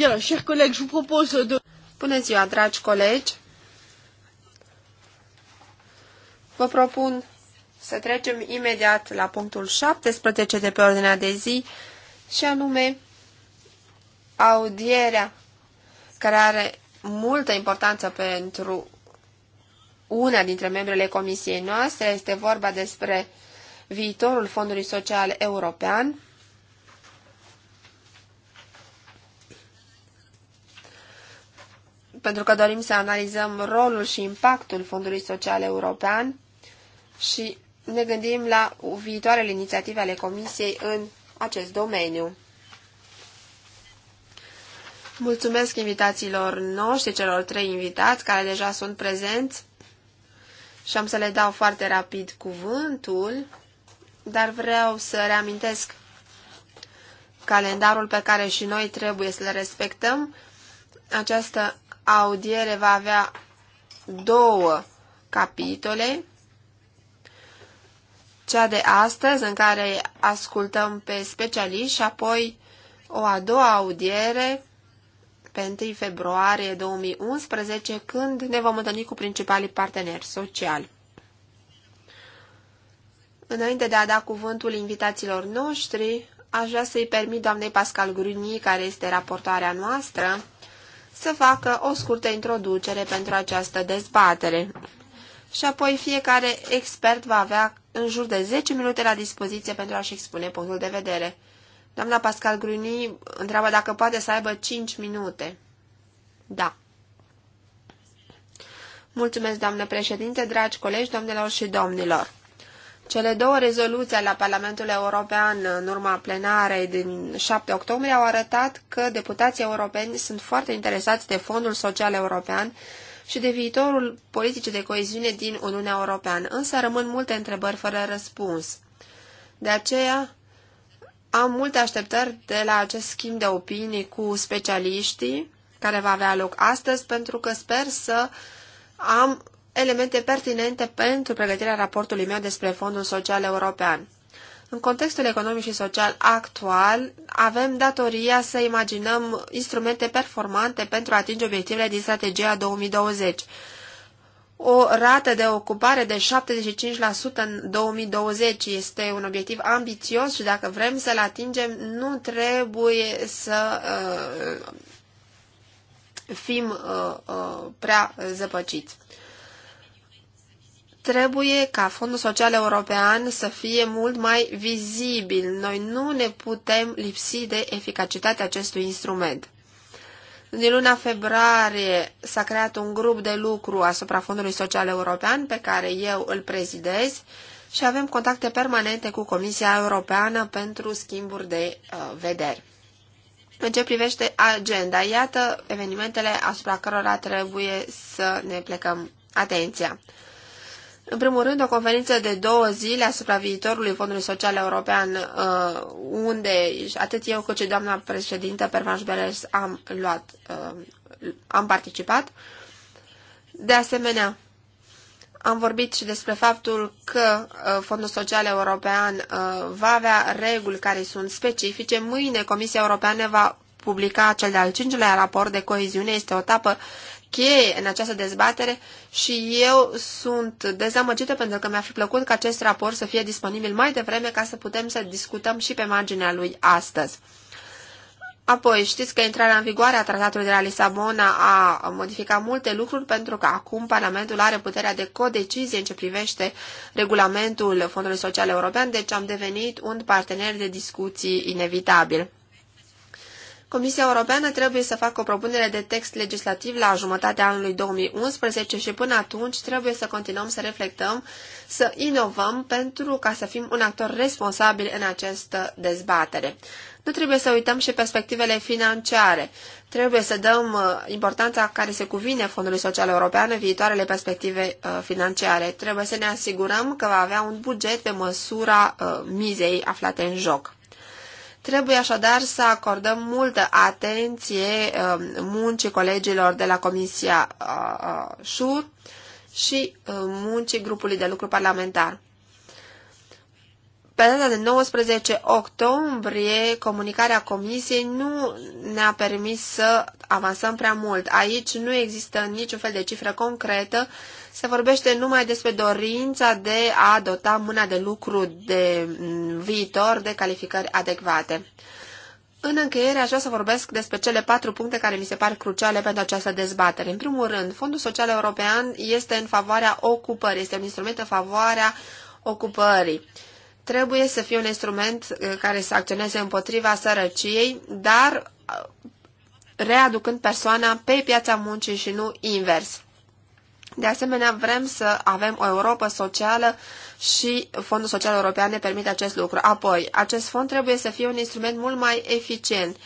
Bien, chers collègues, je vous propose de... Bună ziua, dragi colegi! Vă propun să trecem imediat la punctul 17 de pe ordinea de zi, și anume audierea, care are multă importanță pentru una dintre membrele comisiei noastre. Este vorba despre viitorul Fondului Social European, pentru că dorim să analizăm rolul și impactul Fondului Social European și ne gândim la viitoarele inițiative ale Comisiei în acest domeniu. Mulțumesc invitațiilor noștri, celor trei invitați care deja sunt prezenți și am să le dau foarte rapid cuvântul, dar vreau să reamintesc calendarul pe care și noi trebuie să-l respectăm. Această audiere va avea două capitole. Cea de astăzi, în care ascultăm pe specialiști și apoi o a doua audiere pe 1 februarie 2011, când ne vom întâlni cu principalii parteneri sociali. Înainte de a da cuvântul invitaților noștri, aș vrea să-i permit doamnei Pascal Gruni, care este raportoarea noastră, să facă o scurtă introducere pentru această dezbatere. Și apoi fiecare expert va avea în jur de 10 minute la dispoziție pentru a-și expune punctul de vedere. Doamna Pascal Gruni întreabă dacă poate să aibă 5 minute. Da. Mulțumesc, doamnă președinte, dragi colegi, domnilor și domnilor. Cele două rezoluții ale Parlamentului European în urma plenarei din 7 octombrie au arătat că deputații europeni sunt foarte interesați de Fondul Social European și de viitorul politicii de coeziune din Uniunea Europeană, însă rămân multe întrebări fără răspuns. De aceea, am multe așteptări de la acest schimb de opinii cu specialiștii care va avea loc astăzi, pentru că sper să am elemente pertinente pentru pregătirea raportului meu despre Fondul Social European. În contextul economic și social actual, avem datoria să imaginăm instrumente performante pentru a atinge obiectivele din strategia 2020. O rată de ocupare de 75% în 2020 este un obiectiv ambițios și dacă vrem să-l atingem, nu trebuie să uh, fim uh, uh, prea zăpăciți trebuie ca Fondul Social European să fie mult mai vizibil. Noi nu ne putem lipsi de eficacitatea acestui instrument. Din luna februarie s-a creat un grup de lucru asupra Fondului Social European pe care eu îl prezidez și avem contacte permanente cu Comisia Europeană pentru schimburi de uh, vederi. În ce privește agenda, iată evenimentele asupra cărora trebuie să ne plecăm atenția. În primul rând, o conferință de două zile asupra viitorului Fondului Social European, uh, unde atât eu cât și doamna președintă Pervanș Beres am luat, uh, am participat. De asemenea, am vorbit și despre faptul că uh, Fondul Social European va avea reguli care sunt specifice. Mâine Comisia Europeană va publica cel de-al cincilea raport de coeziune. Este o etapă cheie în această dezbatere și eu sunt dezamăgită pentru că mi-ar fi plăcut ca acest raport să fie disponibil mai devreme ca să putem să discutăm și pe marginea lui astăzi. Apoi, știți că intrarea în vigoare a tratatului de la Lisabona a modificat multe lucruri pentru că acum Parlamentul are puterea de codecizie în ce privește regulamentul Fondului Social European, deci am devenit un partener de discuții inevitabil. Comisia Europeană trebuie să facă o propunere de text legislativ la jumătatea anului 2011 și până atunci trebuie să continuăm să reflectăm, să inovăm pentru ca să fim un actor responsabil în această dezbatere. Nu trebuie să uităm și perspectivele financiare. Trebuie să dăm uh, importanța care se cuvine Fondului Social European în viitoarele perspective uh, financiare. Trebuie să ne asigurăm că va avea un buget pe măsura uh, mizei aflate în joc. Trebuie așadar să acordăm multă atenție um, muncii colegilor de la Comisia SUR uh, uh, și uh, muncii grupului de lucru parlamentar. Pe data de 19 octombrie, comunicarea comisiei nu ne-a permis să avansăm prea mult. Aici nu există niciun fel de cifră concretă, se vorbește numai despre dorința de a dota mâna de lucru de mm, viitor de calificări adecvate. În încheiere, aș vrea să vorbesc despre cele patru puncte care mi se par cruciale pentru această dezbatere. În primul rând, Fondul Social European este în favoarea ocupării, este un instrument în favoarea ocupării trebuie să fie un instrument uh, care să acționeze împotriva sărăciei, dar uh, readucând persoana pe piața muncii și nu invers. De asemenea, vrem să avem o Europa socială și Fondul Social European ne permite acest lucru. Apoi, acest fond trebuie să fie un instrument mult mai eficient.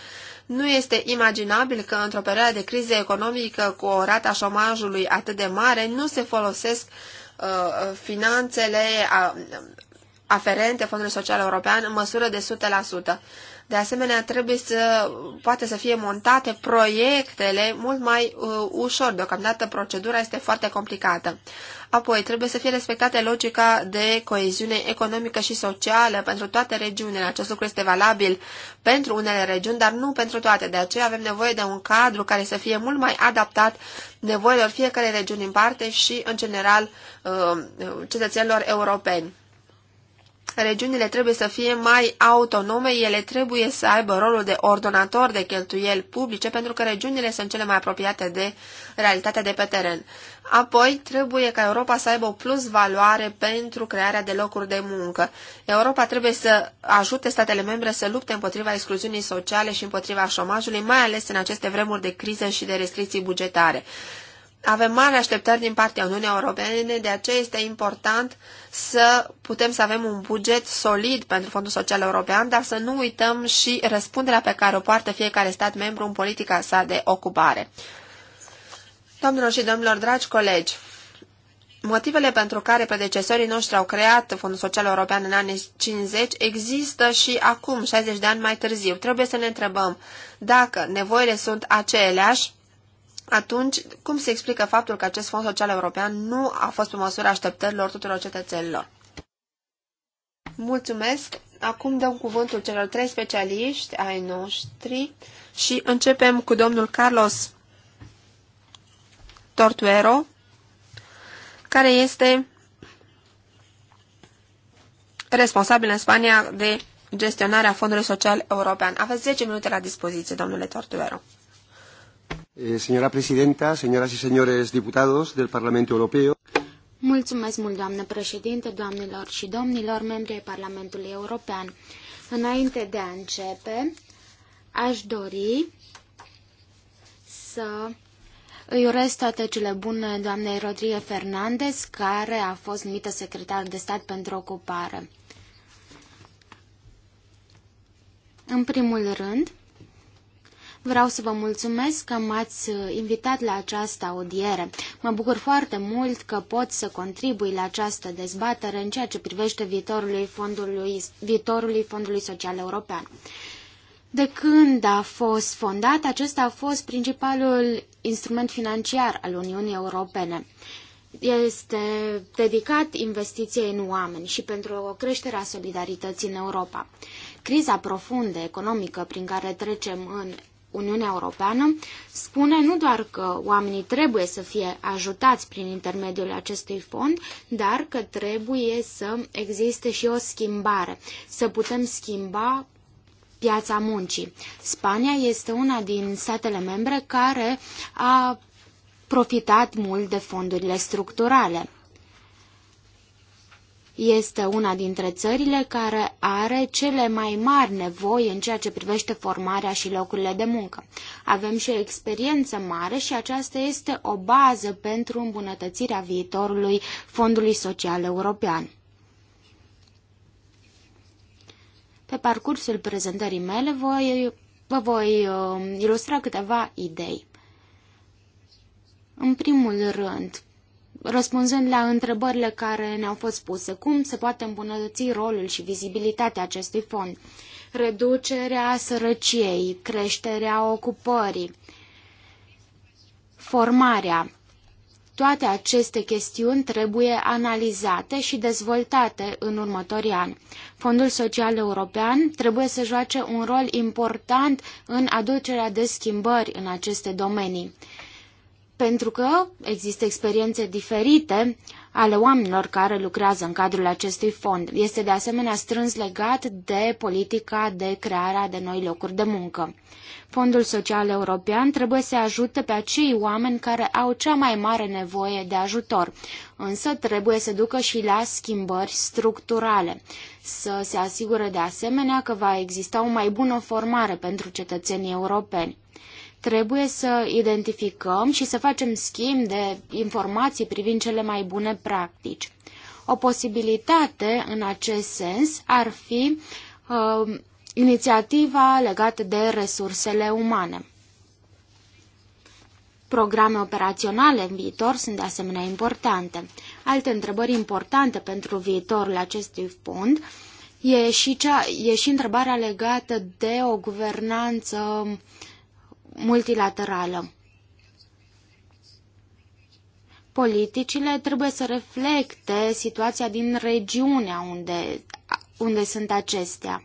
Nu este imaginabil că într-o perioadă de criză economică cu o rată a șomajului atât de mare nu se folosesc uh, finanțele, uh, aferente Fondului Social European în măsură de 100%. De asemenea, trebuie să poate să fie montate proiectele mult mai uh, ușor. Deocamdată procedura este foarte complicată. Apoi, trebuie să fie respectată logica de coeziune economică și socială pentru toate regiunile. Acest lucru este valabil pentru unele regiuni, dar nu pentru toate. De aceea avem nevoie de un cadru care să fie mult mai adaptat nevoilor fiecare regiuni în parte și, în general, uh, cetățenilor europeni. Regiunile trebuie să fie mai autonome, ele trebuie să aibă rolul de ordonator de cheltuieli publice, pentru că regiunile sunt cele mai apropiate de realitatea de pe teren. Apoi, trebuie ca Europa să aibă o plus valoare pentru crearea de locuri de muncă. Europa trebuie să ajute statele membre să lupte împotriva excluziunii sociale și împotriva șomajului, mai ales în aceste vremuri de criză și de restricții bugetare. Avem mari așteptări din partea Uniunii Europene, de aceea este important să putem să avem un buget solid pentru Fondul Social European, dar să nu uităm și răspunderea pe care o poartă fiecare stat membru în politica sa de ocupare. Domnilor și domnilor, dragi colegi, motivele pentru care predecesorii noștri au creat Fondul Social European în anii 50 există și acum, 60 de ani mai târziu. Trebuie să ne întrebăm dacă nevoile sunt aceleași atunci cum se explică faptul că acest fond social european nu a fost pe măsura așteptărilor tuturor cetățenilor? Mulțumesc! Acum dăm cuvântul celor trei specialiști ai noștri și începem cu domnul Carlos Tortuero, care este responsabil în Spania de gestionarea Fondului Social European. Aveți 10 minute la dispoziție, domnule Tortuero. Eh, señora presidenta, señoras y señores diputados del Parlamento Europeo. Mulțumesc mult, doamnă președinte, doamnelor și domnilor, ai Parlamentului European. Înainte de a începe, aș dori să îi urez toate cele bune doamnei Rodrie Fernandez, care a fost numită secretar de stat pentru ocupare. În primul rând, Vreau să vă mulțumesc că m-ați uh, invitat la această audiere. Mă bucur foarte mult că pot să contribui la această dezbatere în ceea ce privește viitorului fondului, viitorului fondului Social European. De când a fost fondat, acesta a fost principalul instrument financiar al Uniunii Europene este dedicat investiției în oameni și pentru o creștere a solidarității în Europa. Criza profundă economică prin care trecem în Uniunea Europeană spune nu doar că oamenii trebuie să fie ajutați prin intermediul acestui fond, dar că trebuie să existe și o schimbare, să putem schimba piața muncii. Spania este una din statele membre care a profitat mult de fondurile structurale. Este una dintre țările care are cele mai mari nevoi în ceea ce privește formarea și locurile de muncă. Avem și o experiență mare și aceasta este o bază pentru îmbunătățirea viitorului Fondului Social European. Pe parcursul prezentării mele voi, vă voi uh, ilustra câteva idei. În primul rând, răspunzând la întrebările care ne-au fost puse, cum se poate îmbunătăți rolul și vizibilitatea acestui fond, reducerea sărăciei, creșterea ocupării, formarea. Toate aceste chestiuni trebuie analizate și dezvoltate în următorii ani. Fondul Social European trebuie să joace un rol important în aducerea de schimbări în aceste domenii pentru că există experiențe diferite ale oamenilor care lucrează în cadrul acestui fond. Este de asemenea strâns legat de politica de creare de noi locuri de muncă. Fondul Social European trebuie să ajute pe acei oameni care au cea mai mare nevoie de ajutor, însă trebuie să ducă și la schimbări structurale, să se asigure de asemenea că va exista o mai bună formare pentru cetățenii europeni. Trebuie să identificăm și să facem schimb de informații privind cele mai bune practici. O posibilitate în acest sens ar fi uh, inițiativa legată de resursele umane. Programe operaționale în viitor sunt de asemenea importante. Alte întrebări importante pentru viitorul acestui fond e și, cea, e și întrebarea legată de o guvernanță multilaterală. Politicile trebuie să reflecte situația din regiunea unde, unde sunt acestea.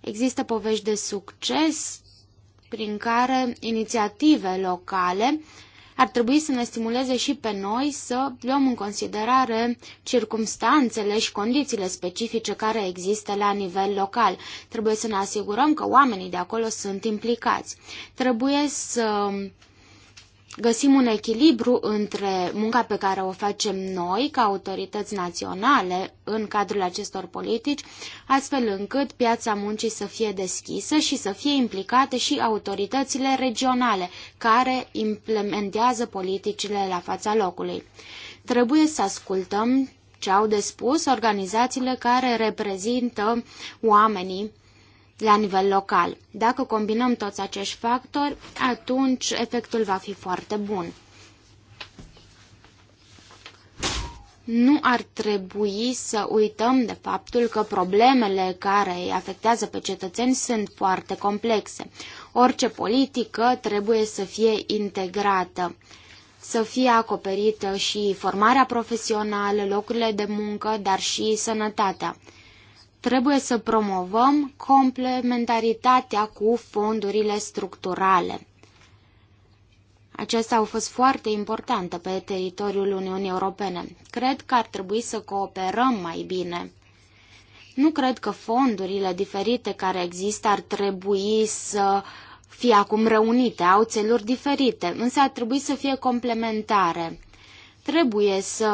Există povești de succes prin care inițiative locale ar trebui să ne stimuleze și pe noi să luăm în considerare circumstanțele și condițiile specifice care există la nivel local. Trebuie să ne asigurăm că oamenii de acolo sunt implicați. Trebuie să găsim un echilibru între munca pe care o facem noi ca autorități naționale în cadrul acestor politici, astfel încât piața muncii să fie deschisă și să fie implicate și autoritățile regionale care implementează politicile la fața locului. Trebuie să ascultăm ce au de spus organizațiile care reprezintă oamenii la nivel local. Dacă combinăm toți acești factori, atunci efectul va fi foarte bun. Nu ar trebui să uităm de faptul că problemele care îi afectează pe cetățeni sunt foarte complexe. Orice politică trebuie să fie integrată să fie acoperită și formarea profesională, locurile de muncă, dar și sănătatea. Trebuie să promovăm complementaritatea cu fondurile structurale. Acestea au fost foarte importante pe teritoriul Uniunii Europene. Cred că ar trebui să cooperăm mai bine. Nu cred că fondurile diferite care există ar trebui să fie acum reunite, au țeluri diferite, însă ar trebui să fie complementare. Trebuie să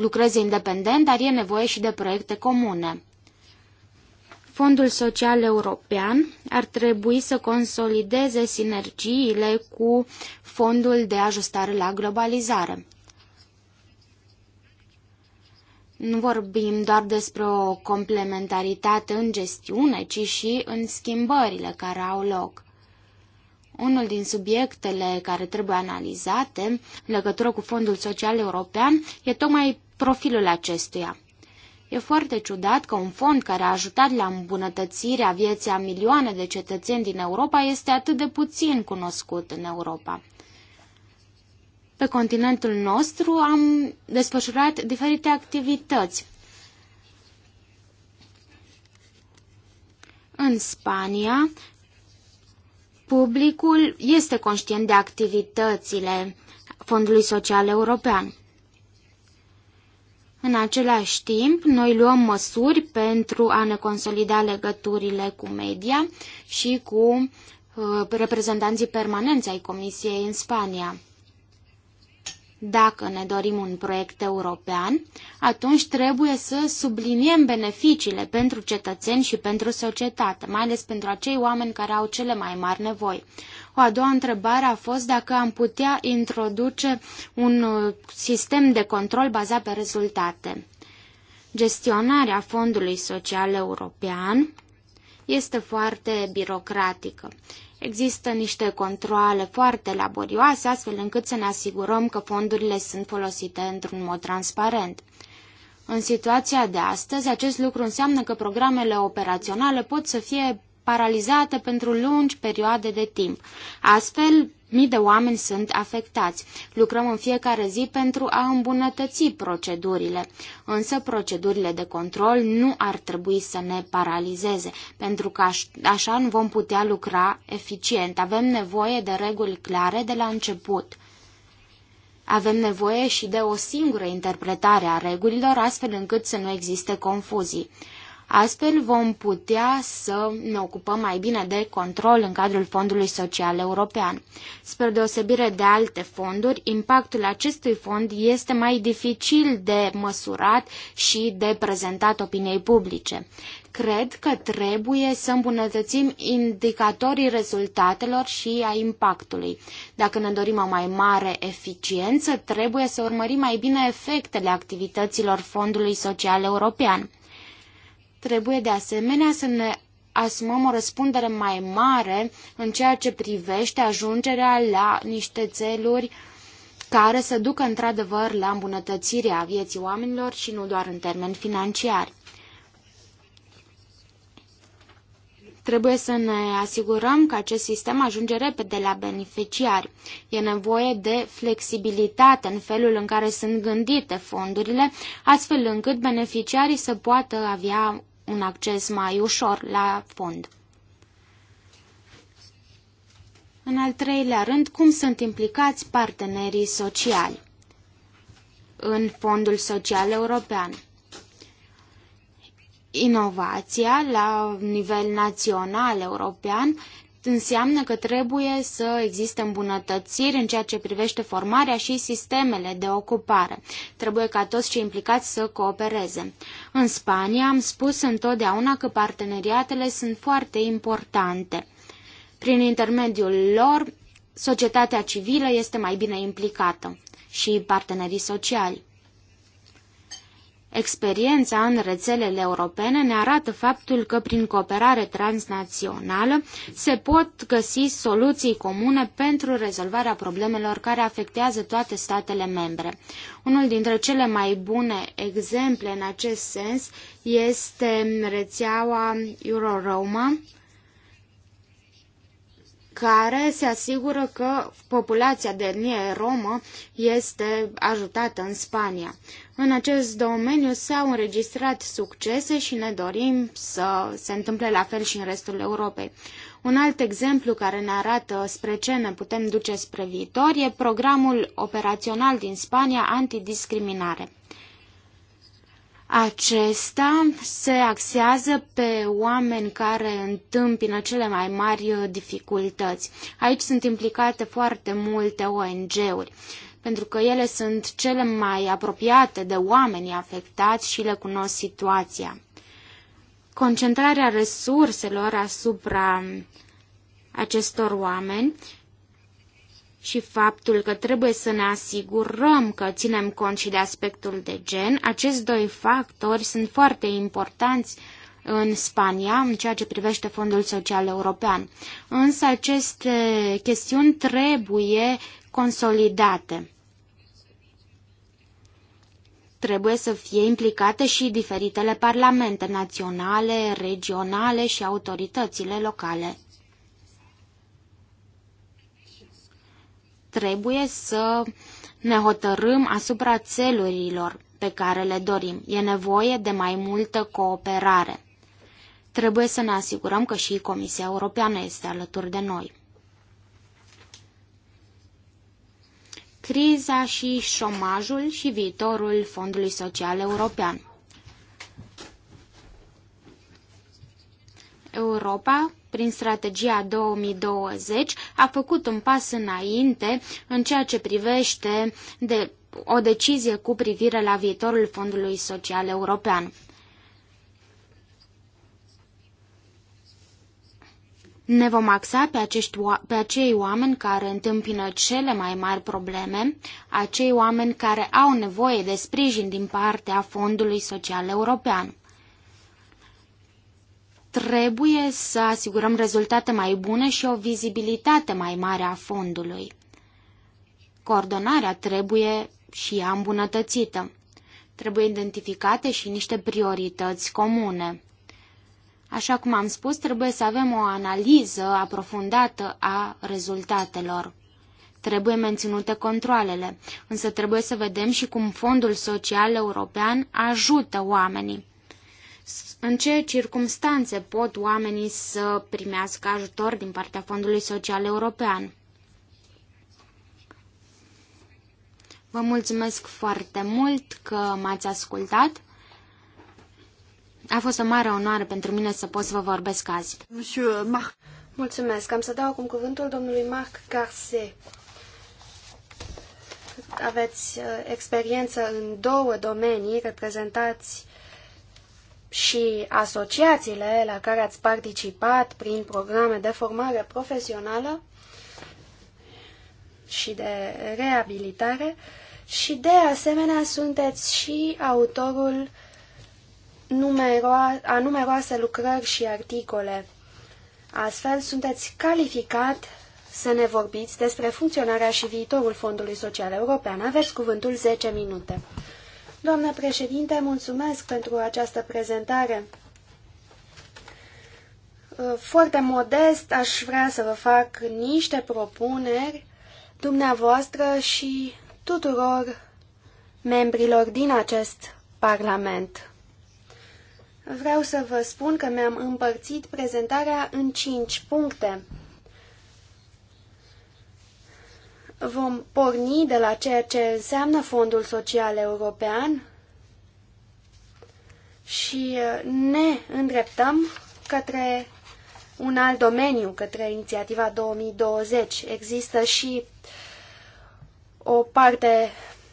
lucreze independent, dar e nevoie și de proiecte comune. Fondul Social European ar trebui să consolideze sinergiile cu Fondul de Ajustare la Globalizare. Nu vorbim doar despre o complementaritate în gestiune, ci și în schimbările care au loc. Unul din subiectele care trebuie analizate în legătură cu Fondul Social European e tocmai profilul acestuia. E foarte ciudat că un fond care a ajutat la îmbunătățirea vieții a milioane de cetățeni din Europa este atât de puțin cunoscut în Europa. Pe continentul nostru am desfășurat diferite activități. În Spania, publicul este conștient de activitățile Fondului Social European. În același timp, noi luăm măsuri pentru a ne consolida legăturile cu media și cu uh, reprezentanții permanenți ai Comisiei în Spania. Dacă ne dorim un proiect european, atunci trebuie să subliniem beneficiile pentru cetățeni și pentru societate, mai ales pentru acei oameni care au cele mai mari nevoi. O a doua întrebare a fost dacă am putea introduce un uh, sistem de control bazat pe rezultate. Gestionarea Fondului Social European este foarte birocratică. Există niște controle foarte laborioase, astfel încât să ne asigurăm că fondurile sunt folosite într-un mod transparent. În situația de astăzi, acest lucru înseamnă că programele operaționale pot să fie paralizate pentru lungi perioade de timp. Astfel, mii de oameni sunt afectați. Lucrăm în fiecare zi pentru a îmbunătăți procedurile, însă procedurile de control nu ar trebui să ne paralizeze, pentru că așa nu vom putea lucra eficient. Avem nevoie de reguli clare de la început. Avem nevoie și de o singură interpretare a regulilor, astfel încât să nu existe confuzii. Astfel vom putea să ne ocupăm mai bine de control în cadrul Fondului Social European. Spre deosebire de alte fonduri, impactul acestui fond este mai dificil de măsurat și de prezentat opiniei publice. Cred că trebuie să îmbunătățim indicatorii rezultatelor și a impactului. Dacă ne dorim o mai mare eficiență, trebuie să urmărim mai bine efectele activităților Fondului Social European. Trebuie de asemenea să ne asumăm o răspundere mai mare în ceea ce privește ajungerea la niște țeluri care să ducă într-adevăr la îmbunătățirea vieții oamenilor și nu doar în termeni financiari. Trebuie să ne asigurăm că acest sistem ajunge repede la beneficiari. E nevoie de flexibilitate în felul în care sunt gândite fondurile, astfel încât beneficiarii să poată avea un acces mai ușor la fond. În al treilea rând, cum sunt implicați partenerii sociali în Fondul Social European? Inovația la nivel național european înseamnă că trebuie să existe îmbunătățiri în ceea ce privește formarea și sistemele de ocupare. Trebuie ca toți cei implicați să coopereze. În Spania am spus întotdeauna că parteneriatele sunt foarte importante. Prin intermediul lor, societatea civilă este mai bine implicată și partenerii sociali. Experiența în rețelele europene ne arată faptul că prin cooperare transnațională se pot găsi soluții comune pentru rezolvarea problemelor care afectează toate statele membre. Unul dintre cele mai bune exemple în acest sens este rețeaua Euroroma, care se asigură că populația de etnie romă este ajutată în Spania. În acest domeniu s-au înregistrat succese și ne dorim să se întâmple la fel și în restul Europei. Un alt exemplu care ne arată spre ce ne putem duce spre viitor e programul operațional din Spania antidiscriminare. Acesta se axează pe oameni care întâmpină cele mai mari dificultăți. Aici sunt implicate foarte multe ONG-uri pentru că ele sunt cele mai apropiate de oamenii afectați și le cunosc situația. Concentrarea resurselor asupra acestor oameni și faptul că trebuie să ne asigurăm că ținem cont și de aspectul de gen, acești doi factori sunt foarte importanți în Spania în ceea ce privește Fondul Social European. Însă aceste chestiuni trebuie consolidate. Trebuie să fie implicate și diferitele parlamente naționale, regionale și autoritățile locale. Trebuie să ne hotărâm asupra țelurilor pe care le dorim. E nevoie de mai multă cooperare. Trebuie să ne asigurăm că și Comisia Europeană este alături de noi. criza și șomajul și viitorul Fondului Social European. Europa, prin strategia 2020, a făcut un pas înainte în ceea ce privește de o decizie cu privire la viitorul Fondului Social European. Ne vom axa pe, acești, pe acei oameni care întâmpină cele mai mari probleme, acei oameni care au nevoie de sprijin din partea Fondului Social European. Trebuie să asigurăm rezultate mai bune și o vizibilitate mai mare a fondului. Coordonarea trebuie și ea îmbunătățită. Trebuie identificate și niște priorități comune. Așa cum am spus, trebuie să avem o analiză aprofundată a rezultatelor. Trebuie menținute controlele, însă trebuie să vedem și cum Fondul Social European ajută oamenii. În ce circumstanțe pot oamenii să primească ajutor din partea Fondului Social European? Vă mulțumesc foarte mult că m-ați ascultat. A fost o mare onoare pentru mine să pot să vă vorbesc azi. Mulțumesc. Am să dau acum cuvântul domnului Marc Garce. Aveți uh, experiență în două domenii, reprezentați și asociațiile la care ați participat prin programe de formare profesională și de reabilitare și de asemenea sunteți și autorul uh, a numeroase lucrări și articole. Astfel, sunteți calificat să ne vorbiți despre funcționarea și viitorul Fondului Social European. Aveți cuvântul 10 minute. Doamnă președinte, mulțumesc pentru această prezentare. Foarte modest, aș vrea să vă fac niște propuneri dumneavoastră și tuturor membrilor din acest Parlament. Vreau să vă spun că mi-am împărțit prezentarea în cinci puncte. Vom porni de la ceea ce înseamnă Fondul Social European și uh, ne îndreptăm către un alt domeniu, către inițiativa 2020. Există și o parte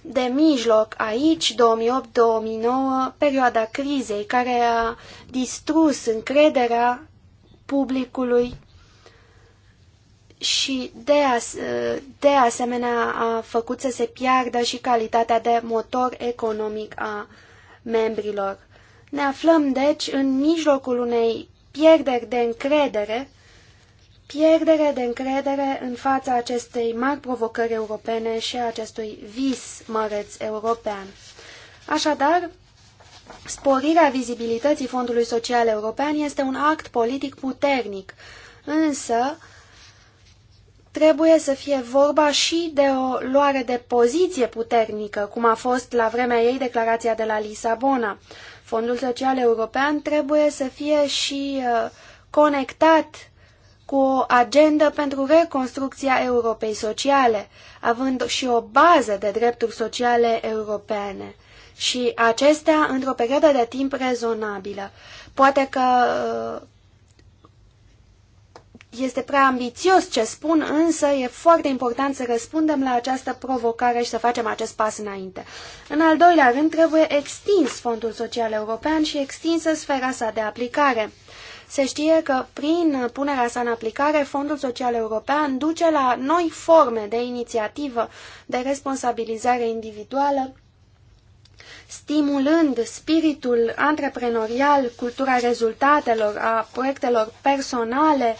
de mijloc aici, 2008-2009, perioada crizei care a distrus încrederea publicului și de, as de asemenea a făcut să se piardă și calitatea de motor economic a membrilor. Ne aflăm deci în mijlocul unei pierderi de încredere pierdere de încredere în fața acestei mari provocări europene și a acestui vis măreț european. Așadar, sporirea vizibilității Fondului Social European este un act politic puternic, însă trebuie să fie vorba și de o luare de poziție puternică, cum a fost la vremea ei declarația de la Lisabona. Fondul Social European trebuie să fie și uh, conectat cu o agendă pentru reconstrucția Europei sociale, având și o bază de drepturi sociale europene și acestea într-o perioadă de timp rezonabilă. Poate că uh, este prea ambițios ce spun, însă e foarte important să răspundem la această provocare și să facem acest pas înainte. În al doilea rând, trebuie extins Fondul Social European și extinsă sfera sa de aplicare. Se știe că prin punerea sa în aplicare, Fondul Social European duce la noi forme de inițiativă de responsabilizare individuală, stimulând spiritul antreprenorial, cultura rezultatelor, a proiectelor personale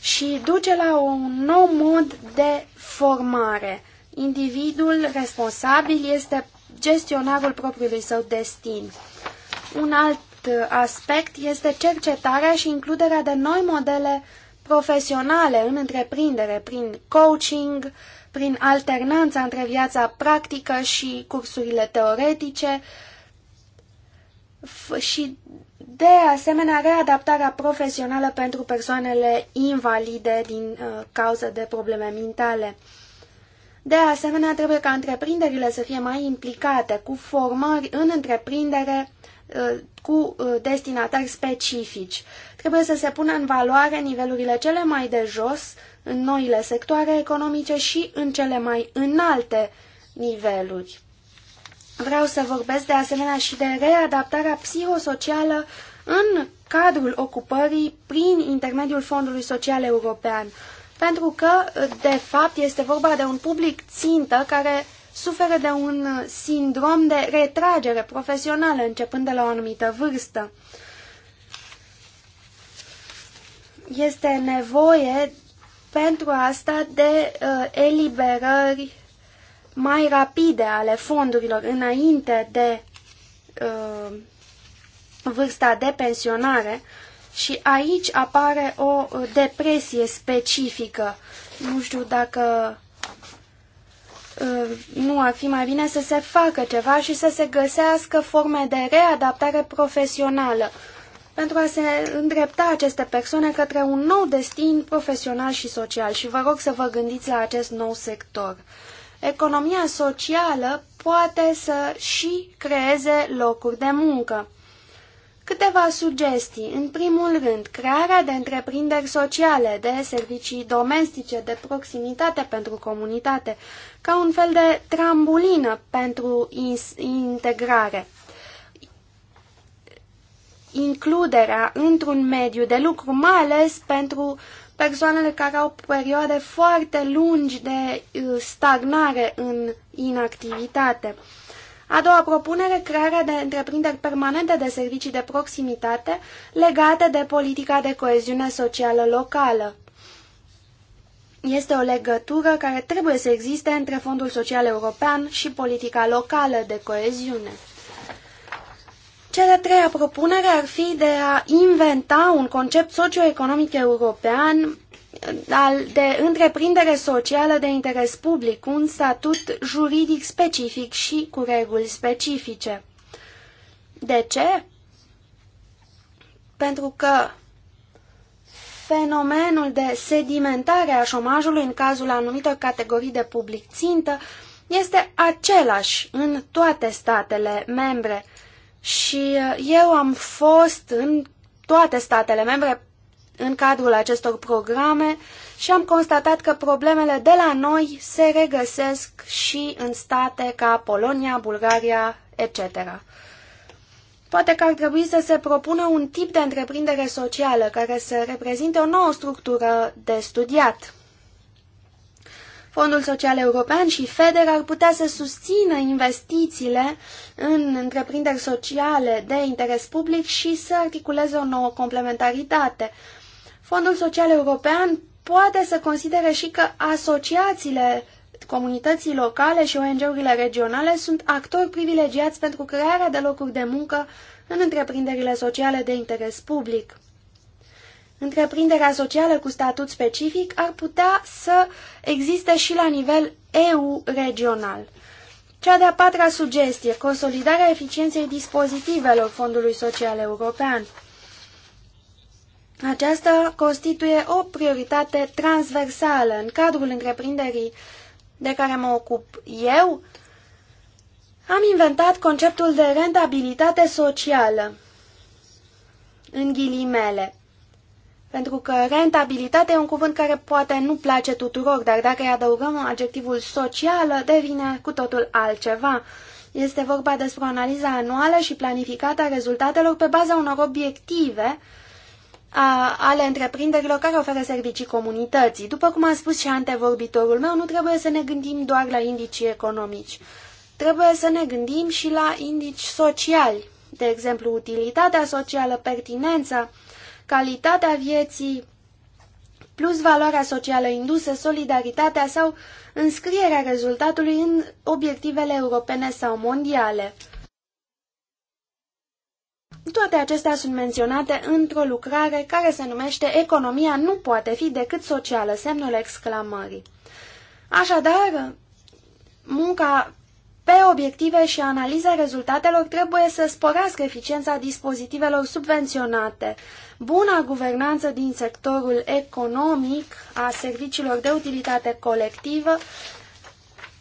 și duce la un nou mod de formare. Individul responsabil este gestionarul propriului său destin. Un alt alt uh, aspect este cercetarea și includerea de noi modele profesionale în întreprindere, prin coaching, prin alternanța între viața practică și cursurile teoretice și, de asemenea, readaptarea profesională pentru persoanele invalide din uh, cauza de probleme mentale. De asemenea, trebuie ca întreprinderile să fie mai implicate cu formări în întreprindere, Uh, cu uh, destinatari specifici. Trebuie să se pună în valoare nivelurile cele mai de jos în noile sectoare economice și în cele mai înalte niveluri. Vreau să vorbesc de asemenea și de readaptarea psihosocială în cadrul ocupării prin intermediul Fondului Social European, pentru că, de fapt, este vorba de un public țintă care suferă de un sindrom de retragere profesională începând de la o anumită vârstă. Este nevoie pentru asta de uh, eliberări mai rapide ale fondurilor înainte de uh, vârsta de pensionare și aici apare o depresie specifică. Nu știu dacă Uh, nu ar fi mai bine să se facă ceva și să se găsească forme de readaptare profesională pentru a se îndrepta aceste persoane către un nou destin profesional și social și vă rog să vă gândiți la acest nou sector. Economia socială poate să și creeze locuri de muncă. Câteva sugestii. În primul rând, crearea de întreprinderi sociale, de servicii domestice, de proximitate pentru comunitate, ca un fel de trambulină pentru integrare. Includerea într-un mediu de lucru, mai ales pentru persoanele care au perioade foarte lungi de uh, stagnare în inactivitate a doua propunere, crearea de întreprinderi permanente de servicii de proximitate legate de politica de coeziune socială locală. Este o legătură care trebuie să existe între Fondul Social European și politica locală de coeziune. Cea de-a treia propunere ar fi de a inventa un concept socioeconomic european de întreprindere socială de interes public, un statut juridic specific și cu reguli specifice. De ce? Pentru că fenomenul de sedimentare a șomajului în cazul anumitor categorii de public țintă este același în toate statele membre și uh, eu am fost în toate statele membre în cadrul acestor programe și am constatat că problemele de la noi se regăsesc și în state ca Polonia, Bulgaria, etc. Poate că ar trebui să se propună un tip de întreprindere socială care să reprezinte o nouă structură de studiat. Fondul Social European și FEDER ar putea să susțină investițiile în întreprinderi sociale de interes public și să articuleze o nouă complementaritate. Fondul Social European poate să considere și că asociațiile comunității locale și ONG-urile regionale sunt actori privilegiați pentru crearea de locuri de muncă în întreprinderile sociale de interes public. Întreprinderea socială cu statut specific ar putea să existe și la nivel EU regional. Cea de-a patra sugestie, consolidarea eficienței dispozitivelor Fondului Social European. Aceasta constituie o prioritate transversală în cadrul întreprinderii de care mă ocup eu. Am inventat conceptul de rentabilitate socială, în ghilimele, pentru că rentabilitatea e un cuvânt care poate nu place tuturor, dar dacă îi adăugăm adjectivul socială, devine cu totul altceva. Este vorba despre o analiză anuală și planificată a rezultatelor pe baza unor obiective a, ale întreprinderilor care oferă servicii comunității. După cum a spus și antevorbitorul meu, nu trebuie să ne gândim doar la indicii economici. Trebuie să ne gândim și la indici sociali, de exemplu utilitatea socială, pertinența, calitatea vieții, plus valoarea socială indusă, solidaritatea sau înscrierea rezultatului în obiectivele europene sau mondiale. Toate acestea sunt menționate într-o lucrare care se numește Economia nu poate fi decât socială, semnul exclamării. Așadar, munca pe obiective și analiza rezultatelor trebuie să sporească eficiența dispozitivelor subvenționate, Buna guvernanță din sectorul economic a serviciilor de utilitate colectivă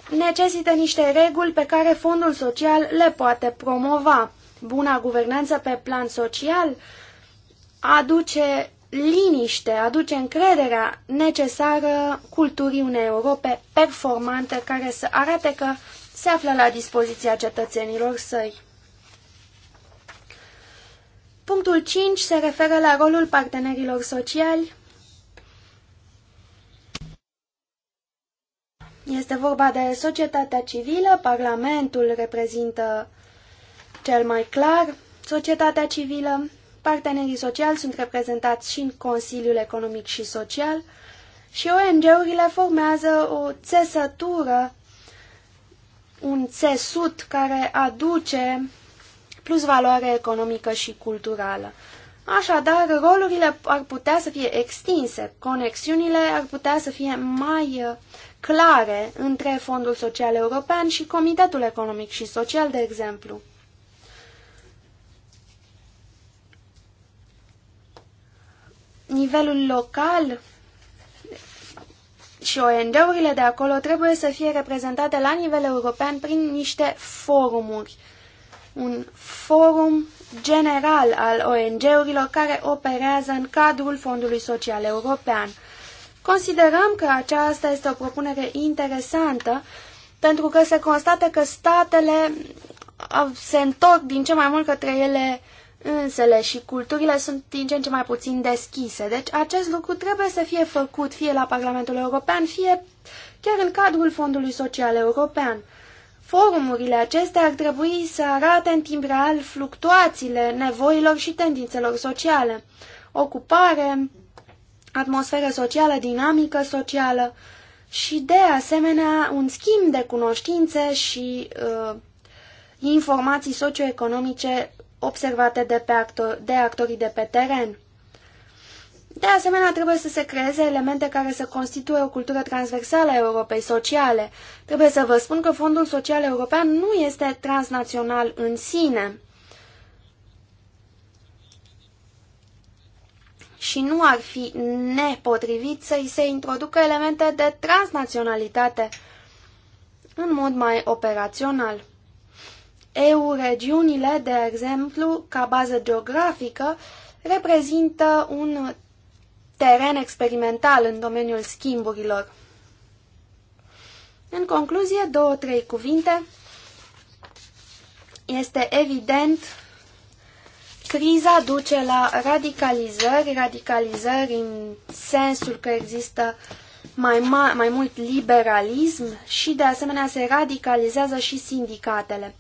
necesită niște reguli pe care fondul social le poate promova. Buna guvernanță pe plan social aduce liniște, aduce încrederea necesară culturii unei Europe performante care să arate că se află la dispoziția cetățenilor săi. Punctul 5 se referă la rolul partenerilor sociali. Este vorba de societatea civilă, Parlamentul reprezintă cel mai clar societatea civilă, partenerii sociali sunt reprezentați și în Consiliul Economic și Social și ONG-urile formează o țesătură, un țesut care aduce plus valoare economică și culturală. Așadar, rolurile ar putea să fie extinse, conexiunile ar putea să fie mai uh, clare între Fondul Social European și Comitetul Economic și Social, de exemplu. Nivelul local și ONG-urile de acolo trebuie să fie reprezentate la nivel european prin niște forumuri uh, un forum general al ONG-urilor care operează în cadrul Fondului Social European. Considerăm că aceasta este o propunere interesantă pentru că se constată că statele se întorc din ce mai mult către ele însele și culturile sunt din ce în ce mai puțin deschise. Deci acest lucru trebuie să fie făcut fie la Parlamentul European, fie chiar în cadrul Fondului Social European. Forumurile acestea ar trebui să arate în timp real fluctuațiile nevoilor și tendințelor sociale, ocupare, atmosferă socială dinamică socială și, de asemenea, un schimb de cunoștințe și uh, informații socioeconomice observate de, pe actor, de actorii de pe teren. De asemenea, trebuie să se creeze elemente care să constituie o cultură transversală a Europei sociale. Trebuie să vă spun că Fondul Social European nu este transnațional în sine. și nu ar fi nepotrivit să-i se introducă elemente de transnaționalitate în mod mai operațional. EU-regiunile, de exemplu, ca bază geografică, reprezintă un teren experimental în domeniul schimburilor. În concluzie, două, trei cuvinte. Este evident, criza duce la radicalizări, radicalizări în sensul că există mai, ma mai mult liberalism și de asemenea se radicalizează și sindicatele.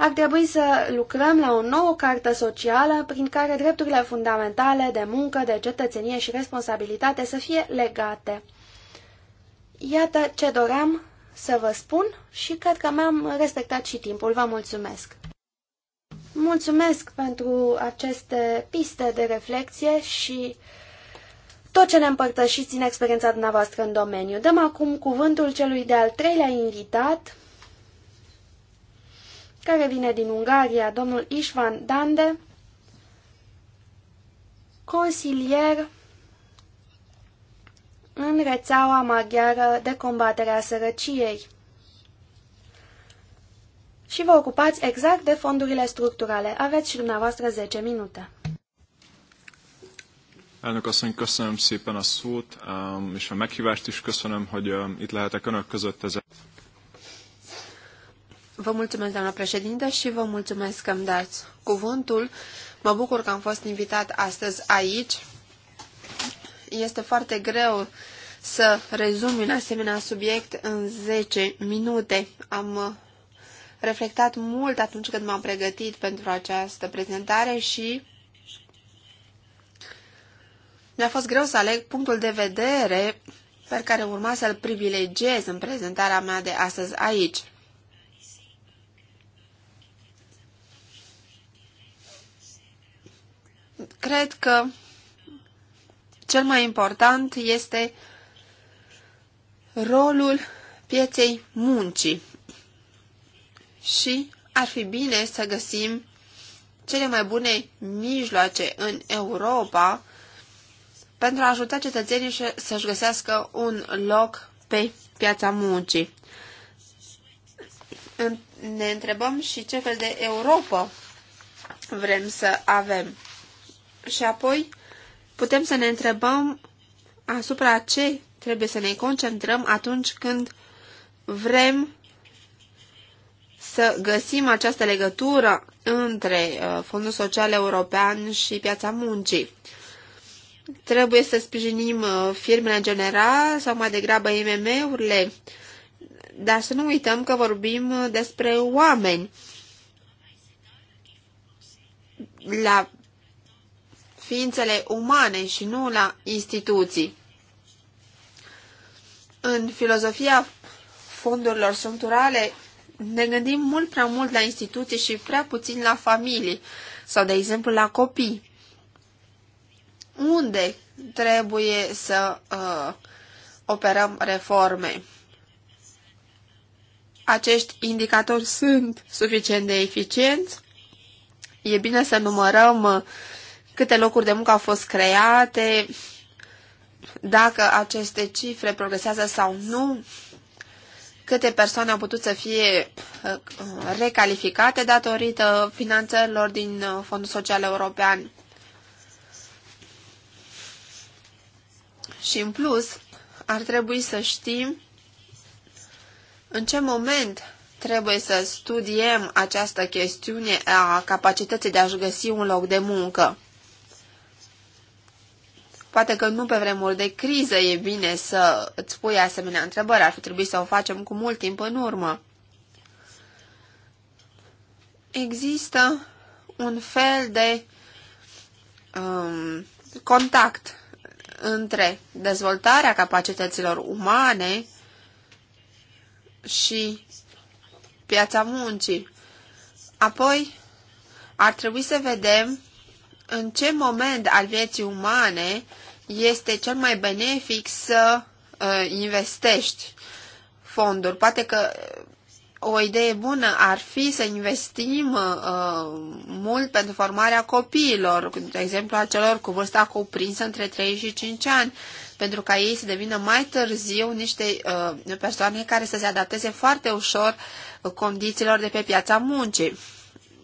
Ar trebui să lucrăm la o nouă cartă socială prin care drepturile fundamentale de muncă, de cetățenie și responsabilitate să fie legate. Iată ce doream să vă spun și cred că mi-am respectat și timpul. Vă mulțumesc! Mulțumesc pentru aceste piste de reflexie și tot ce ne împărtășiți în experiența dumneavoastră în domeniu. Dăm acum cuvântul celui de-al treilea invitat, care vine din Ungaria, domnul Ișvan Dande, consilier în rețeaua maghiară de combatere a sărăciei. Și vă ocupați exact de fondurile structurale. Aveți și dumneavoastră 10 minute. Elnök asszony, köszönöm szépen a szót, um, és a meghívást is köszönöm, hogy um, itt lehetek önök között ezzel. Vă mulțumesc, doamna președintă, și vă mulțumesc că îmi dați cuvântul. Mă bucur că am fost invitat astăzi aici. Este foarte greu să rezum un asemenea subiect în 10 minute. Am uh, reflectat mult atunci când m-am pregătit pentru această prezentare și mi-a fost greu să aleg punctul de vedere pe care urma să-l privilegiez în prezentarea mea de astăzi aici. cred că cel mai important este rolul pieței muncii și ar fi bine să găsim cele mai bune mijloace în Europa pentru a ajuta cetățenii să-și găsească un loc pe piața muncii. Ne întrebăm și ce fel de Europa vrem să avem. Și apoi putem să ne întrebăm asupra ce trebuie să ne concentrăm atunci când vrem să găsim această legătură între uh, Fondul Social European și piața muncii. Trebuie să sprijinim uh, firmele în general sau mai degrabă IMM-urile, dar să nu uităm că vorbim uh, despre oameni. La ființele umane și nu la instituții. În filozofia fondurilor structurale ne gândim mult prea mult la instituții și prea puțin la familii sau, de exemplu, la copii. Unde trebuie să uh, operăm reforme? Acești indicatori sunt suficient de eficienți? E bine să numărăm uh, câte locuri de muncă au fost create, dacă aceste cifre progresează sau nu, câte persoane au putut să fie uh, recalificate datorită finanțărilor din uh, Fondul Social European. Și în plus, ar trebui să știm în ce moment trebuie să studiem această chestiune a capacității de a-și găsi un loc de muncă. Poate că nu pe vremuri de criză e bine să îți pui asemenea întrebări, ar fi trebuit să o facem cu mult timp în urmă. Există un fel de um, contact între dezvoltarea capacităților umane și piața muncii. Apoi, ar trebui să vedem în ce moment al vieții umane este cel mai benefic să uh, investești fonduri. Poate că o idee bună ar fi să investim uh, mult pentru formarea copiilor, de exemplu a celor cu vârsta cuprinsă între 3 și 5 ani, pentru ca ei să devină mai târziu niște uh, persoane care să se adapteze foarte ușor condițiilor de pe piața muncii.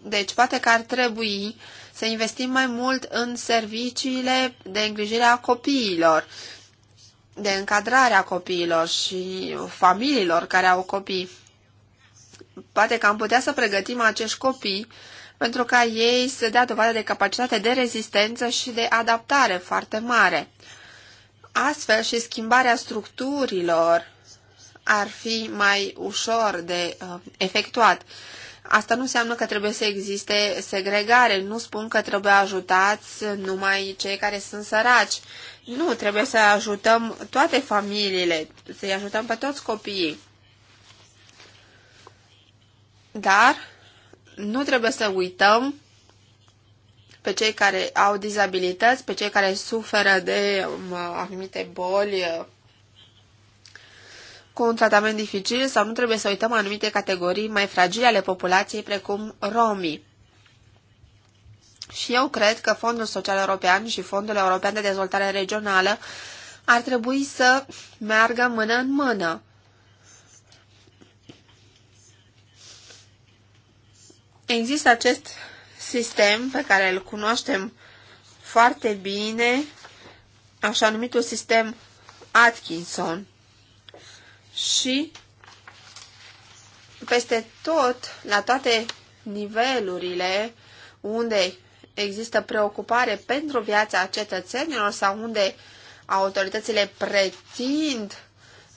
Deci poate că ar trebui uh, să investim mai mult în serviciile de îngrijire a copiilor, de încadrare a copiilor și familiilor care au copii. Poate că am putea să pregătim acești copii pentru ca ei să dea dovadă de capacitate de rezistență și de adaptare foarte mare. Astfel și schimbarea structurilor ar fi mai ușor de uh, efectuat Asta nu înseamnă că trebuie să existe segregare, nu spun că trebuie ajutați numai cei care sunt săraci. Nu, trebuie să ajutăm toate familiile, să-i ajutăm pe toți copiii. Dar nu trebuie să uităm pe cei care au dizabilități, pe cei care suferă de um, anumite boli cu un tratament dificil sau nu trebuie să uităm anumite categorii mai fragile ale populației, precum romii. Și eu cred că Fondul Social European și Fondul European de Dezvoltare Regională ar trebui să meargă mână în mână. Există acest sistem pe care îl cunoaștem foarte bine, așa numitul sistem Atkinson și peste tot, la toate nivelurile unde există preocupare pentru viața cetățenilor sau unde autoritățile pretind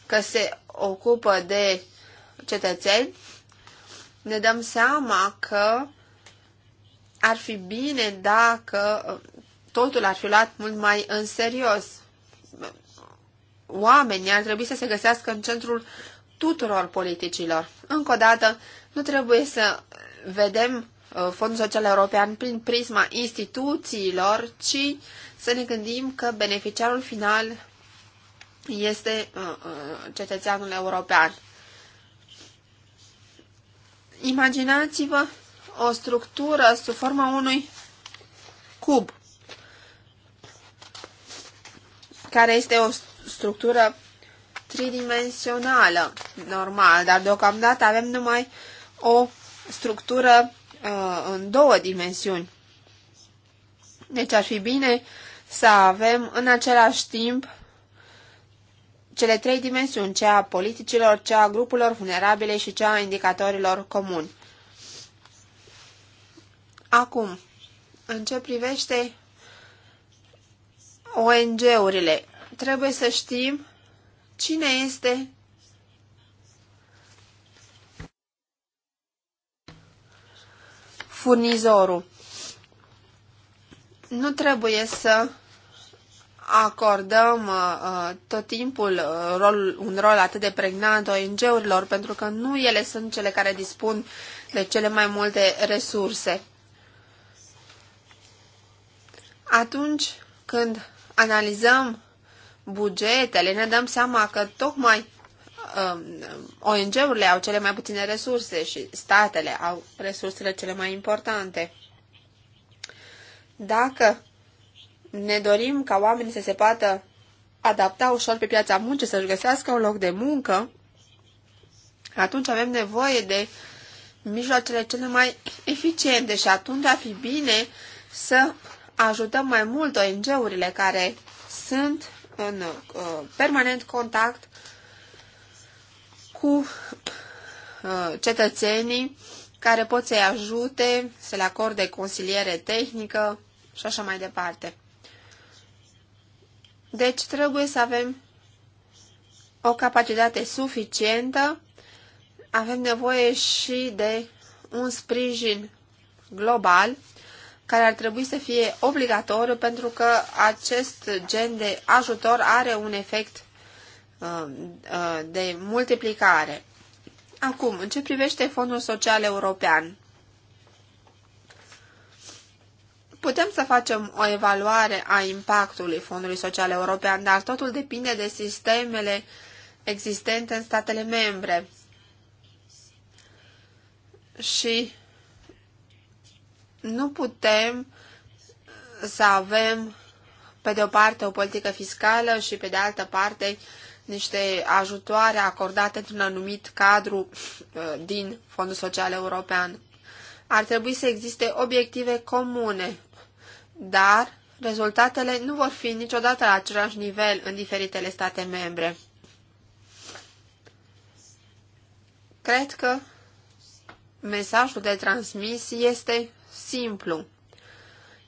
că se ocupă de cetățeni, ne dăm seama că ar fi bine dacă totul ar fi luat mult mai în serios oamenii ar trebui să se găsească în centrul tuturor politicilor. Încă o dată, nu trebuie să vedem uh, Fondul Social European prin prisma instituțiilor, ci să ne gândim că beneficiarul final este uh, uh, cetățeanul european. Imaginați-vă o structură sub forma unui cub, care este o structură tridimensională, normal, dar deocamdată avem numai o structură uh, în două dimensiuni. Deci ar fi bine să avem în același timp cele trei dimensiuni, cea a politicilor, cea a grupurilor vulnerabile și cea a indicatorilor comuni. Acum, în ce privește ONG-urile, trebuie să știm cine este furnizorul. Nu trebuie să acordăm uh, uh tot timpul uh, rol, un rol atât de pregnant ONG-urilor, pentru că nu ele sunt cele care dispun de cele mai multe resurse. Atunci când analizăm bugetele, ne dăm seama că tocmai uh, um, ONG-urile au cele mai puține resurse și statele au resursele cele mai importante. Dacă ne dorim ca oamenii să se poată adapta ușor pe piața muncii, să-și găsească un loc de muncă, atunci avem nevoie de mijloacele cele mai eficiente și atunci ar fi bine să ajutăm mai mult ONG-urile care sunt în uh, permanent contact cu uh, cetățenii care pot să-i ajute, să le acorde consiliere tehnică și așa mai departe. Deci trebuie să avem o capacitate suficientă, avem nevoie și de un sprijin global care ar trebui să fie obligatoriu pentru că acest gen de ajutor are un efect uh, uh, de multiplicare. Acum, în ce privește Fondul Social European, putem să facem o evaluare a impactului Fondului Social European, dar totul depinde de sistemele existente în statele membre. Și nu putem să avem, pe de o parte, o politică fiscală și, pe de altă parte, niște ajutoare acordate într-un anumit cadru uh, din Fondul Social European. Ar trebui să existe obiective comune, dar rezultatele nu vor fi niciodată la același nivel în diferitele state membre. Cred că mesajul de transmis este simplu.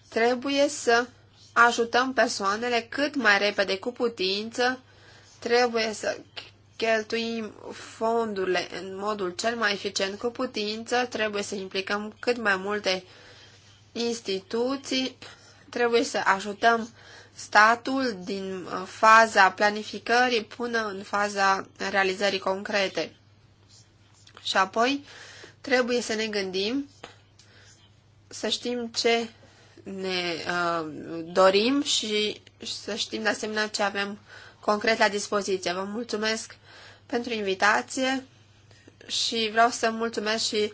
Trebuie să ajutăm persoanele cât mai repede cu putință, trebuie să cheltuim fondurile în modul cel mai eficient cu putință, trebuie să implicăm cât mai multe instituții, trebuie să ajutăm statul din uh, faza planificării până în faza realizării concrete. Și apoi trebuie să ne gândim să știm ce ne uh, dorim și să știm de asemenea ce avem concret la dispoziție. Vă mulțumesc pentru invitație și vreau să mulțumesc și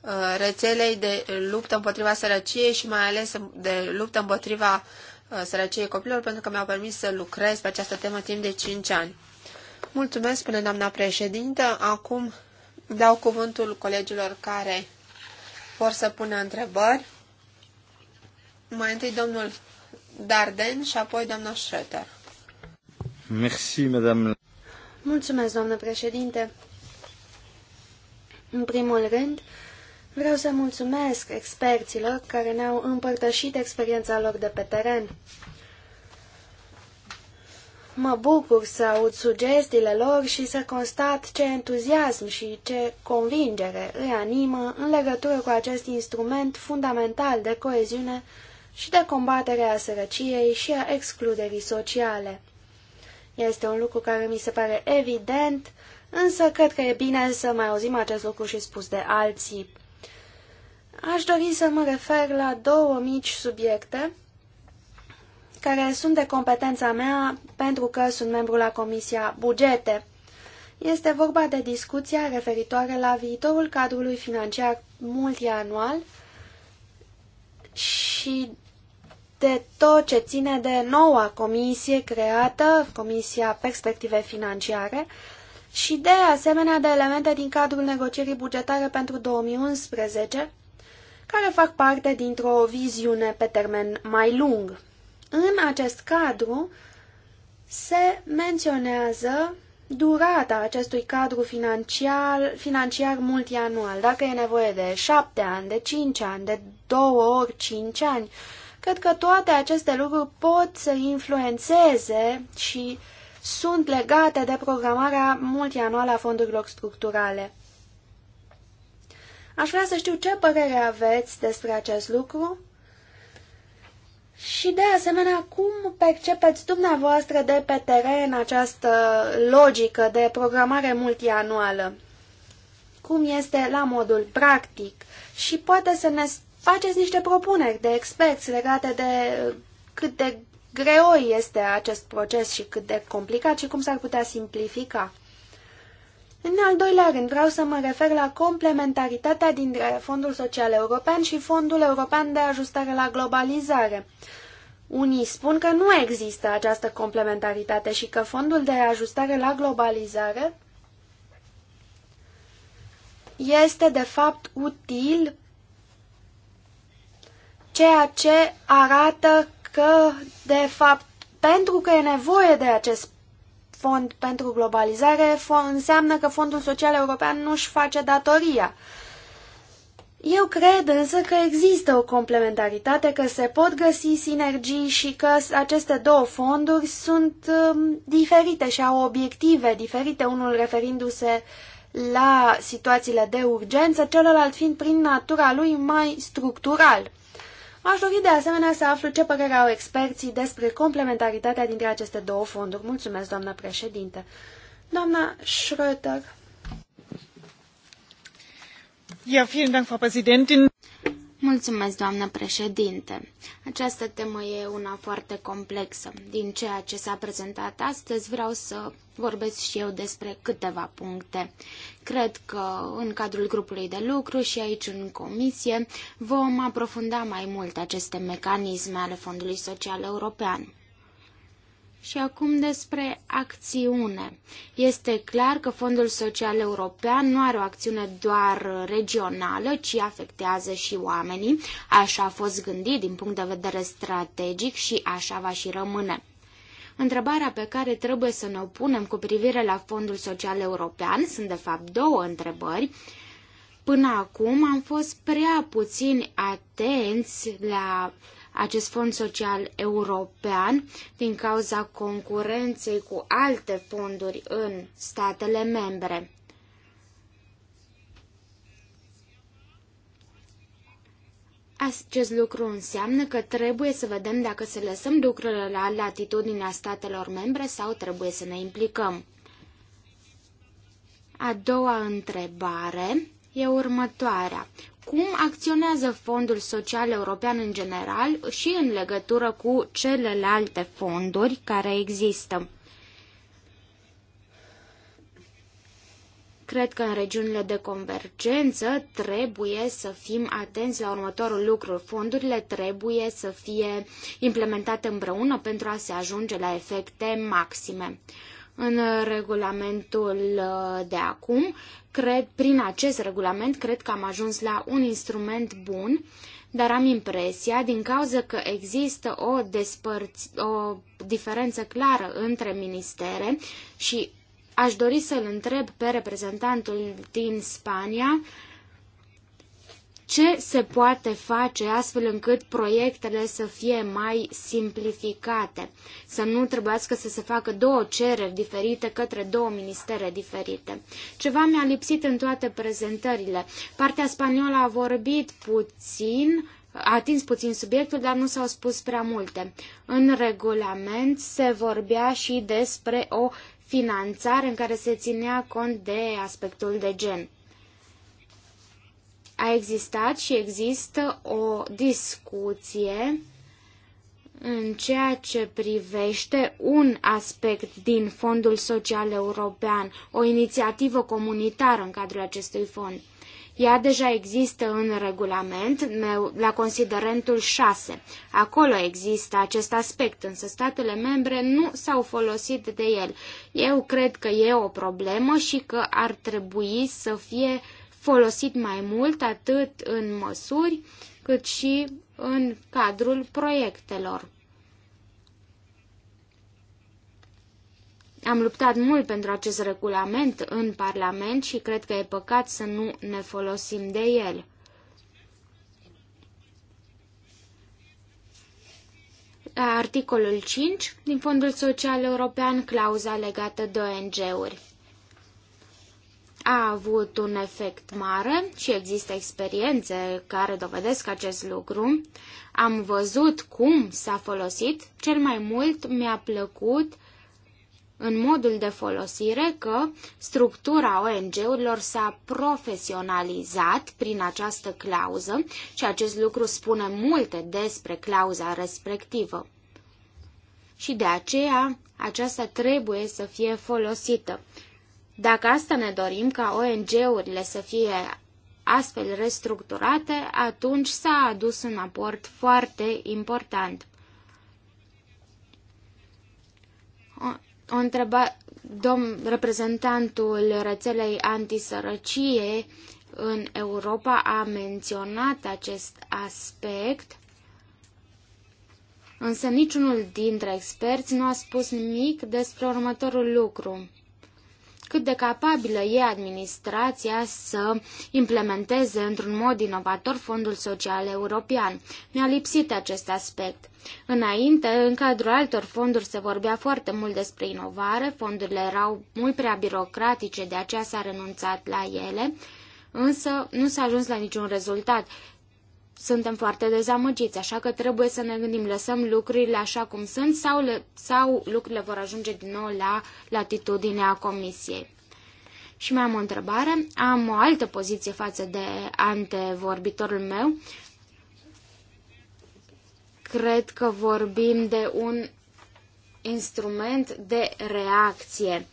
uh, rețelei de luptă împotriva sărăciei și mai ales de luptă împotriva uh, sărăciei copilor pentru că mi-au permis să lucrez pe această temă timp de 5 ani. Mulțumesc, spune doamna președintă. Acum dau cuvântul colegilor care vor să pună întrebări. Mai întâi domnul Darden și apoi doamna Schroeter. Merci, madame. Mulțumesc, doamnă președinte. În primul rând, vreau să mulțumesc experților care ne-au împărtășit experiența lor de pe teren. Mă bucur să aud sugestiile lor și să constat ce entuziasm și ce convingere îi animă în legătură cu acest instrument fundamental de coeziune și de combatere a sărăciei și a excluderii sociale. Este un lucru care mi se pare evident, însă cred că e bine să mai auzim acest lucru și spus de alții. Aș dori să mă refer la două mici subiecte care sunt de competența mea pentru că sunt membru la Comisia Bugete. Este vorba de discuția referitoare la viitorul cadrului financiar multianual și de tot ce ține de noua comisie creată, Comisia Perspective Financiare, și de asemenea de elemente din cadrul negocierii bugetare pentru 2011, care fac parte dintr-o viziune pe termen mai lung. În acest cadru se menționează durata acestui cadru financiar, financiar multianual, dacă e nevoie de șapte ani, de cinci ani, de două ori cinci ani. Cred că toate aceste lucruri pot să influențeze și sunt legate de programarea multianuală a fondurilor structurale. Aș vrea să știu ce părere aveți despre acest lucru și de asemenea, cum percepeți dumneavoastră de pe teren această logică de programare multianuală? Cum este la modul practic? Și poate să ne faceți niște propuneri de experți legate de cât de greoi este acest proces și cât de complicat și cum s-ar putea simplifica. În al doilea rând, vreau să mă refer la complementaritatea dintre Fondul Social European și Fondul European de Ajustare la Globalizare. Unii spun că nu există această complementaritate și că Fondul de Ajustare la Globalizare este de fapt util ceea ce arată că, de fapt, pentru că e nevoie de acest fond pentru globalizare înseamnă că Fondul Social European nu își face datoria. Eu cred însă că există o complementaritate, că se pot găsi sinergii și că aceste două fonduri sunt um, diferite și au obiective diferite, unul referindu-se la situațiile de urgență, celălalt fiind prin natura lui mai structural. Aș dori de asemenea să aflu ce părere au experții despre complementaritatea dintre aceste două fonduri. Mulțumesc, doamnă președinte. Doamna Schröter. Ja, vielen Dank, Frau Präsidentin. Mulțumesc, doamnă președinte. Această temă e una foarte complexă. Din ceea ce s-a prezentat astăzi, vreau să vorbesc și eu despre câteva puncte. Cred că în cadrul grupului de lucru și aici în comisie vom aprofunda mai mult aceste mecanisme ale Fondului Social European. Și acum despre acțiune. Este clar că Fondul Social European nu are o acțiune doar regională, ci afectează și oamenii. Așa a fost gândit din punct de vedere strategic și așa va și rămâne. Întrebarea pe care trebuie să ne opunem cu privire la Fondul Social European sunt de fapt două întrebări. Până acum am fost prea puțin atenți la uh, acest fond social european din cauza concurenței cu alte fonduri în statele membre. Acest lucru înseamnă că trebuie să vedem dacă să lăsăm lucrurile la latitudinea statelor membre sau trebuie să ne implicăm. A doua întrebare e următoarea cum acționează Fondul Social European în general și în legătură cu celelalte fonduri care există. Cred că în regiunile de convergență trebuie să fim atenți la următorul lucru. Fondurile trebuie să fie implementate împreună pentru a se ajunge la efecte maxime în regulamentul uh, de acum, Cred, prin acest regulament, cred că am ajuns la un instrument bun, dar am impresia, din cauza că există o, despărți, o diferență clară între ministere și aș dori să-l întreb pe reprezentantul din Spania, uh, ce se poate face astfel încât proiectele să fie mai simplificate, să nu trebuiască să se facă două cereri diferite către două ministere diferite? Ceva mi-a lipsit în toate prezentările. Partea spaniolă a vorbit puțin, a atins puțin subiectul, dar nu s-au spus prea multe. În regulament se vorbea și despre o finanțare în care se ținea cont de aspectul de gen. A existat și există o discuție în ceea ce privește un aspect din Fondul Social European, o inițiativă comunitară în cadrul acestui fond. Ea deja există în regulament, la considerentul 6. Acolo există acest aspect, însă statele membre nu s-au folosit de el. Eu cred că e o problemă și că ar trebui să fie uh, folosit mai mult atât în măsuri cât și în cadrul proiectelor. Am luptat mult pentru acest regulament în Parlament și cred că e păcat să nu ne folosim de el. articolul 5 din Fondul Social European, clauza legată de ONG-uri a avut un efect mare și există experiențe care dovedesc acest lucru. Am văzut cum s-a folosit. Cel mai mult mi-a plăcut în modul de folosire că structura ONG-urilor s-a profesionalizat prin această clauză și acest lucru spune multe despre clauza respectivă. Și de aceea aceasta trebuie să fie folosită dacă asta ne dorim ca ONG-urile să fie astfel restructurate, atunci s-a adus un aport foarte important. O, o întreba, domn reprezentantul rețelei antisărăcie în Europa a menționat acest aspect, însă niciunul dintre experți nu a spus nimic despre următorul lucru cât de capabilă e administrația să implementeze într-un mod inovator Fondul Social European. Mi-a lipsit acest aspect. Înainte, în cadrul altor fonduri se vorbea foarte mult despre inovare, fondurile erau mult prea birocratice, de aceea s-a renunțat la ele, însă nu s-a ajuns la niciun rezultat suntem foarte dezamăgiți, așa că trebuie să ne gândim, lăsăm lucrurile așa cum sunt sau, le, sau lucrurile vor ajunge din nou la latitudinea comisiei. Și mai am o întrebare. Am o altă poziție față de antevorbitorul meu. Cred că vorbim de un instrument de reacție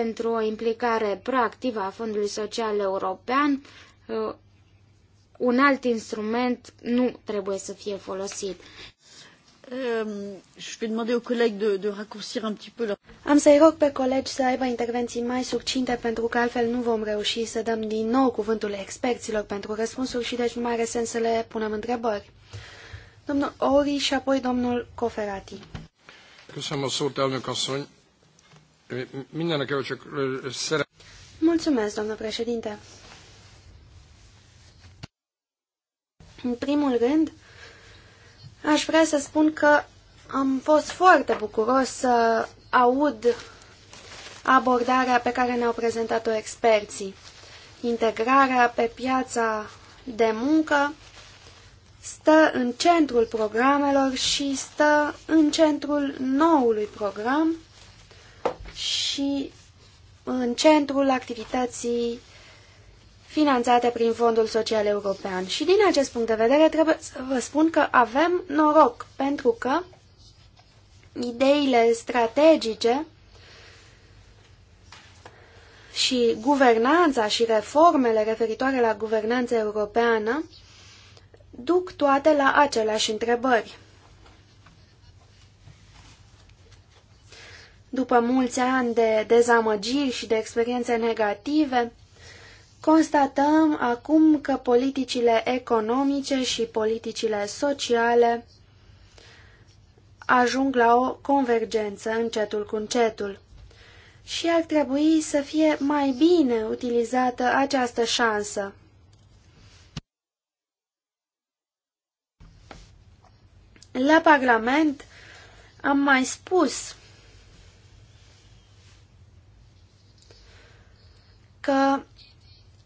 pentru o implicare proactivă a Fondului Social European, uh, un alt instrument nu trebuie să fie folosit. Am să-i rog pe colegi să aibă intervenții mai succinte pentru că altfel nu vom reuși să dăm din nou cuvântul experților pentru răspunsuri și deci nu mai are sens să le punem întrebări. Domnul Ori și apoi domnul Coferati. Mulțumesc, a szót, Mulțumesc, doamnă președinte. În primul rând, aș vrea să spun că am fost foarte bucuros să aud abordarea pe care ne-au prezentat-o experții. Integrarea pe piața de muncă stă în centrul programelor și stă în centrul noului program și în centrul activității finanțate prin Fondul Social European. Și din acest punct de vedere trebuie să vă spun că avem noroc, pentru că ideile strategice și guvernanța și reformele referitoare la guvernanța europeană duc toate la aceleași întrebări. după mulți ani de dezamăgiri și de experiențe negative, constatăm acum că politicile economice și politicile sociale ajung la o convergență încetul cu încetul. Și ar trebui să fie mai bine utilizată această șansă. La Parlament am mai spus că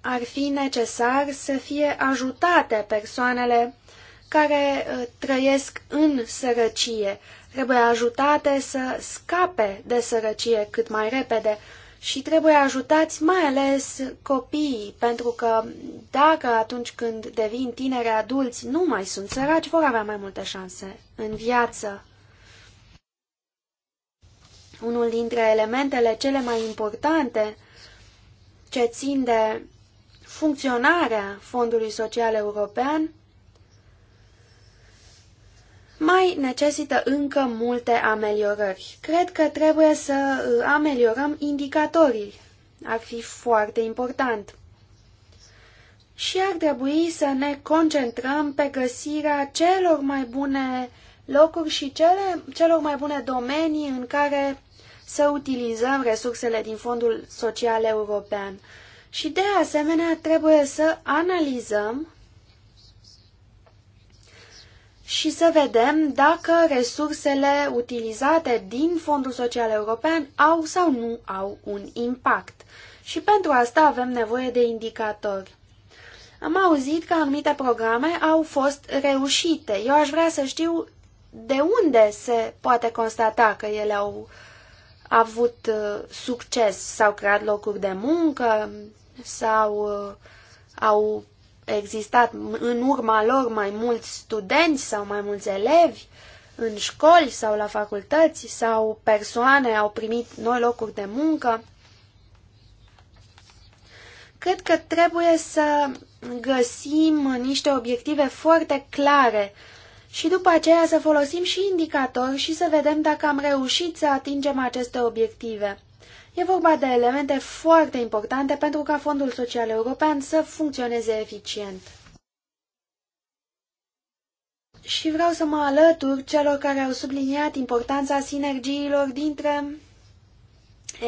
ar fi necesar să fie ajutate persoanele care uh, trăiesc în sărăcie. Trebuie ajutate să scape de sărăcie cât mai repede și trebuie ajutați mai ales copiii, pentru că dacă atunci când devin tineri adulți nu mai sunt săraci, vor avea mai multe șanse în viață. Unul dintre elementele cele mai importante ce țin de funcționarea Fondului Social European mai necesită încă multe ameliorări. Cred că trebuie să uh, ameliorăm indicatorii. Ar fi foarte important. Și ar trebui să ne concentrăm pe găsirea celor mai bune locuri și cele, celor mai bune domenii în care să utilizăm resursele din Fondul Social European. Și de asemenea trebuie să analizăm și să vedem dacă resursele utilizate din Fondul Social European au sau nu au un impact. Și pentru asta avem nevoie de indicatori. Am auzit că anumite programe au fost reușite. Eu aș vrea să știu de unde se poate constata că ele au avut uh, succes, s-au creat locuri de muncă sau uh, au existat în urma lor mai mulți studenți sau mai mulți elevi în școli sau la facultăți sau persoane au primit noi locuri de muncă. Cred că trebuie să găsim niște obiective foarte clare și după aceea să folosim și indicatori și să vedem dacă am reușit să atingem aceste obiective. E vorba de elemente foarte importante pentru ca Fondul Social European să funcționeze eficient. Și vreau să mă alătur celor care au subliniat importanța sinergiilor dintre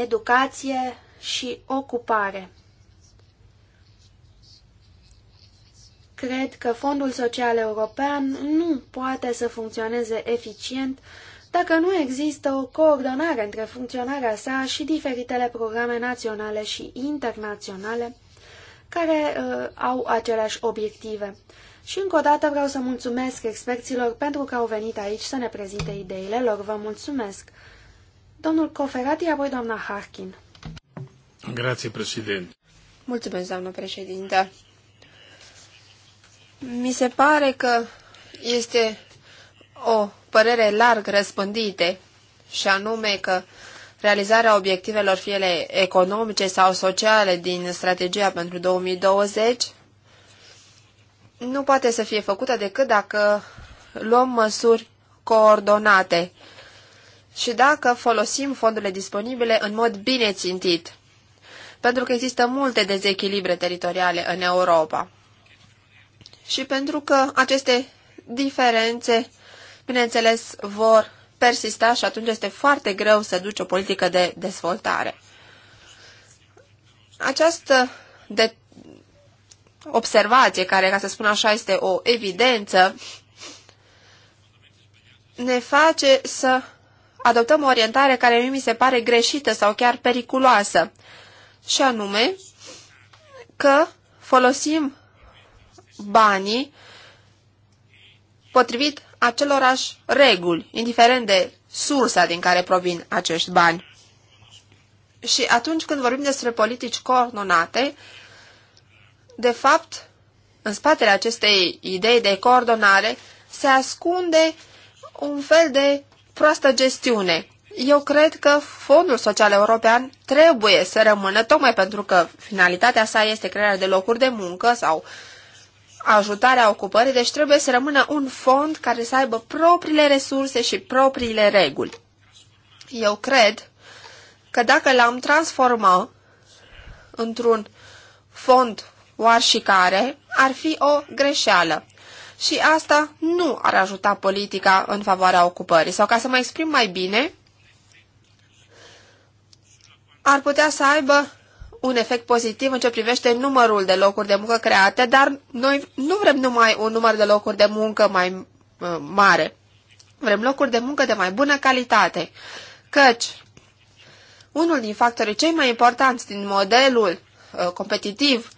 educație și ocupare. Cred că Fondul Social European nu poate să funcționeze eficient dacă nu există o coordonare între funcționarea sa și diferitele programe naționale și internaționale care uh, au aceleași obiective. Și încă o dată vreau să mulțumesc experților pentru că au venit aici să ne prezinte ideile lor. Vă mulțumesc! Domnul Coferati, apoi doamna Harkin. Grație, președinte. Mulțumesc, doamnă președinte. Mi se pare că este o părere larg răspândite și anume că realizarea obiectivelor fiele economice sau sociale din strategia pentru 2020 nu poate să fie făcută decât dacă luăm măsuri coordonate și dacă folosim fondurile disponibile în mod bine țintit, pentru că există multe dezechilibre teritoriale în Europa și pentru că aceste diferențe, bineînțeles, vor persista și atunci este foarte greu să duci o politică de dezvoltare. Această de observație, care, ca să spun așa, este o evidență, ne face să adoptăm o orientare care mi se pare greșită sau chiar periculoasă, și anume că folosim banii potrivit acelorași reguli, indiferent de sursa din care provin acești bani. Și atunci când vorbim despre politici coordonate, de fapt, în spatele acestei idei de coordonare se ascunde un fel de proastă gestiune. Eu cred că Fondul Social European trebuie să rămână, tocmai pentru că finalitatea sa este crearea de locuri de muncă sau uh, ajutarea ocupării, deci trebuie să rămână un fond care să aibă propriile resurse și propriile reguli. Eu cred că dacă l-am transforma într-un fond oarșicare, ar fi o greșeală. Și asta nu ar ajuta politica în favoarea ocupării. Sau ca să mă exprim mai bine, ar putea să aibă un efect pozitiv în ce privește numărul de locuri de muncă create, dar noi nu vrem numai un număr de locuri de muncă mai uh, mare. Vrem locuri de muncă de mai bună calitate, căci unul din factorii cei mai importanți din modelul uh, competitiv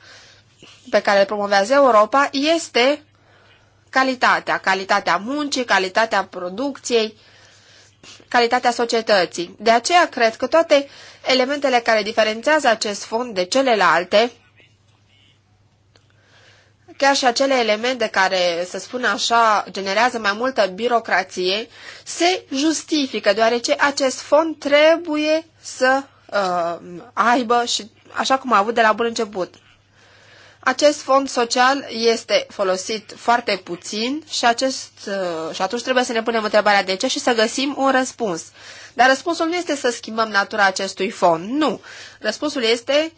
pe care îl promovează Europa este calitatea, calitatea muncii, calitatea producției calitatea societății. De aceea cred că toate elementele care diferențează acest fond de celelalte, chiar și acele elemente care, să spun așa, generează mai multă birocrație, se justifică, deoarece acest fond trebuie să uh, aibă și așa cum a avut de la bun început acest fond social este folosit foarte puțin și, acest, uh, și atunci trebuie să ne punem întrebarea de ce și să găsim un răspuns. Dar răspunsul nu este să schimbăm natura acestui fond, nu. Răspunsul este,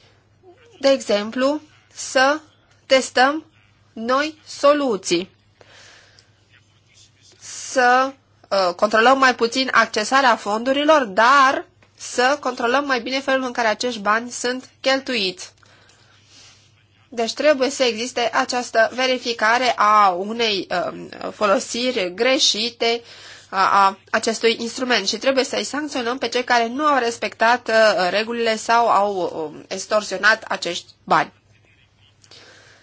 de exemplu, să testăm noi soluții, să uh, controlăm mai puțin accesarea fondurilor, dar să controlăm mai bine felul în care acești bani sunt cheltuiți. Deci trebuie să existe această verificare a unei um, folosiri greșite a acestui instrument și trebuie să-i sancționăm pe cei care nu au respectat uh, regulile sau au um, extorsionat acești bani.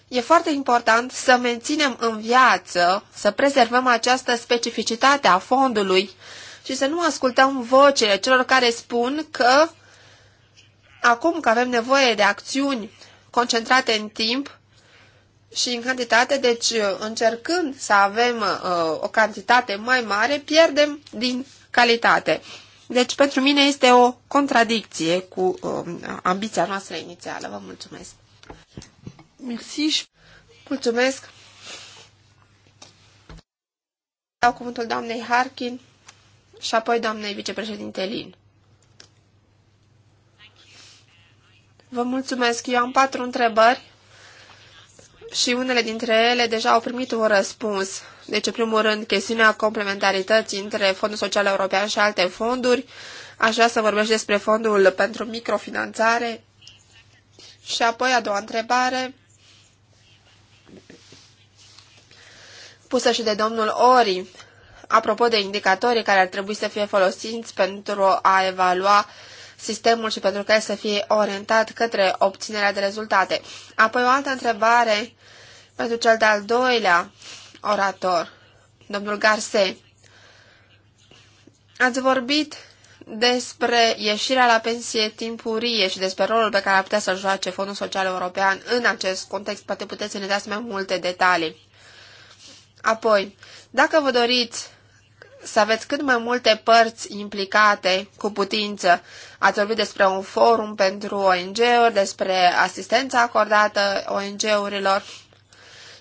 E foarte important să menținem în viață, să prezervăm această specificitate a fondului și să nu ascultăm vocile celor care spun că acum că avem nevoie de acțiuni concentrate în timp și în cantitate, deci uh, încercând să avem uh, o cantitate mai mare, pierdem din calitate. Deci pentru mine este o contradicție cu uh, ambiția noastră inițială. Vă mulțumesc. și Mulțumesc. Dau cuvântul doamnei Harkin și apoi doamnei vicepreședinte Lin. Vă mulțumesc. Eu am patru întrebări și unele dintre ele deja au primit un răspuns. Deci, în primul rând, chestiunea complementarității între Fondul Social European și alte fonduri. Aș vrea să vorbesc despre fondul pentru microfinanțare. Și apoi, a doua întrebare, pusă și de domnul Ori, apropo de indicatorii care ar trebui să fie folosiți pentru a evalua uh, sistemul și pentru care să fie orientat către obținerea de rezultate. Apoi o altă întrebare pentru cel de-al doilea orator, domnul Garse. Ați vorbit despre ieșirea la pensie timpurie și despre rolul pe care ar putea să-l joace Fondul Social European în acest context. Poate puteți să ne dați mai multe detalii. Apoi, dacă vă doriți să aveți cât mai multe părți implicate cu putință. Ați vorbit despre un forum pentru ONG-uri, despre asistența acordată ONG-urilor.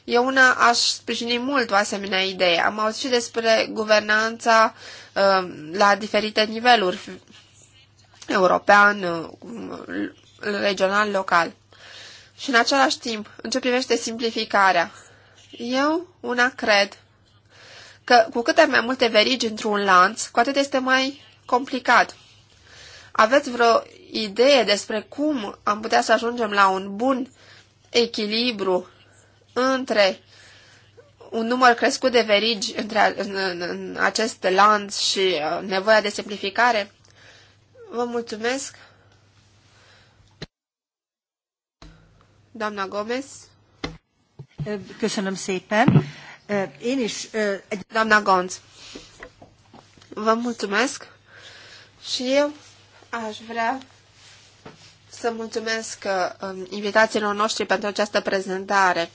Eu una aș sprijini mult o asemenea idee. Am auzit și despre guvernanța um, la diferite niveluri, european, um, regional, local. Și în același timp, în ce privește simplificarea, eu una cred că cu câte mai multe verigi într-un lanț, cu atât este mai complicat. Aveți vreo idee despre cum am putea să ajungem la un bun echilibru între un număr crescut de verigi între, în, în, în acest lanț și uh, nevoia de simplificare? Vă mulțumesc! Doamna Gomez. Köszönöm szépen. Én uh, is... Uh, Doamna Gonț, vă mulțumesc și eu aș vrea să mulțumesc uh, um, invitațiilor noștri pentru această prezentare.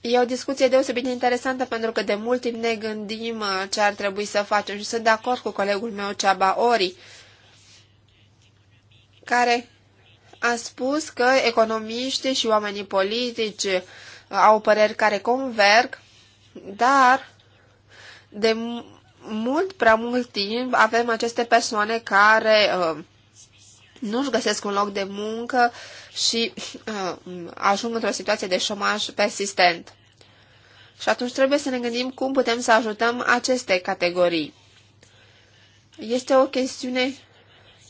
E o discuție deosebit de interesantă pentru că de mult timp ne gândim ce ar trebui să facem și sunt de acord cu colegul meu Ceaba Ori, care a spus că economiștii și oamenii politici au păreri care converg, dar de mult prea mult timp avem aceste persoane care uh, nu-și găsesc un loc de muncă și uh, ajung într-o situație de șomaj persistent. Și atunci trebuie să ne gândim cum putem să ajutăm aceste categorii. Este o chestiune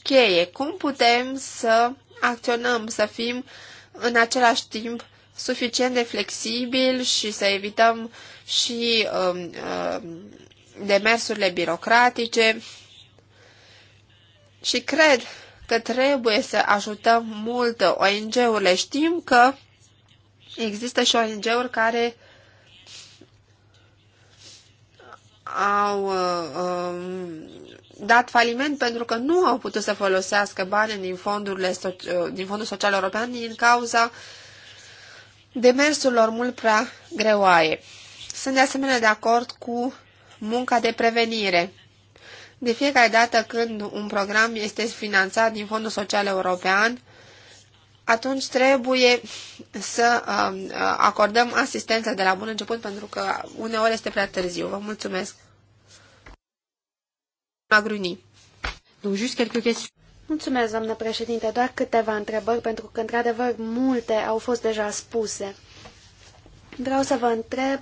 cheie. Cum putem să acționăm, să fim în același timp suficient de flexibil și să evităm și uh, demersurile birocratice. Și cred că trebuie să ajutăm mult ONG-urile. Știm că există și ONG-uri care au um, dat faliment pentru că nu au putut să folosească bani din, fondurile, uh, din Fondul Social European din cauza uh, demersul lor mult prea greoaie. Sunt de asemenea de acord cu munca de prevenire. De fiecare dată când un program este finanțat din Fondul Social European, atunci trebuie să um, uh, acordăm asistență de la bun început, pentru că uneori este prea târziu. Vă mulțumesc! Magruni. Donc, juste quelques questions. Mulțumesc, doamnă președinte. Doar câteva întrebări, pentru că, într-adevăr, multe au fost deja spuse. Vreau să vă întreb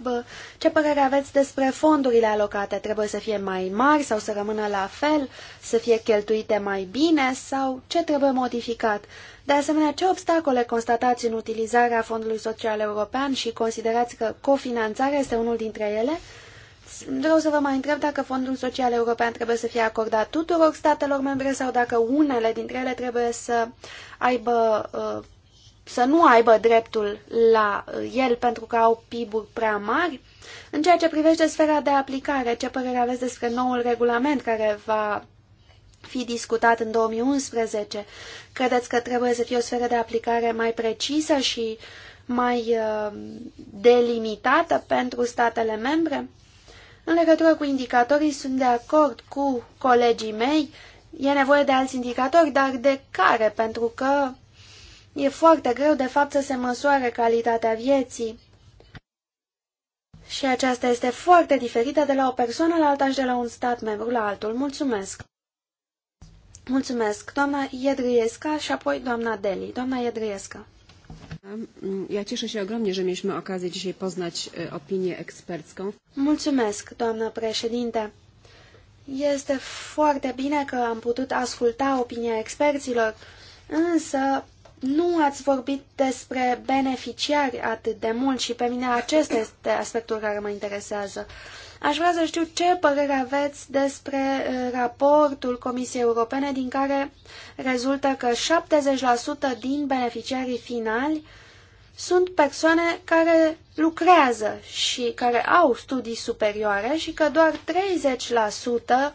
ce părere aveți despre fondurile alocate. Trebuie să fie mai mari sau să rămână la fel, să fie cheltuite mai bine sau ce trebuie modificat? De asemenea, ce obstacole constatați în utilizarea Fondului Social European și considerați că cofinanțarea este unul dintre ele? Vreau să vă mai întreb dacă Fondul Social European trebuie să fie acordat tuturor statelor membre sau dacă unele dintre ele trebuie să aibă uh, să nu aibă dreptul la uh, el pentru că au PIB-uri prea mari. În ceea ce privește sfera de aplicare, ce părere aveți despre noul regulament care va fi discutat în 2011? Credeți că trebuie să fie o sferă de aplicare mai precisă și mai uh, delimitată pentru statele membre? În legătură cu indicatorii, sunt de acord cu colegii mei. E nevoie de alți indicatori, dar de care? Pentru că e foarte greu, de fapt, să se măsoare calitatea vieții. Și aceasta este foarte diferită de la o persoană la alta și de la un stat membru la altul. Mulțumesc! Mulțumesc, doamna Iedriesca și apoi doamna Deli. Doamna Iedriesca. Ja cieszę się ogromnie, że mieliśmy okazję dzisiaj poznać opinię ekspercką. Mulțumesc, doamnă președinte. Este foarte bine că am putut asculta opinia experților, însă nu ați vorbit despre beneficiari atât de mult și pe mine acesta este aspectul care mă interesează. Uh, Aș vrea să știu ce părere aveți despre uh, raportul Comisiei Europene din care rezultă că 70% din beneficiarii finali sunt persoane care lucrează și care au studii superioare și că doar 30%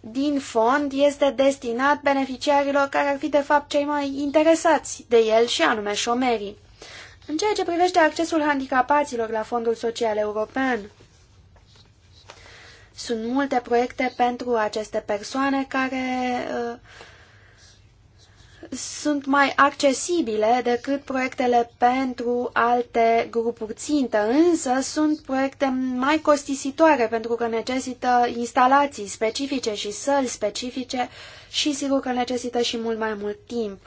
din fond este destinat beneficiarilor care ar fi de fapt cei mai interesați de el și anume șomerii. În ceea ce privește accesul handicapaților la Fondul Social European, sunt multe proiecte pentru aceste persoane care uh, sunt mai accesibile decât proiectele pentru alte grupuri țintă, însă sunt proiecte mai costisitoare pentru că necesită instalații specifice și săli specifice și sigur că necesită și mult mai mult timp.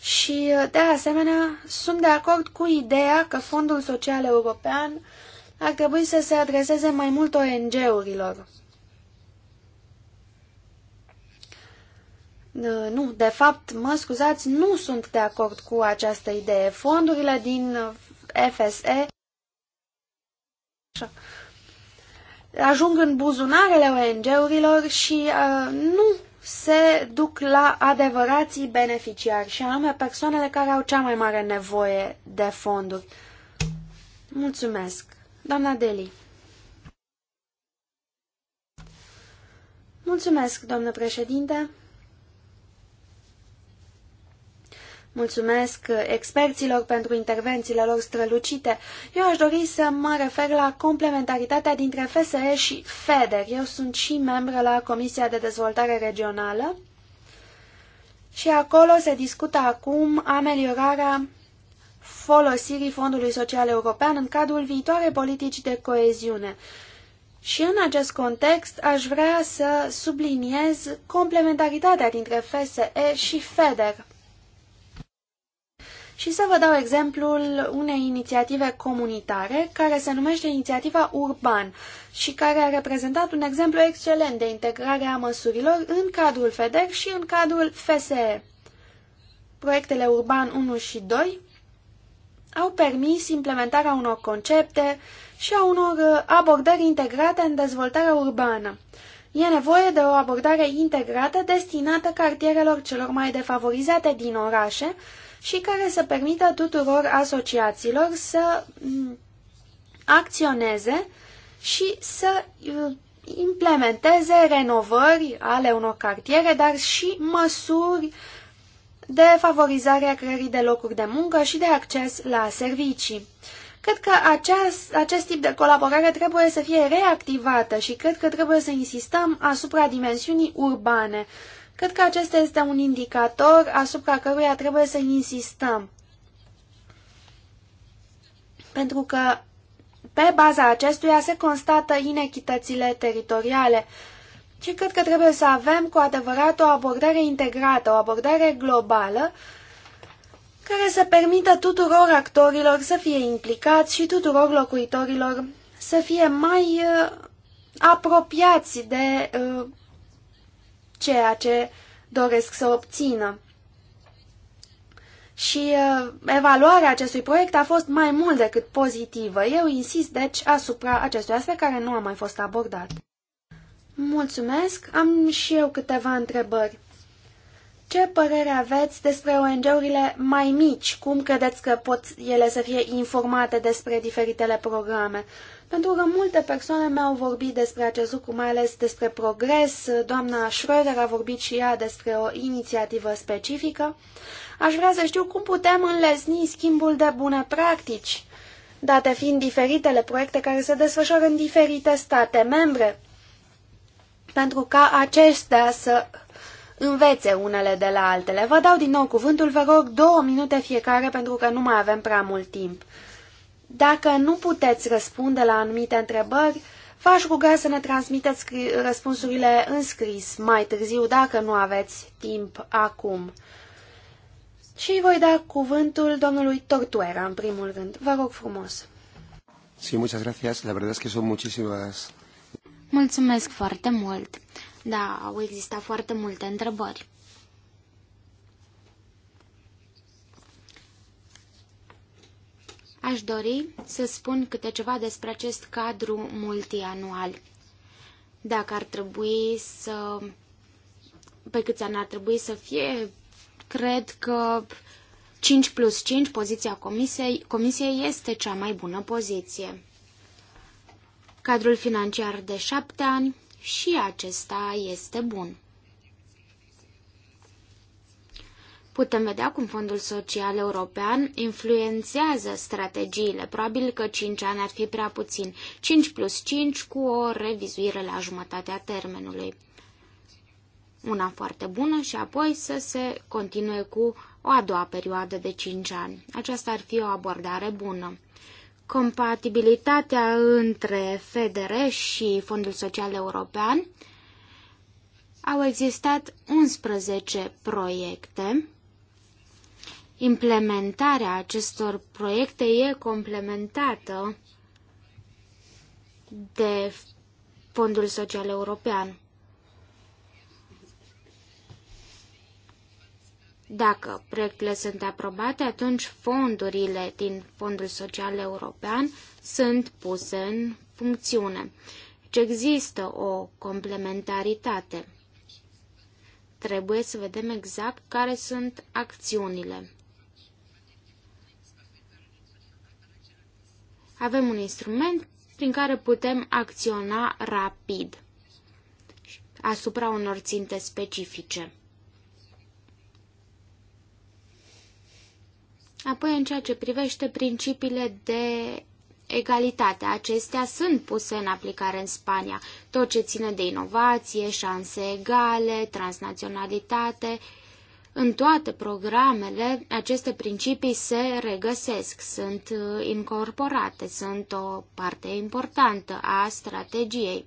Și, uh, de asemenea, sunt de acord cu ideea că Fondul Social European ar trebui să se adreseze mai mult ONG-urilor. Uh, nu, de fapt, mă scuzați, nu sunt de acord cu această idee. Fondurile din uh, FSE ajung în buzunarele ONG-urilor și uh, nu se duc la adevărații beneficiari și anume persoanele care au cea mai mare nevoie de fonduri. Mulțumesc. Doamna Deli. Mulțumesc, domnule președinte. Mulțumesc experților pentru intervențiile lor strălucite. Eu aș dori să mă refer la complementaritatea dintre FSE și FEDER. Eu sunt și membră la Comisia de Dezvoltare Regională și acolo se discută acum ameliorarea folosirii Fondului Social European în cadrul viitoarei politici de coeziune. Și în acest context aș vrea să subliniez complementaritatea dintre FSE și FEDER și să vă dau exemplul unei inițiative comunitare care se numește Inițiativa Urban și care a reprezentat un exemplu excelent de integrare a măsurilor în cadrul FEDER și în cadrul FSE. Proiectele Urban 1 și 2 au permis implementarea unor concepte și a unor uh, abordări integrate în dezvoltarea urbană. E nevoie de o abordare integrată destinată cartierelor celor mai defavorizate din orașe, și care să permită tuturor asociațiilor să mm, acționeze și să mm, implementeze renovări ale unor cartiere, dar și măsuri de favorizare a creării de locuri de muncă și de acces la servicii. Cred că aceast, acest tip de colaborare trebuie să fie reactivată și cred că trebuie să insistăm asupra dimensiunii urbane, Cred că acesta este un indicator asupra căruia trebuie să insistăm. Pentru că pe baza acestuia se constată inechitățile teritoriale și cred că trebuie să avem cu adevărat o abordare integrată, o abordare globală care să permită tuturor actorilor să fie implicați și tuturor locuitorilor să fie mai uh, apropiați de uh, ceea ce doresc să obțină. Și uh, evaluarea acestui proiect a fost mai mult decât pozitivă. Eu insist, deci, asupra acestui aspect care nu a mai fost abordat. Mulțumesc. Am și eu câteva întrebări. Ce părere aveți despre ONG-urile mai mici? Cum credeți că pot ele să fie informate despre diferitele programe? Pentru că multe persoane mi-au vorbit despre acest lucru, mai ales despre progres. Doamna Schroeder a vorbit și ea despre o inițiativă specifică. Aș vrea să știu cum putem înlesni schimbul de bune practici, date fiind diferitele proiecte care se desfășoară în diferite state membre, pentru ca acestea să învețe unele de la altele. Vă dau din nou cuvântul, vă rog două minute fiecare pentru că nu mai avem prea mult timp. Dacă nu puteți răspunde la anumite întrebări, v-aș ruga să ne transmiteți răspunsurile în scris mai târziu dacă nu aveți timp acum. Și voi da cuvântul domnului Tortuera în primul rând. Vă rog frumos. Sí, muchas gracias. La verdad es que son muchísimas... Mulțumesc foarte mult. Da, au existat foarte multe întrebări. Aș dori să spun câte ceva despre acest cadru multianual. Dacă ar trebui să... Pe câți ani ar trebui să fie? Cred că 5 plus 5, poziția comisiei, comisiei este cea mai bună poziție. Cadrul financiar de 7 ani, și acesta este bun. Putem vedea cum Fondul Social European influențează strategiile. Probabil că 5 ani ar fi prea puțin. 5 plus 5 cu o revizuire la jumătatea termenului. Una foarte bună și apoi să se continue cu o a doua perioadă de 5 ani. Aceasta ar fi o abordare bună compatibilitatea între FDR și Fondul Social European, au existat 11 proiecte. Implementarea acestor proiecte e complementată de Fondul Social European. Dacă proiectele sunt aprobate, atunci fondurile din Fondul Social European sunt puse în funcțiune. Deci există o complementaritate. Trebuie să vedem exact care sunt acțiunile. Avem un instrument prin care putem acționa rapid asupra unor ținte specifice. Apoi, în ceea ce privește principiile de egalitate, acestea sunt puse în aplicare în Spania. Tot ce ține de inovație, șanse egale, transnaționalitate, în toate programele, aceste principii se regăsesc, sunt uh, incorporate, sunt o parte importantă a strategiei.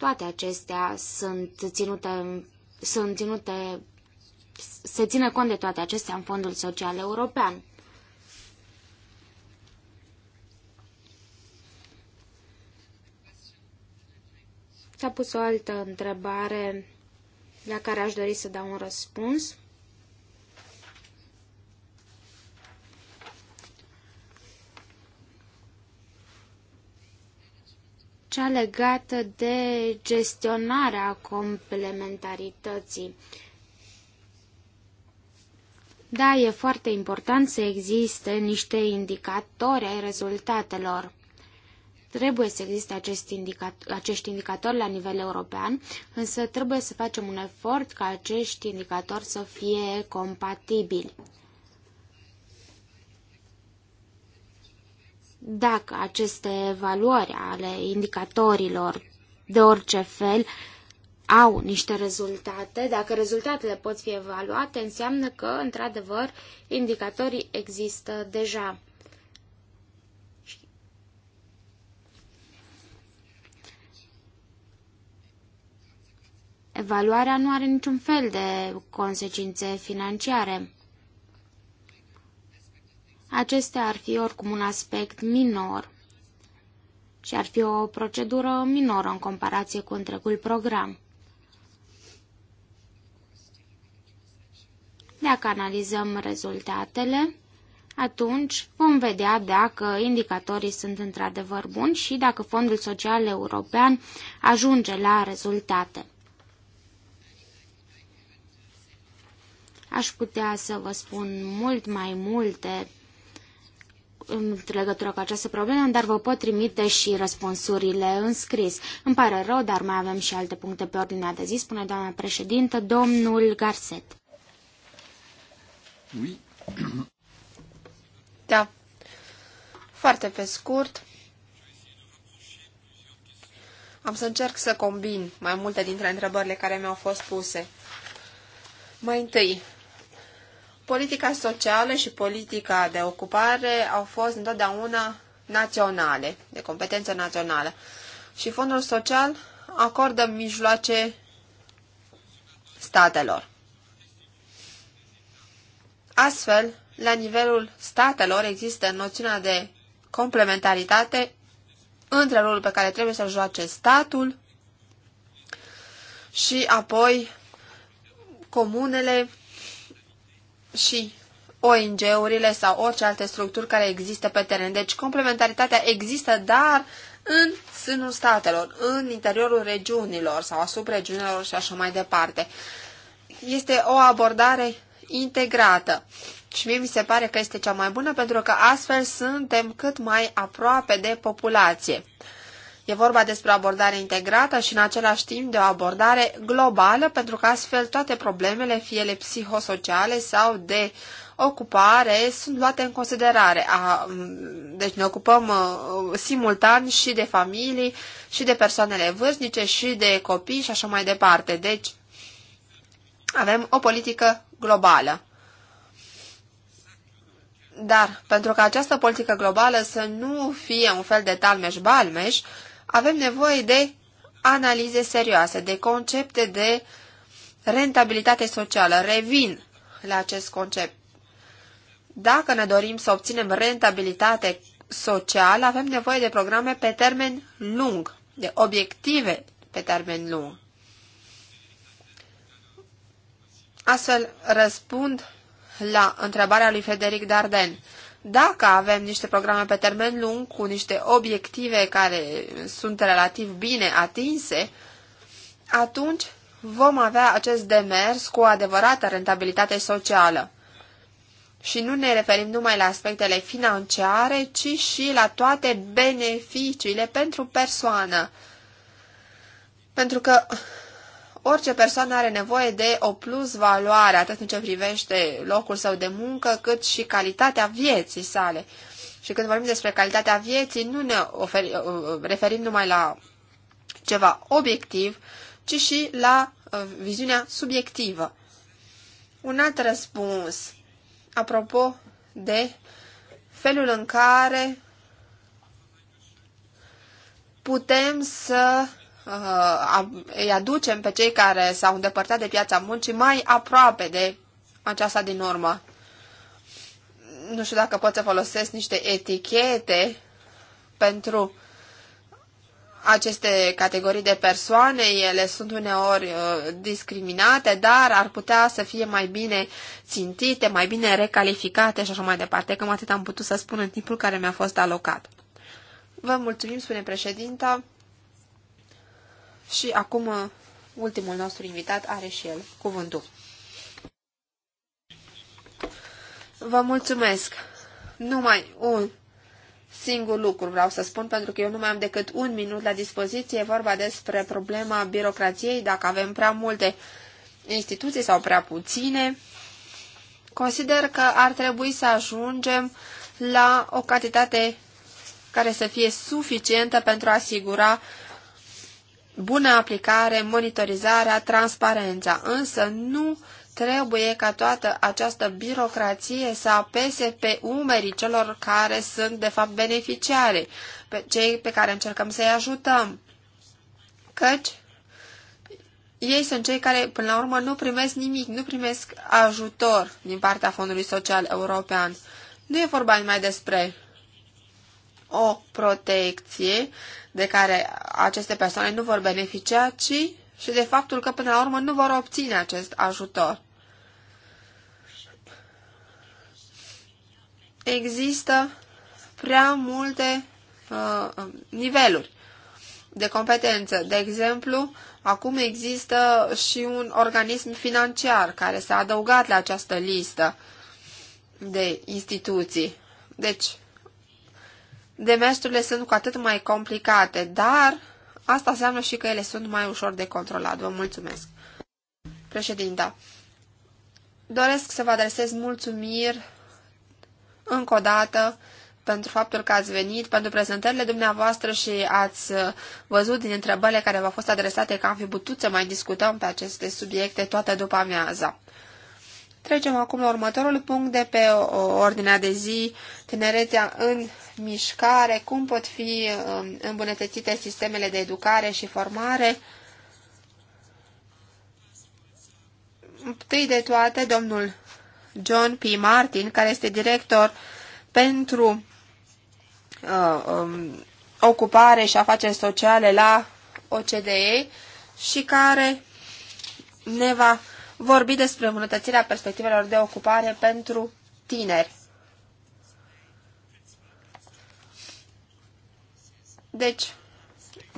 Toate acestea sunt ținute, sunt ținute, se ține cont de toate acestea în Fondul Social European. S-a pus o altă întrebare la care aș dori să dau un răspuns. cea legată de gestionarea complementarității. Da, e foarte important să existe niște indicatori ai rezultatelor. Trebuie să existe acest indicator, acești indicatori la nivel european, însă trebuie să facem un efort ca acești indicatori să fie compatibili. Dacă aceste evaluări ale indicatorilor de orice fel au niște rezultate, dacă rezultatele pot fi evaluate, înseamnă că, într-adevăr, indicatorii există deja. Evaluarea nu are niciun fel de consecințe financiare. Acestea ar fi oricum un aspect minor și ar fi o procedură minoră în comparație cu întregul program. Dacă analizăm rezultatele, atunci vom vedea dacă indicatorii sunt într-adevăr buni și dacă Fondul Social European ajunge la rezultate. Aș putea să vă spun mult mai multe în legătură cu această problemă, dar vă pot trimite și răspunsurile în scris. Îmi pare rău, dar mai avem și alte puncte pe ordinea de zi, spune doamna președintă, domnul Garset. Oui. Da. Foarte pe scurt. Am să încerc să combin mai multe dintre întrebările care mi-au fost puse. Mai întâi, politica socială și politica de ocupare au fost întotdeauna naționale, de competență națională. Și fondul social acordă mijloace statelor. Astfel, la nivelul statelor există noțiunea de complementaritate între rolul pe care trebuie să-l joace statul și apoi comunele și ONG-urile sau orice alte structuri care există pe teren. Deci complementaritatea există, dar în sânul statelor, în interiorul regiunilor sau asupra regiunilor și așa mai departe. Este o abordare integrată și mie mi se pare că este cea mai bună pentru că astfel suntem cât mai aproape de populație. E vorba despre o abordare integrată și în același timp de o abordare globală, pentru că astfel toate problemele, fie ele psihosociale sau de ocupare, sunt luate în considerare. Deci ne ocupăm uh, simultan și de familii, și de persoanele vârstnice, și de copii și așa mai departe. Deci avem o politică globală. Dar pentru ca această politică globală să nu fie un fel de talmeș-balmeș, avem nevoie de analize serioase, de concepte de rentabilitate socială. Revin la acest concept. Dacă ne dorim să obținem rentabilitate socială, avem nevoie de programe pe termen lung, de obiective pe termen lung. Astfel răspund la întrebarea lui Frederic Darden. Dacă avem niște programe pe termen lung cu niște obiective care sunt relativ bine atinse, atunci vom avea acest demers cu o adevărată rentabilitate socială. Și nu ne referim numai la aspectele financiare, ci și la toate beneficiile pentru persoană. Pentru că Orice persoană are nevoie de o plus valoare, atât în ce privește locul său de muncă, cât și calitatea vieții sale. Și când vorbim despre calitatea vieții, nu ne oferi, uh, uh, referim numai la ceva obiectiv, ci și la uh, viziunea subiectivă. Un alt răspuns, apropo de felul în care putem să Uh, îi aducem pe cei care s-au îndepărtat de piața muncii mai aproape de aceasta din urmă. Nu știu dacă pot să folosesc niște etichete pentru aceste categorii de persoane, ele sunt uneori uh, discriminate, dar ar putea să fie mai bine țintite, mai bine recalificate și așa mai departe. Cam atât am putut să spun în timpul care mi-a fost alocat. Vă mulțumim, spune președinta. Și acum uh, ultimul nostru invitat are și el cuvântul. Vă mulțumesc! Numai un singur lucru vreau să spun, pentru că eu nu mai am decât un minut la dispoziție. E vorba despre problema birocrației, dacă avem prea multe instituții sau prea puține. Consider că ar trebui să ajungem la o cantitate care să fie suficientă pentru a asigura bună aplicare, monitorizarea, transparența, însă nu trebuie ca toată această birocrație să apese pe umerii celor care sunt de fapt beneficiari, pe cei pe care încercăm să-i ajutăm. Căci ei sunt cei care, până la urmă, nu primesc nimic, nu primesc ajutor din partea Fondului Social European. Nu e vorba numai despre o protecție, de care aceste persoane nu vor beneficia, ci și de faptul că până la urmă nu vor obține acest ajutor. Există prea multe uh, niveluri de competență. De exemplu, acum există și un organism financiar care s-a adăugat la această listă de instituții. Deci, demersurile sunt cu atât mai complicate, dar asta înseamnă și că ele sunt mai ușor de controlat. Vă mulțumesc. Președinta, doresc să vă adresez mulțumiri încă o dată pentru faptul că ați venit, pentru prezentările dumneavoastră și ați văzut din întrebările care v-au fost adresate că am fi putut să mai discutăm pe aceste subiecte toată după amiaza. Trecem acum la următorul punct de pe ordinea de zi, tinerețea în mișcare, cum pot fi um, îmbunătățite sistemele de educare și formare. Întâi de toate, domnul John P. Martin, care este director pentru uh, um, ocupare și afaceri sociale la OCDE și care ne va vorbi despre îmbunătățirea perspectivelor de ocupare pentru tineri. Deci,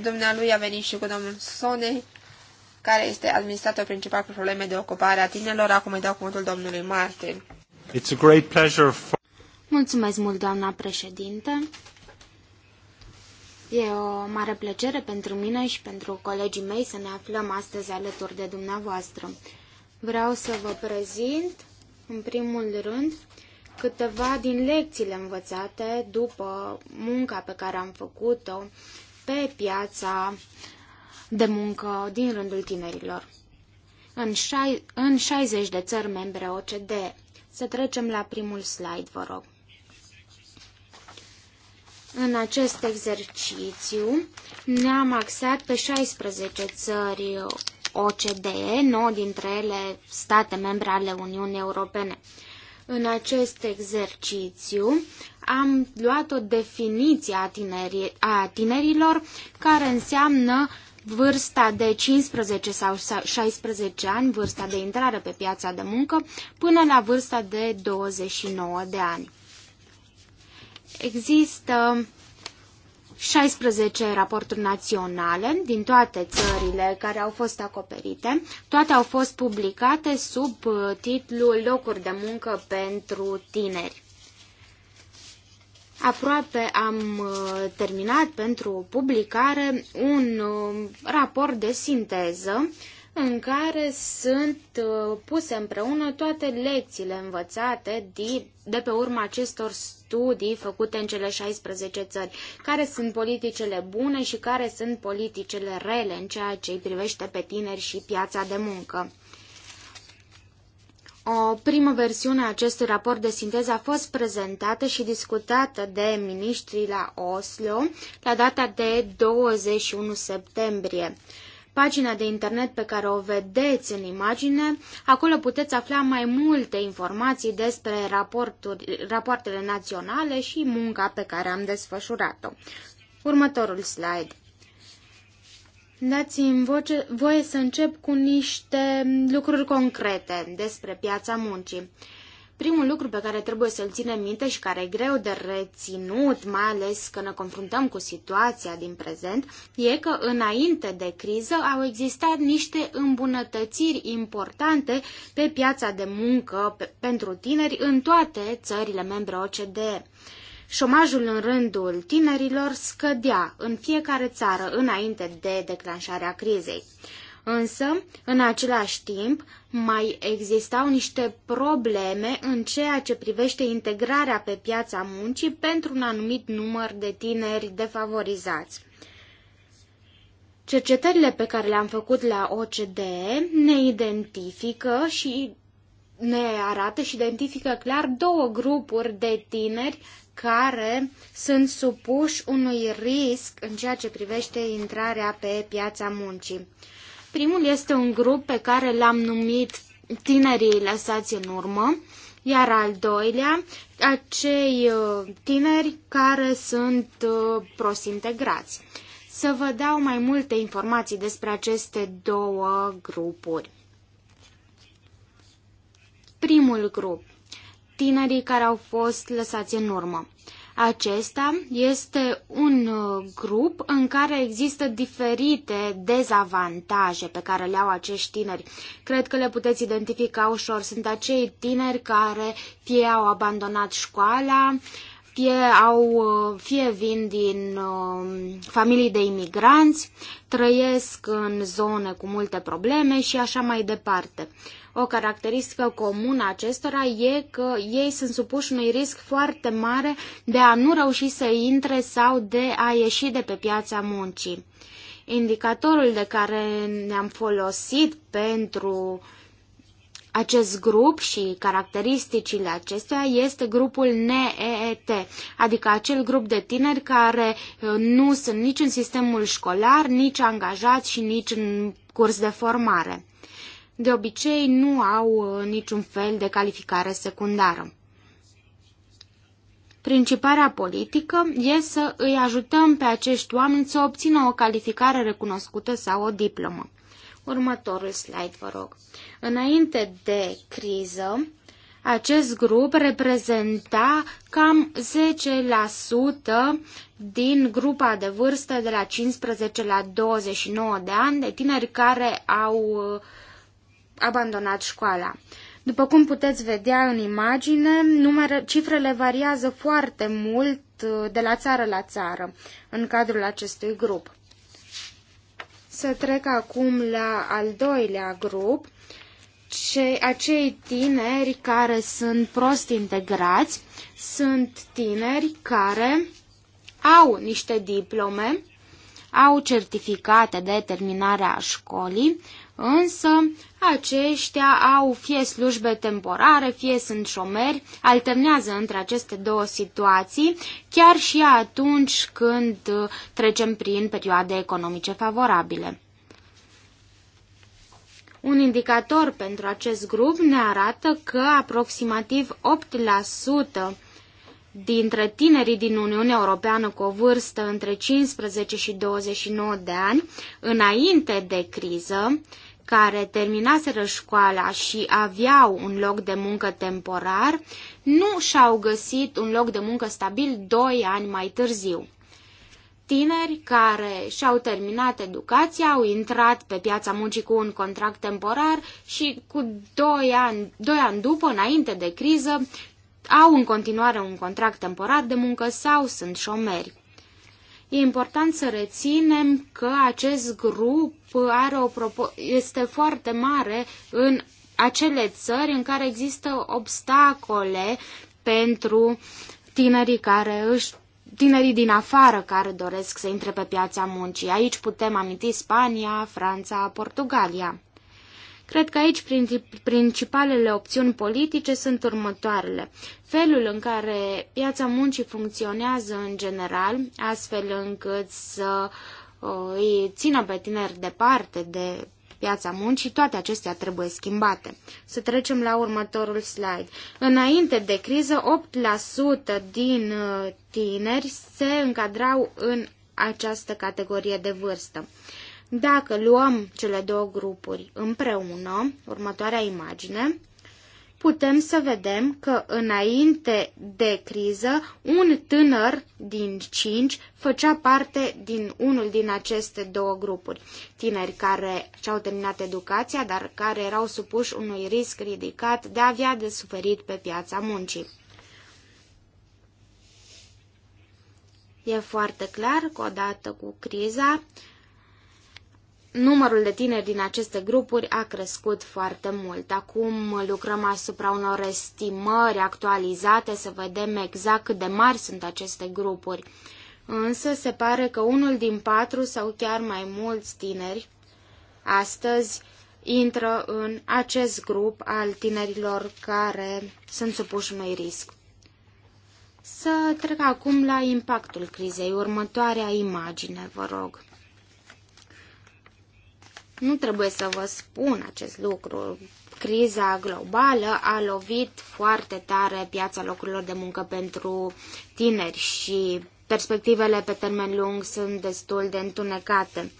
dumnealui a venit și cu domnul Sone, care este administrator principal cu probleme de ocupare a tinerilor. Acum îi dau cuvântul domnului Martin. It's a great pleasure for... Mulțumesc mult, doamna președintă. E o mare plăcere pentru mine și pentru colegii mei să ne aflăm astăzi alături de dumneavoastră. Vreau să vă prezint, în primul rând, câteva din lecțiile învățate după munca pe care am făcut-o pe piața de muncă din rândul tinerilor. În, în 60 de țări membre OCDE. Să trecem la primul slide, vă rog. În acest exercițiu ne-am axat pe 16 țări OCDE, 9 dintre ele state membre ale Uniunii Europene. În acest exercițiu am luat o definiție a, tinerii, a tinerilor care înseamnă vârsta de 15 sau 16 ani, vârsta de intrare pe piața de muncă, până la vârsta de 29 de ani. Există 16 raporturi naționale din toate țările care au fost acoperite. Toate au fost publicate sub uh, titlul Locuri de muncă pentru tineri. Aproape am uh, terminat pentru publicare un uh, raport de sinteză în care sunt puse împreună toate lecțiile învățate de pe urma acestor studii studii făcute în cele 16 țări, care sunt politicele bune și care sunt politicele rele în ceea ce îi privește pe tineri și piața de muncă. O primă versiune a acestui raport de sinteză a fost prezentată și discutată de ministrii la Oslo la data de 21 septembrie. Pagina de internet pe care o vedeți în imagine, acolo puteți afla mai multe informații despre rapoartele naționale și munca pe care am desfășurat-o. Următorul slide. Dați-mi voce, voie să încep cu niște lucruri concrete despre piața muncii. Primul lucru pe care trebuie să-l ținem minte și care e greu de reținut, mai ales când ne confruntăm cu situația din prezent, e că înainte de criză au existat niște îmbunătățiri importante pe piața de muncă pe, pentru tineri în toate țările membre OCDE. Șomajul în rândul tinerilor scădea în fiecare țară înainte de declanșarea crizei. Însă, în același timp, mai existau niște probleme în ceea ce privește integrarea pe piața muncii pentru un anumit număr de tineri defavorizați. Cercetările pe care le-am făcut la OCDE ne identifică și ne arată și identifică clar două grupuri de tineri care sunt supuși unui risc în ceea ce privește intrarea pe piața muncii. Primul este un grup pe care l-am numit Tinerii lăsați în urmă, iar al doilea, acei uh, tineri care sunt uh, prosintegrați. Să vă dau mai multe informații despre aceste două grupuri. Primul grup, tinerii care au fost lăsați în urmă. Acesta este un uh, grup în care există diferite dezavantaje pe care le au acești tineri. Cred că le puteți identifica ușor. Sunt acei tineri care fie au abandonat școala, fie, au, uh, fie vin din um, familii de imigranți, trăiesc în zone cu multe probleme și așa mai departe. O caracteristică comună acestora e că ei sunt supuși unui risc foarte mare de a nu reuși să intre sau de a ieși de pe piața muncii. Indicatorul de care ne-am folosit pentru acest grup și caracteristicile acestuia este grupul NEET, adică acel grup de tineri care uh, nu sunt nici în sistemul școlar, nici angajați și nici în curs de formare de obicei nu au uh, niciun fel de calificare secundară. Principarea politică e să îi ajutăm pe acești oameni să obțină o calificare recunoscută sau o diplomă. Următorul slide, vă rog. Înainte de criză, acest grup reprezenta cam 10% din grupa de vârstă de la 15 la 29 de ani de tineri care au uh, abandonat școala. După cum puteți vedea în imagine, numere, cifrele variază foarte mult uh, de la țară la țară în cadrul acestui grup. Să trec acum la al doilea grup, ce, acei tineri care sunt prost integrați, sunt tineri care au niște diplome, au certificate de terminare a școlii, Însă, aceștia au fie slujbe temporare, fie sunt șomeri, alternează între aceste două situații, chiar și atunci când uh, trecem prin perioade economice favorabile. Un indicator pentru acest grup ne arată că aproximativ 8% dintre tinerii din Uniunea Europeană cu o vârstă între 15 și 29 de ani, înainte de criză, care terminaseră școala și aveau un loc de muncă temporar, nu și-au găsit un loc de muncă stabil doi ani mai târziu. Tineri care și-au terminat educația au intrat pe piața muncii cu un contract temporar și cu doi ani, doi ani după, înainte de criză, au în continuare un contract temporar de muncă sau sunt șomeri. E important să reținem că acest grup are o este foarte mare în acele țări în care există obstacole pentru tinerii care își tinerii din afară care doresc să intre pe piața muncii. Aici putem aminti Spania, Franța, Portugalia. Cred că aici principalele opțiuni politice sunt următoarele. Felul în care piața muncii funcționează în general, astfel încât să uh, îi țină pe tineri departe de piața muncii, toate acestea trebuie schimbate. Să trecem la următorul slide. Înainte de criză, 8% din uh, tineri se încadrau în această categorie de vârstă. Dacă luăm cele două grupuri împreună, următoarea imagine, putem să vedem că înainte de criză, un tânăr din cinci făcea parte din unul din aceste două grupuri. Tineri care și-au terminat educația, dar care erau supuși unui risc ridicat de a avea de suferit pe piața muncii. E foarte clar că odată cu criza, numărul de tineri din aceste grupuri a crescut foarte mult. Acum lucrăm asupra unor estimări actualizate să vedem exact cât de mari sunt aceste grupuri. Însă se pare că unul din patru sau chiar mai mulți tineri astăzi intră în acest grup al tinerilor care sunt supuși unui risc. Să trec acum la impactul crizei. Următoarea imagine, vă rog. Nu trebuie să vă spun acest lucru. Criza globală a lovit foarte tare piața locurilor de muncă pentru tineri și perspectivele pe termen lung sunt destul de întunecate.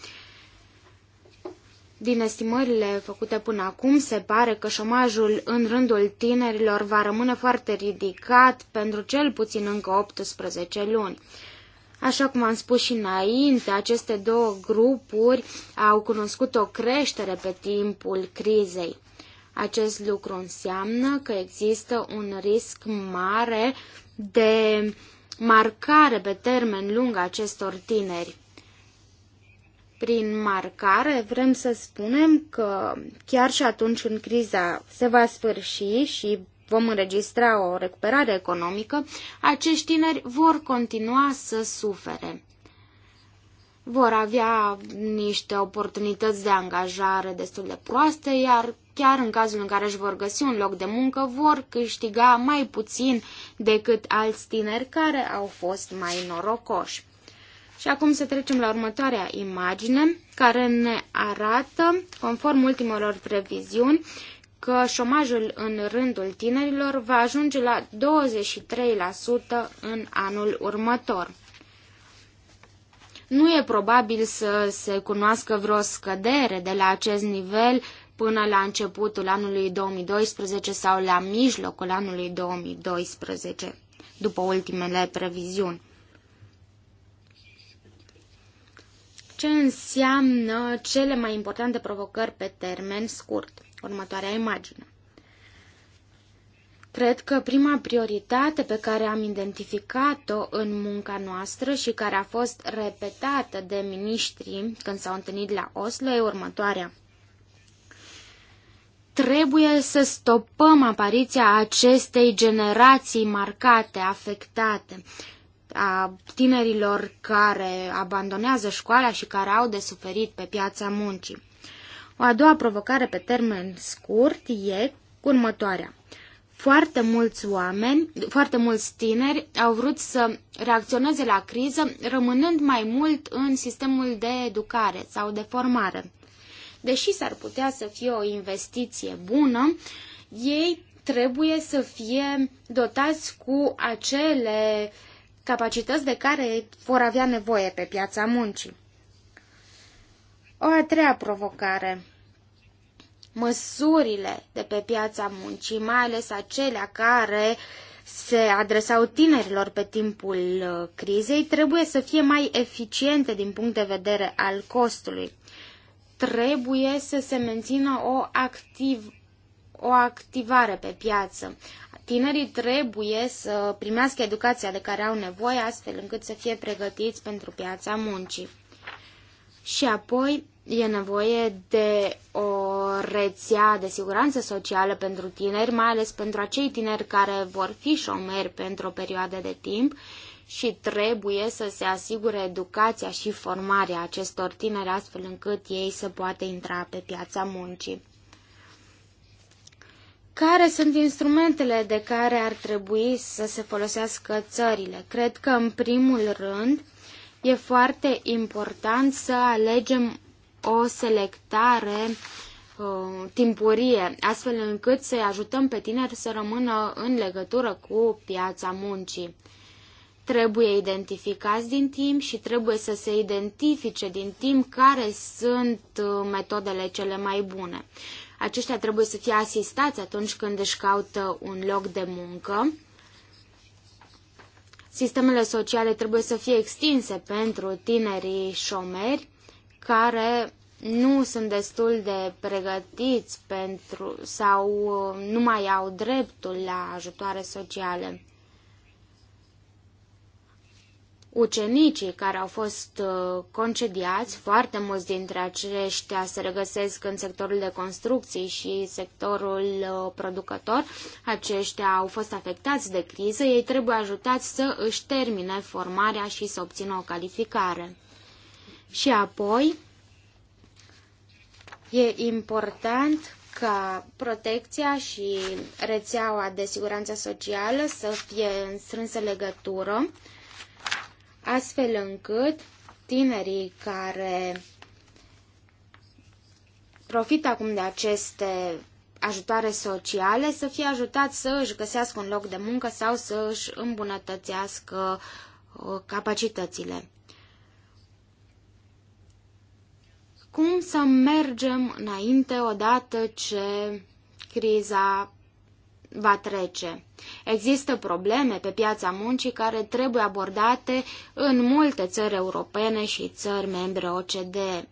Din estimările făcute până acum, se pare că șomajul în rândul tinerilor va rămâne foarte ridicat pentru cel puțin încă 18 luni. Așa cum am spus și înainte, aceste două grupuri au cunoscut o creștere pe timpul crizei. Acest lucru înseamnă că există un risc mare de marcare pe termen lung a acestor tineri. Prin marcare vrem să spunem că chiar și atunci când criza se va sfârși și vom înregistra o recuperare economică, acești tineri vor continua să sufere. Vor avea niște oportunități de angajare destul de proaste, iar chiar în cazul în care își vor găsi un loc de muncă, vor câștiga mai puțin decât alți tineri care au fost mai norocoși. Și acum să trecem la următoarea imagine, care ne arată, conform ultimelor previziuni, că șomajul în rândul tinerilor va ajunge la 23% în anul următor. Nu e probabil să se cunoască vreo scădere de la acest nivel până la începutul anului 2012 sau la mijlocul anului 2012, după ultimele previziuni. Ce înseamnă cele mai importante provocări pe termen scurt? următoarea imagine. Cred că prima prioritate pe care am identificat-o în munca noastră și care a fost repetată de miniștrii când s-au întâlnit la Oslo e următoarea. Trebuie să stopăm apariția acestei generații marcate, afectate, a tinerilor care abandonează școala și care au de suferit pe piața muncii. O a doua provocare pe termen scurt e următoarea. Foarte mulți oameni, foarte mulți tineri au vrut să reacționeze la criză rămânând mai mult în sistemul de educare sau de formare. Deși s-ar putea să fie o investiție bună, ei trebuie să fie dotați cu acele capacități de care vor avea nevoie pe piața muncii. O a treia provocare. Măsurile de pe piața muncii, mai ales acelea care se adresau tinerilor pe timpul uh, crizei, trebuie să fie mai eficiente din punct de vedere al costului. Trebuie să se mențină o, activ, o activare pe piață. Tinerii trebuie să primească educația de care au nevoie, astfel încât să fie pregătiți pentru piața muncii. Și apoi e nevoie de o rețea de siguranță socială pentru tineri, mai ales pentru acei tineri care vor fi șomeri pentru o perioadă de timp și trebuie să se asigure educația și formarea acestor tineri astfel încât ei să poată intra pe piața muncii. Care sunt instrumentele de care ar trebui să se folosească țările? Cred că, în primul rând, E foarte important să alegem o selectare uh, timpurie, astfel încât să-i ajutăm pe tineri să rămână în legătură cu piața muncii. Trebuie identificați din timp și trebuie să se identifice din timp care sunt uh, metodele cele mai bune. Aceștia trebuie să fie asistați atunci când își caută un loc de muncă Sistemele sociale trebuie să fie extinse pentru tinerii șomeri care nu sunt destul de pregătiți pentru sau nu mai au dreptul la ajutoare sociale. Ucenicii care au fost uh, concediați, foarte mulți dintre aceștia se regăsesc în sectorul de construcții și sectorul uh, producător, aceștia au fost afectați de criză, ei trebuie ajutați să își termine formarea și să obțină o calificare. Și apoi, e important ca protecția și rețeaua de siguranță socială să fie în strânsă legătură astfel încât tinerii care profită acum de aceste ajutoare sociale să fie ajutați să își găsească un loc de muncă sau să își îmbunătățească uh, capacitățile. Cum să mergem înainte odată ce criza va trece. Există probleme pe piața muncii care trebuie abordate în multe țări europene și țări membre OCDE.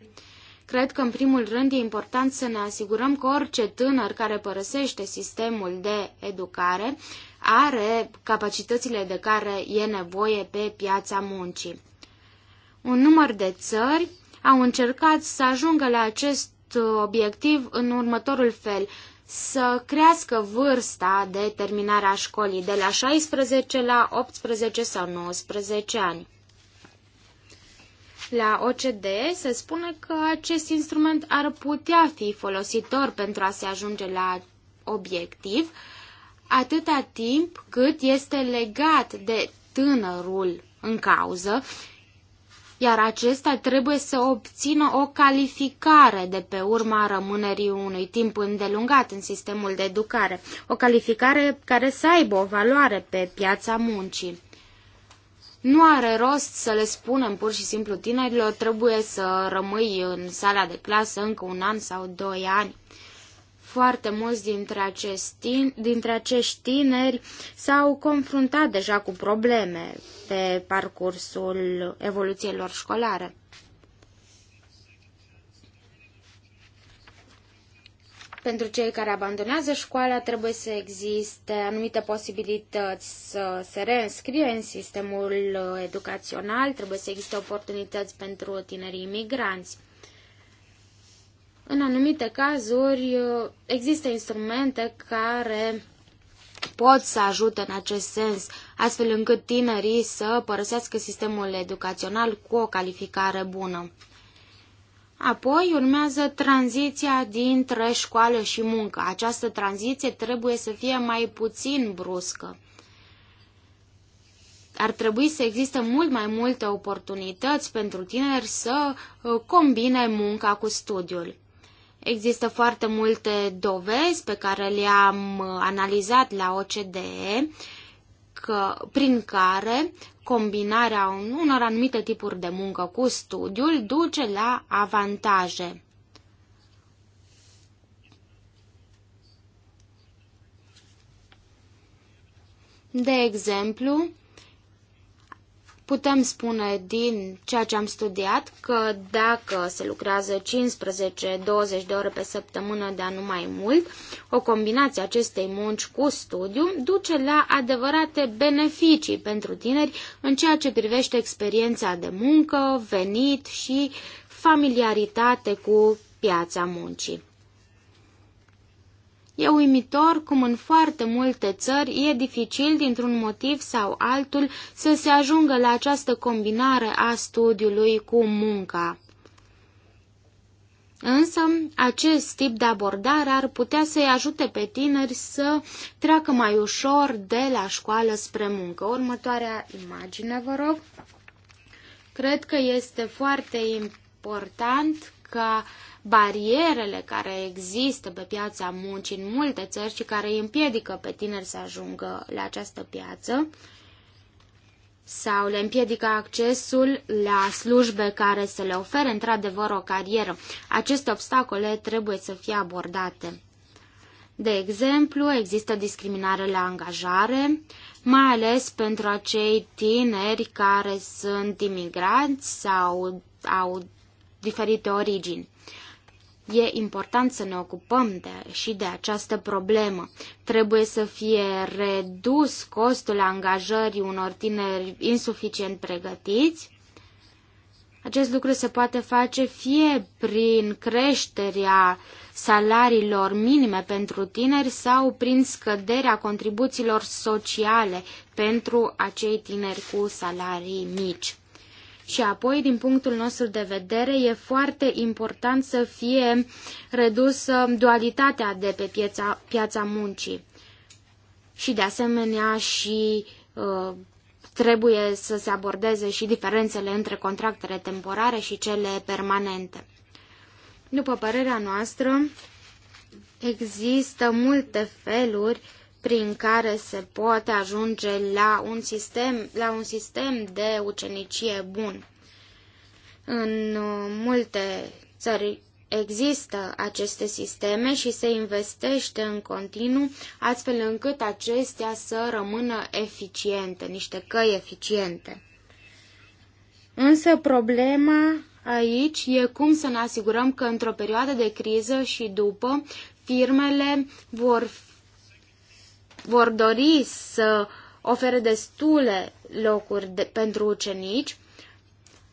Cred că, în primul rând, e important să ne asigurăm că orice tânăr care părăsește sistemul de educare are capacitățile de care e nevoie pe piața muncii. Un număr de țări au încercat să ajungă la acest obiectiv în următorul fel să crească vârsta de terminare a școlii de la 16 la 18 sau 19 ani. La OCDE se spune că acest instrument ar putea fi folositor pentru a se ajunge la obiectiv, atâta timp cât este legat de tânărul în cauză iar acesta trebuie să obțină o calificare de pe urma rămânerii unui timp îndelungat în sistemul de educare, o calificare care să aibă o valoare pe piața muncii. Nu are rost să le spunem pur și simplu tinerilor, trebuie să rămâi în sala de clasă încă un an sau doi ani. Foarte mulți dintre, tin, dintre acești tineri s-au confruntat deja cu probleme pe parcursul evoluției lor școlare. pentru cei care abandonează școala trebuie să existe anumite posibilități să se reînscrie în sistemul educațional, trebuie să existe oportunități pentru tinerii imigranți. În anumite cazuri uh, există instrumente care pot să ajute în acest sens, astfel încât tinerii să părăsească sistemul educațional cu o calificare bună. Apoi urmează tranziția dintre școală și muncă. Această tranziție trebuie să fie mai puțin bruscă. Ar trebui să existe mult mai multe oportunități pentru tineri să uh, combine munca cu studiul. Există foarte multe dovezi pe care le-am uh, analizat la OCDE că, prin care combinarea unor anumite tipuri de muncă cu studiul duce la avantaje. De exemplu, Putem spune din ceea ce am studiat că dacă se lucrează 15-20 de ore pe săptămână, de nu mai mult, o combinație acestei munci cu studiu duce la adevărate beneficii pentru tineri în ceea ce privește experiența de muncă, venit și familiaritate cu piața muncii. E uimitor cum în foarte multe țări e dificil, dintr-un motiv sau altul, să se ajungă la această combinare a studiului cu munca. Însă, acest tip de abordare ar putea să-i ajute pe tineri să treacă mai ușor de la școală spre muncă. Următoarea imagine, vă rog. Cred că este foarte important ca barierele care există pe piața muncii în multe țări și care îi împiedică pe tineri să ajungă la această piață sau le împiedică accesul la slujbe care să le ofere într-adevăr o carieră. Aceste obstacole trebuie să fie abordate. De exemplu, există discriminare la angajare, mai ales pentru acei tineri care sunt imigranți sau au diferite origini. E important să ne ocupăm de, și de această problemă. Trebuie să fie redus costul angajării unor tineri insuficient pregătiți. Acest lucru se poate face fie prin creșterea salariilor minime pentru tineri sau prin scăderea contribuțiilor sociale pentru acei tineri cu salarii mici. Și apoi, din punctul nostru de vedere, e foarte important să fie redusă dualitatea de pe piața, piața muncii. Și de asemenea și uh, trebuie să se abordeze și diferențele între contractele temporare și cele permanente. După părerea noastră, există multe feluri uh, prin care se poate ajunge la un sistem, la un sistem de ucenicie bun. În uh, multe țări există aceste sisteme și se investește în continuu astfel încât acestea să rămână eficiente, niște căi eficiente. Însă problema aici e cum să ne asigurăm că într-o perioadă de criză și după firmele vor vor dori să ofere destule locuri de, pentru ucenici,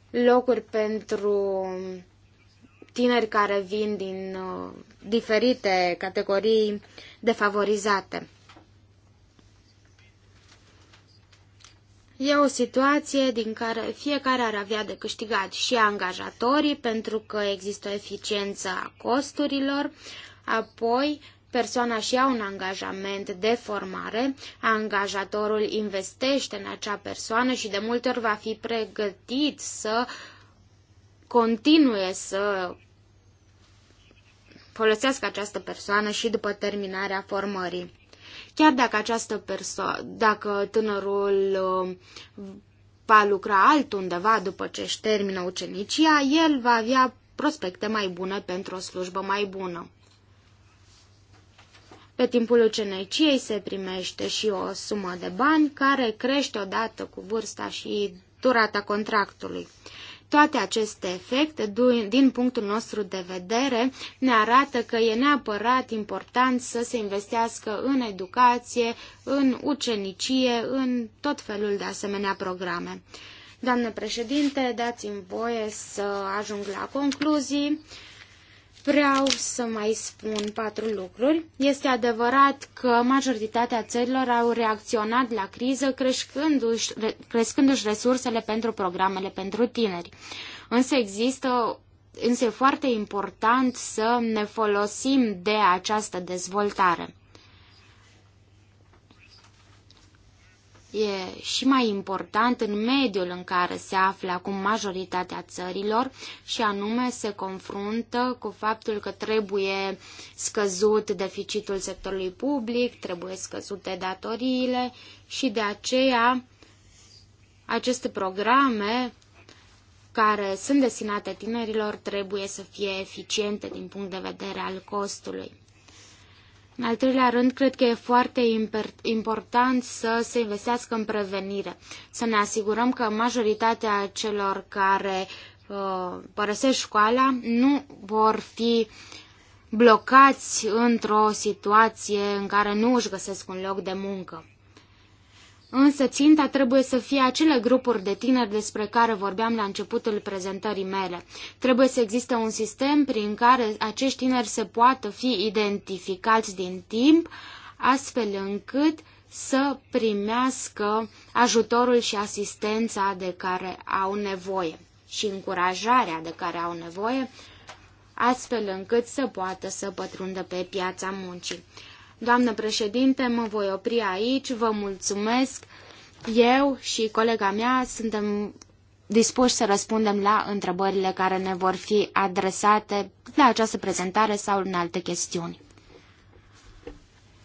locuri pentru tineri care vin din uh, diferite categorii defavorizate. E o situație din care fiecare ar avea de câștigat și angajatorii, pentru că există o eficiență a costurilor, apoi persoana și ia un angajament de formare, angajatorul investește în acea persoană și de multe ori va fi pregătit să continue să folosească această persoană și după terminarea formării. Chiar dacă această persoană, dacă tânărul um, va lucra altundeva după ce își termină ucenicia, el va avea prospecte mai bune pentru o slujbă mai bună. Pe timpul uceneciei se primește și o sumă de bani care crește odată cu vârsta și durata contractului. Toate aceste efecte, din punctul nostru de vedere, ne arată că e neapărat important să se investească în educație, în ucenicie, în tot felul de asemenea programe. Doamnă președinte, dați-mi voie să ajung la concluzii. Vreau să mai spun patru lucruri. Este adevărat că majoritatea țărilor au reacționat la criză crescându-și, crescându-și resursele pentru programele pentru tineri. Însă există însă e foarte important să ne folosim de această dezvoltare. e și mai important în mediul în care se află acum majoritatea țărilor și anume se confruntă cu faptul că trebuie scăzut deficitul sectorului public, trebuie scăzute datoriile și de aceea aceste programe care sunt destinate tinerilor trebuie să fie eficiente din punct de vedere al costului. În al treilea rând, cred că e foarte important să se investească în prevenire, să ne asigurăm că majoritatea celor care uh, părăsesc școala nu vor fi blocați într-o situație în care nu își găsesc un loc de muncă. Însă ținta trebuie să fie acele grupuri de tineri despre care vorbeam la începutul prezentării mele. Trebuie să existe un sistem prin care acești tineri se poată fi identificați din timp, astfel încât să primească ajutorul și asistența de care au nevoie și încurajarea de care au nevoie, astfel încât să poată să pătrundă pe piața muncii. Doamnă președinte, mă voi opri aici, vă mulțumesc. Eu și colega mea suntem dispuși să răspundem la întrebările care ne vor fi adresate la această prezentare sau în alte chestiuni.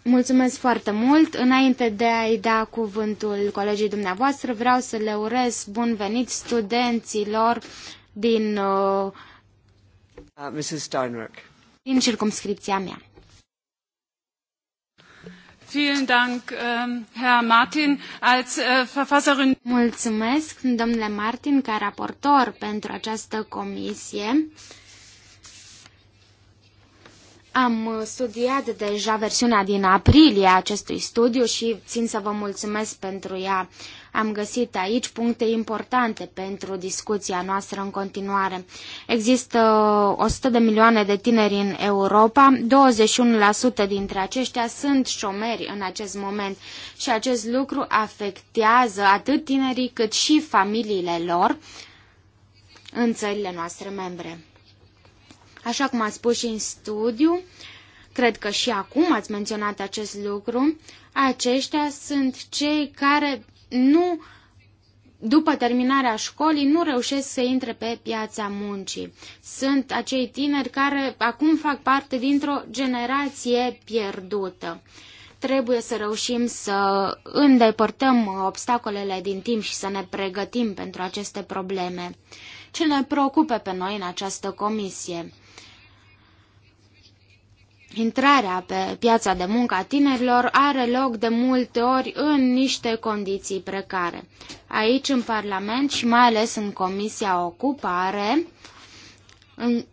Mulțumesc foarte mult. Înainte de a-i da cuvântul colegii dumneavoastră, vreau să le urez bun venit studenților din, uh, uh Mrs. din circumscripția mea. Vielen Dank, ähm, Herr Martin. Als äh, Verfasserin. Mulțumesc, domnule Martin, ca raportor pentru această comisie. Am studiat deja versiunea din aprilie a acestui studiu și țin să vă mulțumesc pentru ea. Am găsit aici puncte importante pentru discuția noastră în continuare. Există 100 de milioane de tineri în Europa, 21% dintre aceștia sunt șomeri în acest moment și acest lucru afectează atât tinerii cât și familiile lor în țările noastre membre. Așa cum ați spus și în studiu, cred că și acum ați menționat acest lucru, aceștia sunt cei care nu, după terminarea școlii, nu reușesc să intre pe piața muncii. Sunt acei tineri care acum fac parte dintr-o generație pierdută trebuie să reușim să îndepărtăm obstacolele din timp și să ne pregătim pentru aceste probleme. Ce ne preocupe pe noi în această comisie? Intrarea pe piața de muncă a tinerilor are loc de multe ori în niște condiții precare. Aici, în Parlament și mai ales în Comisia Ocupare, în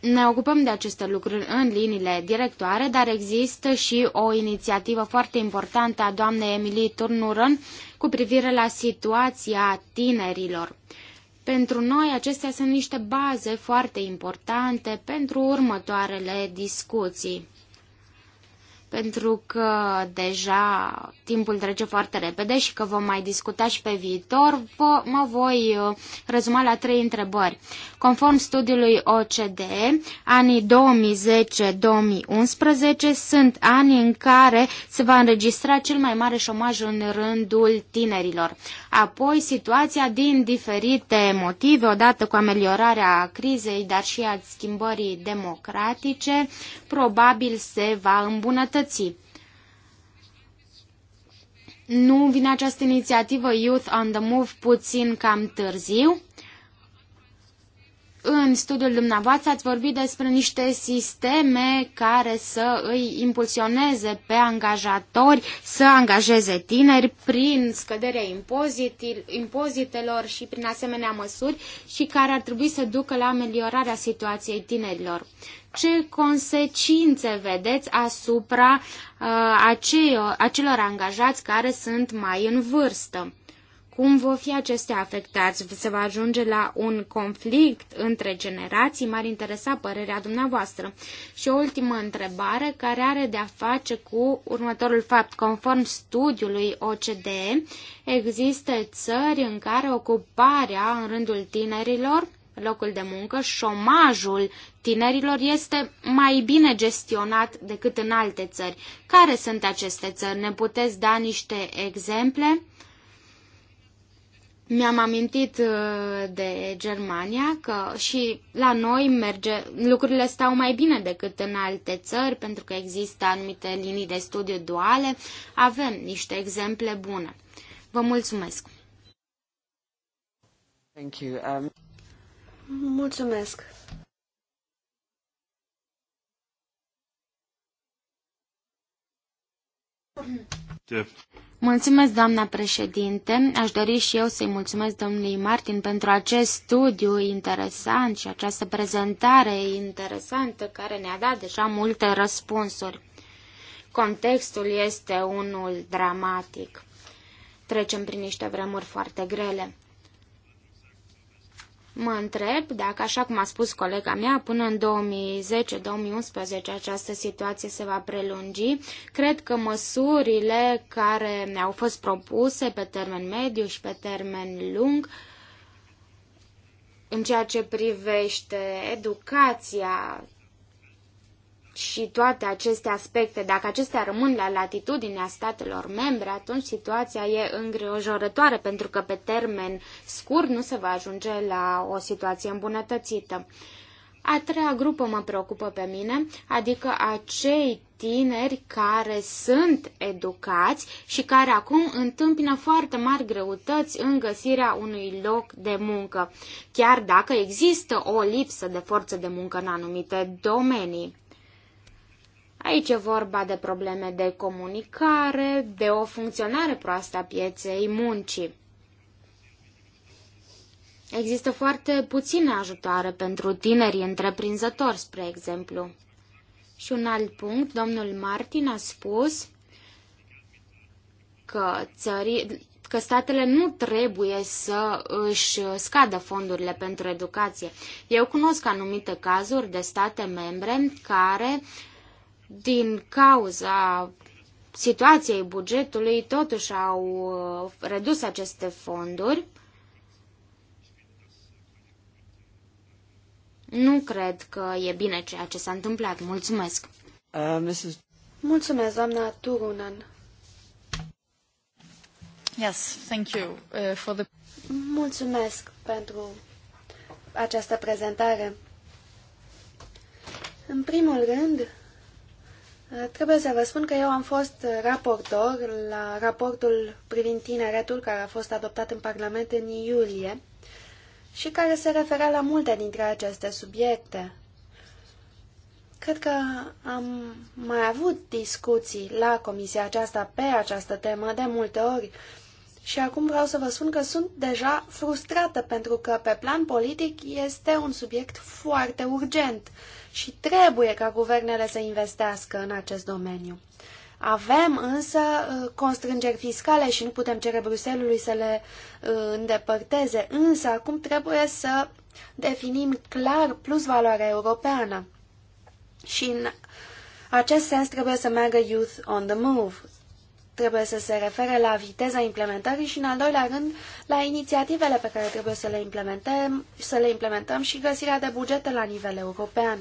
ne ocupăm de aceste lucruri în liniile directoare, dar există și o inițiativă foarte importantă a doamnei Emilie Turnuren cu privire la situația tinerilor. Pentru noi acestea sunt niște baze foarte importante pentru următoarele discuții. Pentru că deja timpul trece foarte repede și că vom mai discuta și pe viitor, vă, mă voi uh, rezuma la trei întrebări. Conform studiului OCDE, anii 2010-2011 sunt ani în care se va înregistra cel mai mare șomaj în rândul tinerilor. Apoi, situația din diferite motive, odată cu ameliorarea crizei, dar și a schimbării democratice, probabil se va îmbunătăți. Nu vine această inițiativă Youth on the Move puțin cam târziu? în studiul dumneavoastră ați vorbit despre niște sisteme care să îi impulsioneze pe angajatori să angajeze tineri prin scăderea impozitelor și prin asemenea măsuri și care ar trebui să ducă la ameliorarea situației tinerilor. Ce consecințe vedeți asupra uh, aceio, acelor angajați care sunt mai în vârstă? Cum vor fi acestea afectați? Se va ajunge la un conflict între generații? M-ar interesa părerea dumneavoastră. Și o ultimă întrebare care are de-a face cu următorul fapt. Conform studiului OCDE, există țări în care ocuparea în rândul tinerilor locul de muncă, șomajul tinerilor este mai bine gestionat decât în alte țări. Care sunt aceste țări? Ne puteți da niște exemple? Mi-am amintit uh, de Germania că și la noi merge, lucrurile stau mai bine decât în alte țări pentru că există anumite linii de studiu duale. Avem niște exemple bune. Vă mulțumesc! Thank you. Um... Mulțumesc! Yeah. Mulțumesc, doamna președinte. Aș dori și eu să-i mulțumesc domnului Martin pentru acest studiu interesant și această prezentare interesantă care ne-a dat deja multe răspunsuri. Contextul este unul dramatic. Trecem prin niște vremuri foarte grele. Mă întreb dacă, așa cum a spus colega mea, până în 2010-2011 această situație se va prelungi. Cred că măsurile care au fost propuse pe termen mediu și pe termen lung în ceea ce privește educația și toate aceste aspecte, dacă acestea rămân la latitudinea statelor membre, atunci situația e îngrijorătoare, pentru că pe termen scurt nu se va ajunge la o situație îmbunătățită. A treia grupă mă preocupă pe mine, adică acei tineri care sunt educați și care acum întâmpină foarte mari greutăți în găsirea unui loc de muncă, chiar dacă există o lipsă de forță de muncă în anumite domenii. Aici e vorba de probleme de comunicare, de o funcționare proastă a pieței muncii. Există foarte puține ajutoare pentru tinerii întreprinzători, spre exemplu. Și un alt punct, domnul Martin a spus că, țări, că statele nu trebuie să își scadă fondurile pentru educație. Eu cunosc anumite cazuri de state membre care din cauza situației bugetului, totuși au uh, redus aceste fonduri. Nu cred că e bine ceea ce s-a întâmplat. Mulțumesc. Uh, Mrs. Mulțumesc, doamna Turunen. Yes, thank you uh, for the... Mulțumesc pentru această prezentare. În primul rând, Trebuie să vă spun că eu am fost raportor la raportul privind tineretul care a fost adoptat în Parlament în iulie și care se referea la multe dintre aceste subiecte. Cred că am mai avut discuții la comisia aceasta pe această temă de multe ori și acum vreau să vă spun că sunt deja frustrată pentru că pe plan politic este un subiect foarte urgent și trebuie ca guvernele să investească în acest domeniu. Avem însă uh, constrângeri fiscale și nu putem cere Bruselului să le uh, îndepărteze, însă acum trebuie să definim clar plus valoarea europeană. Și în acest sens trebuie să meargă Youth on the Move. Trebuie să se refere la viteza implementării și, în al doilea rând, la inițiativele pe care trebuie să le implementăm, să le implementăm și găsirea de bugete la nivel european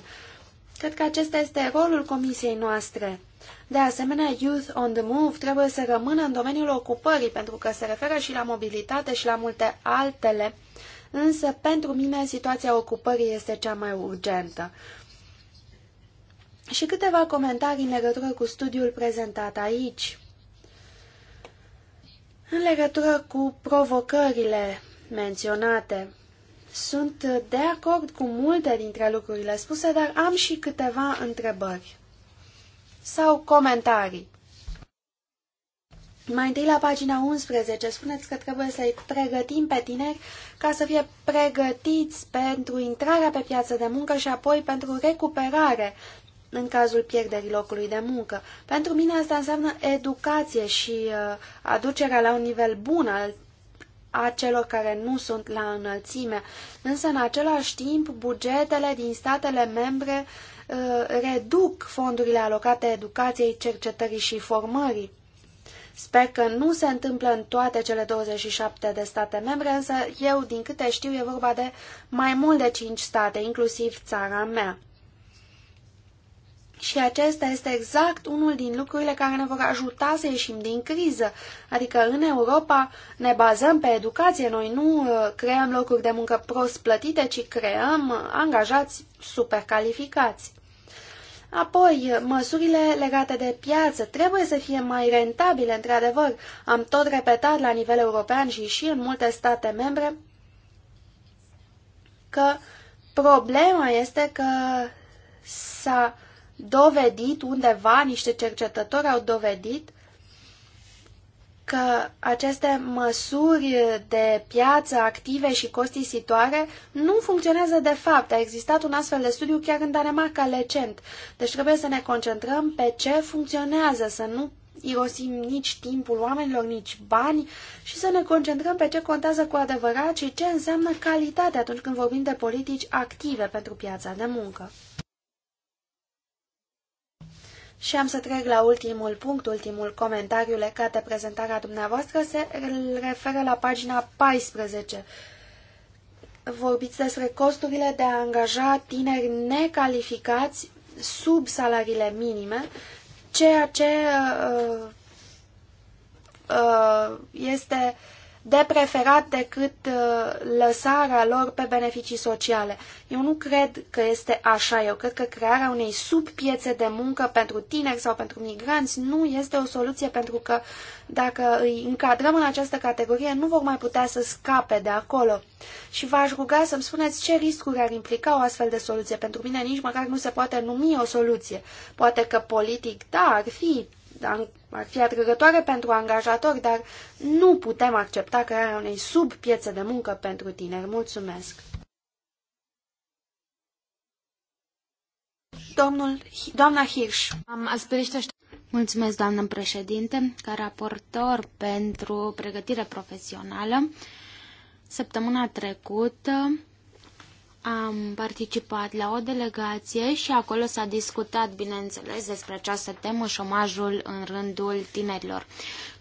Cred că acesta este rolul comisiei noastre. De asemenea, Youth on the Move trebuie să rămână în domeniul ocupării, pentru că se referă și la mobilitate și la multe altele, însă pentru mine situația ocupării este cea mai urgentă. Și câteva comentarii în legătură cu studiul prezentat aici. În legătură cu provocările menționate, sunt de acord cu multe dintre lucrurile spuse, dar am și câteva întrebări sau comentarii. Mai întâi la pagina 11 spuneți că trebuie să-i pregătim pe tineri ca să fie pregătiți pentru intrarea pe piață de muncă și apoi pentru recuperare în cazul pierderii locului de muncă. Pentru mine asta înseamnă educație și uh, aducerea la un nivel bun al a celor care nu sunt la înălțime. Însă, în același timp, bugetele din statele membre uh, reduc fondurile alocate educației, cercetării și formării. Sper că nu se întâmplă în toate cele 27 de state membre, însă eu, din câte știu, e vorba de mai mult de 5 state, inclusiv țara mea. Și acesta este exact unul din lucrurile care ne vor ajuta să ieșim din criză. Adică în Europa ne bazăm pe educație, noi nu uh, creăm locuri de muncă prost plătite, ci creăm angajați super calificați. Apoi, măsurile legate de piață trebuie să fie mai rentabile, într-adevăr. Am tot repetat la nivel european și și în multe state membre că problema este că s-a dovedit undeva, niște cercetători au dovedit că aceste măsuri de piață active și costisitoare nu funcționează de fapt. A existat un astfel de studiu chiar în Danemarca recent. Deci trebuie să ne concentrăm pe ce funcționează, să nu irosim nici timpul oamenilor, nici bani și să ne concentrăm pe ce contează cu adevărat și ce înseamnă calitate atunci când vorbim de politici active pentru piața de muncă. Și am să trec la ultimul punct, ultimul comentariu legat de prezentarea dumneavoastră, se referă la pagina 14. Vorbiți despre costurile de a angaja tineri necalificați sub salariile minime, ceea ce uh, uh, este uh, de preferat decât uh, lăsarea lor pe beneficii sociale. Eu nu cred că este așa. Eu cred că crearea unei subpiețe de muncă pentru tineri sau pentru migranți nu este o soluție pentru că dacă îi încadrăm în această categorie nu vor mai putea să scape de acolo. Și v-aș ruga să-mi spuneți ce riscuri ar implica o astfel de soluție. Pentru mine nici măcar nu se poate numi o soluție. Poate că politic, da, ar fi ar fi atrăgătoare pentru angajatori, dar nu putem accepta crearea unei subpiețe de muncă pentru tineri. Mulțumesc! Domnul, doamna Hirsch. Am Mulțumesc, doamnă președinte, ca raportor pentru pregătire profesională. Săptămâna trecută am participat la o delegație și acolo s-a discutat, bineînțeles, despre această temă, șomajul în rândul tinerilor.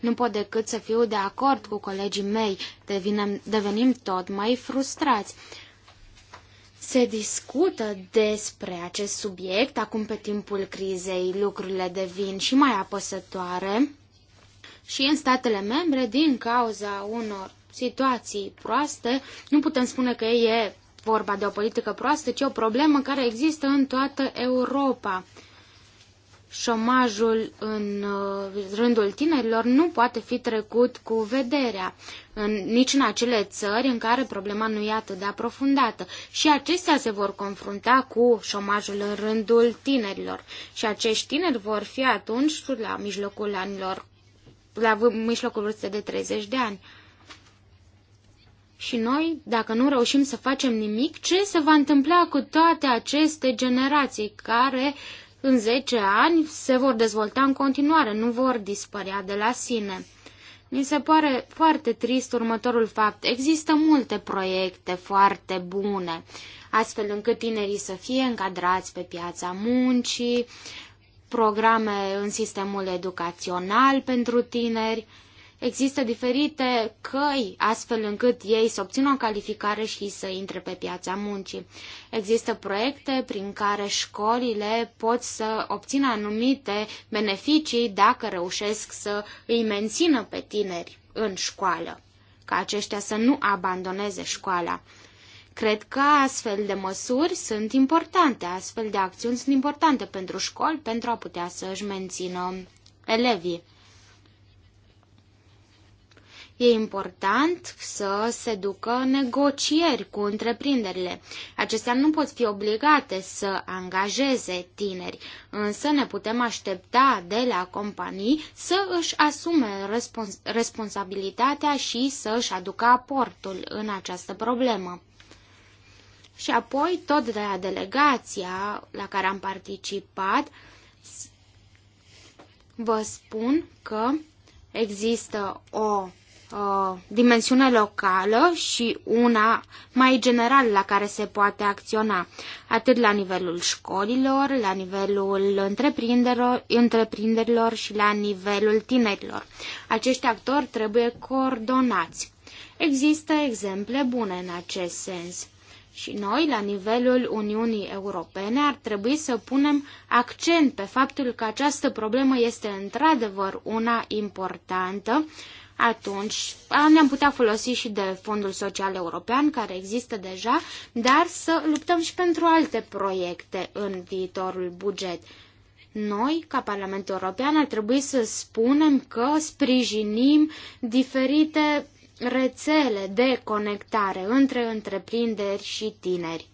Nu pot decât să fiu de acord cu colegii mei, devenim, devenim tot mai frustrați. Se discută despre acest subiect, acum pe timpul crizei lucrurile devin și mai apăsătoare și în statele membre, din cauza unor situații proaste, nu putem spune că e vorba de o politică proastă, ci o problemă care există în toată Europa. Șomajul în uh, rândul tinerilor nu poate fi trecut cu vederea, în, nici în acele țări în care problema nu e atât de aprofundată. Și acestea se vor confrunta cu șomajul în rândul tinerilor. Și acești tineri vor fi atunci la mijlocul anilor, la mijlocul vârstei de 30 de ani. Și noi, dacă nu reușim să facem nimic, ce se va întâmpla cu toate aceste generații care în 10 ani se vor dezvolta în continuare, nu vor dispărea de la sine? Mi se pare foarte trist următorul fapt. Există multe proiecte foarte bune, astfel încât tinerii să fie încadrați pe piața muncii, programe în sistemul educațional pentru tineri, Există diferite căi astfel încât ei să obțină o calificare și să intre pe piața muncii. Există proiecte prin care școlile pot să obțină anumite beneficii dacă reușesc să îi mențină pe tineri în școală, ca aceștia să nu abandoneze școala. Cred că astfel de măsuri sunt importante, astfel de acțiuni sunt importante pentru școli pentru a putea să își mențină elevii. E important să se ducă negocieri cu întreprinderile. Acestea nu pot fi obligate să angajeze tineri, însă ne putem aștepta de la companii să își asume respons- responsabilitatea și să își aducă aportul în această problemă. Și apoi, tot de la delegația la care am participat, vă spun că există o o uh, dimensiune locală și una mai generală la care se poate acționa, atât la nivelul școlilor, la nivelul întreprinderilor, întreprinderilor și la nivelul tinerilor. Acești actori trebuie coordonați. Există exemple bune în acest sens. Și noi, la nivelul Uniunii Europene, ar trebui să punem accent pe faptul că această problemă este într-adevăr una importantă, atunci ne-am putea folosi și de Fondul Social European, care există deja, dar să luptăm și pentru alte proiecte în viitorul buget. Noi, ca Parlamentul European, ar trebui să spunem că sprijinim diferite rețele de conectare între întreprinderi și tineri.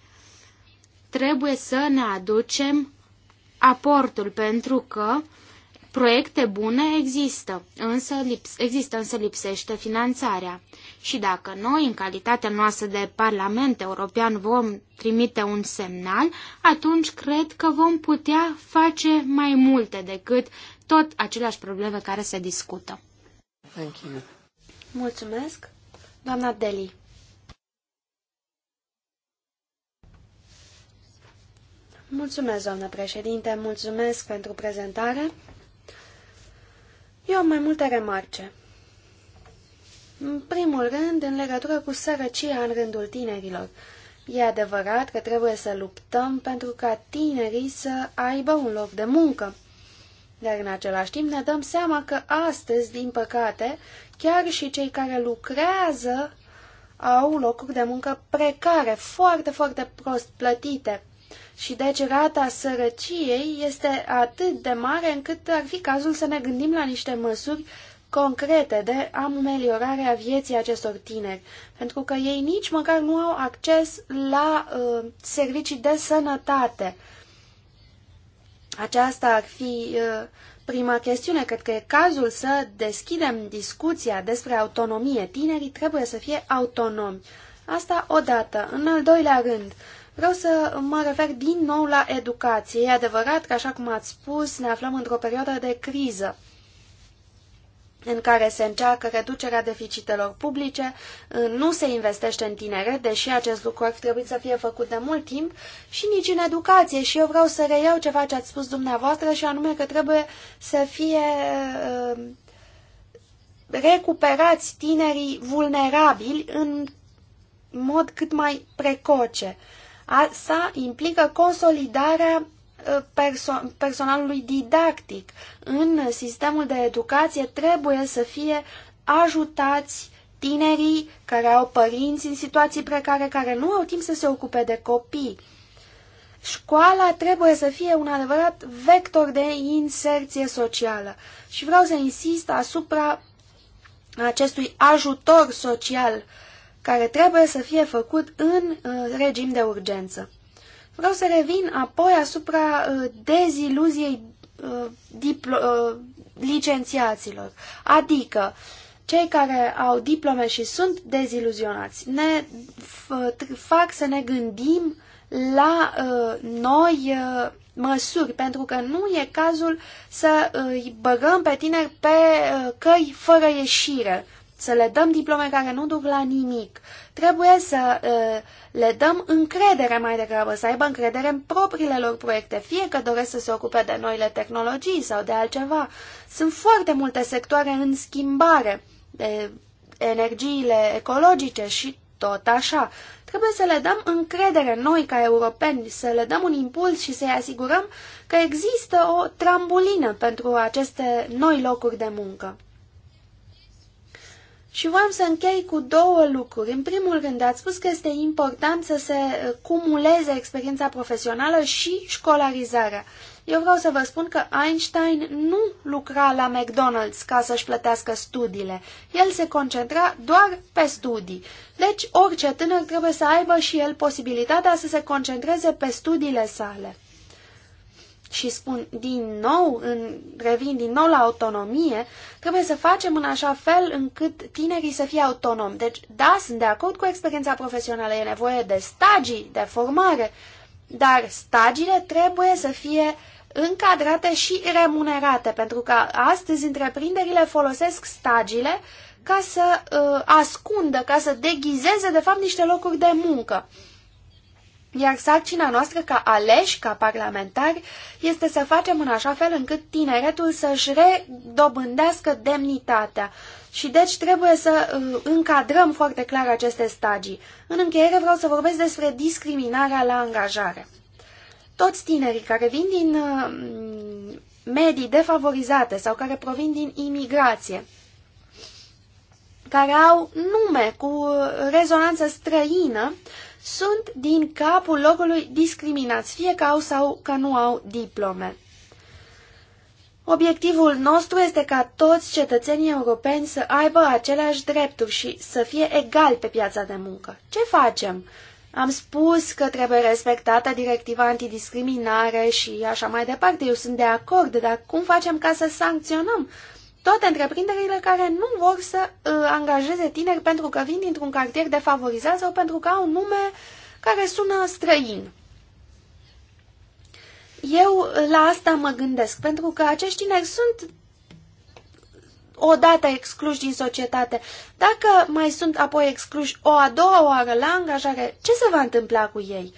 Trebuie să ne aducem aportul pentru că Proiecte bune există, însă lips- există însă lipsește finanțarea. Și dacă noi, în calitatea noastră de Parlament European, vom trimite un semnal, atunci cred că vom putea face mai multe decât tot aceleași probleme care se discută. Thank you. Mulțumesc, doamna Deli. Mulțumesc, doamnă președinte, mulțumesc pentru prezentare. Eu am mai multe remarce. În primul rând, în legătură cu sărăcia în rândul tinerilor. E adevărat că trebuie să luptăm pentru ca tinerii să aibă un loc de muncă. Dar în același timp ne dăm seama că astăzi, din păcate, chiar și cei care lucrează au locuri de muncă precare, foarte, foarte prost plătite. Și deci rata sărăciei este atât de mare încât ar fi cazul să ne gândim la niște măsuri concrete de ameliorare a vieții acestor tineri, pentru că ei nici măcar nu au acces la uh, servicii de sănătate. Aceasta ar fi uh, prima chestiune. Cred că e cazul să deschidem discuția despre autonomie. Tinerii trebuie să fie autonomi. Asta odată. În al doilea rând, uh, Vreau să mă refer din nou la educație. E adevărat că, așa cum ați spus, ne aflăm într-o perioadă de criză în care se încearcă reducerea deficitelor publice, nu se investește în tinere, deși acest lucru ar trebui să fie făcut de mult timp, și nici în educație. Și eu vreau să reiau ceva ce ați spus dumneavoastră, și anume că trebuie să fie uh, recuperați tinerii vulnerabili în mod cât mai precoce. Uh, asta sa implică consolidarea ă, perso- personalului didactic în sistemul de educație trebuie să fie ajutați tinerii care au părinți în situații precare, care nu au timp să se ocupe de copii. Școala trebuie să fie un adevărat vector de inserție socială și vreau să insist asupra acestui ajutor social uh, care trebuie să fie făcut în uh, regim de urgență. Vreau să revin apoi asupra uh, deziluziei uh, uh, licențiaților, adică cei care au diplome și sunt deziluzionați ne fac să ne gândim la uh, noi uh, măsuri, pentru că nu e cazul să uh, îi băgăm pe tineri pe uh, căi fără ieșire, să le dăm diplome care nu duc la nimic. Trebuie să uh, le dăm încredere mai degrabă, să aibă încredere în propriile lor proiecte, fie că doresc să se ocupe de noile tehnologii sau de altceva. Sunt foarte multe sectoare în schimbare, de energiile ecologice și tot așa. Trebuie să le dăm încredere noi ca europeni, să le dăm un impuls și să-i asigurăm că există o trambulină pentru aceste noi locuri de muncă. Și vreau să închei cu două lucruri. În primul rând, ați spus că este important să se cumuleze experiența profesională și școlarizarea. Eu vreau să vă spun că Einstein nu lucra la McDonald's ca să-și plătească studiile. El se concentra doar pe studii. Deci, orice tânăr trebuie să aibă și el posibilitatea să se concentreze pe studiile sale și spun din nou, în, revin din nou la autonomie, trebuie să facem în așa fel încât tinerii să fie autonomi. Deci, da, sunt de acord cu experiența profesională, e nevoie de stagii, de formare, dar stagiile trebuie să fie încadrate și remunerate, pentru că astăzi întreprinderile folosesc stagiile ca să uh, ascundă, ca să deghizeze, de fapt, niște locuri de muncă. Uh, iar sarcina noastră ca aleși, ca parlamentari, este să facem în așa fel încât tineretul să-și redobândească demnitatea. Și deci trebuie să uh, încadrăm foarte clar aceste stagii. În încheiere vreau să vorbesc despre discriminarea la angajare. Toți tinerii care vin din uh, medii defavorizate sau care provin din imigrație, care au nume cu uh, rezonanță străină, sunt din capul locului discriminați, fie că au sau că nu au diplome. Obiectivul nostru este ca toți cetățenii europeni să aibă aceleași drepturi și să fie egali pe piața de muncă. Ce facem? Am spus că trebuie respectată directiva antidiscriminare și așa mai departe. Eu sunt de acord, dar cum facem ca să sancționăm toate întreprinderile care nu vor să uh, angajeze tineri pentru că vin dintr-un cartier defavorizat sau pentru că au nume care sună străin. Eu la asta mă gândesc, pentru că acești tineri sunt odată excluși din societate. Dacă mai sunt apoi excluși o a doua oară la angajare, ce se va întâmpla cu ei?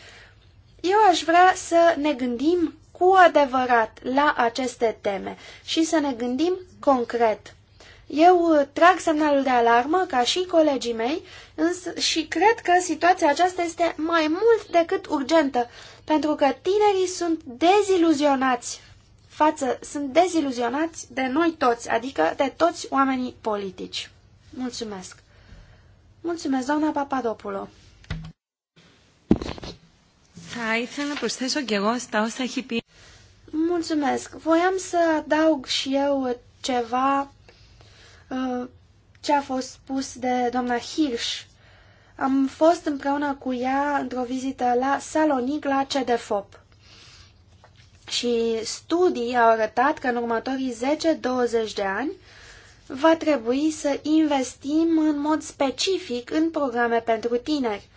Eu aș vrea să ne gândim cu adevărat la aceste teme și să ne gândim concret. Eu uh, trag semnalul de alarmă ca și colegii mei însă, și cred că situația aceasta este mai mult decât urgentă, pentru că tinerii sunt deziluzionați față, sunt deziluzionați de noi toți, adică de toți oamenii politici. Mulțumesc! Mulțumesc, doamna Papadopulo! Θα ήθελα να προσθέσω και εγώ στα όσα έχει πει. Mulțumesc. Voiam să adaug și eu ceva uh, ce a fost spus de doamna Hirsch. Am fost împreună cu ea într-o vizită la Salonic, la CDFOP. Și studii au arătat că în următorii 10-20 de ani va trebui să investim în mod specific în programe pentru tineri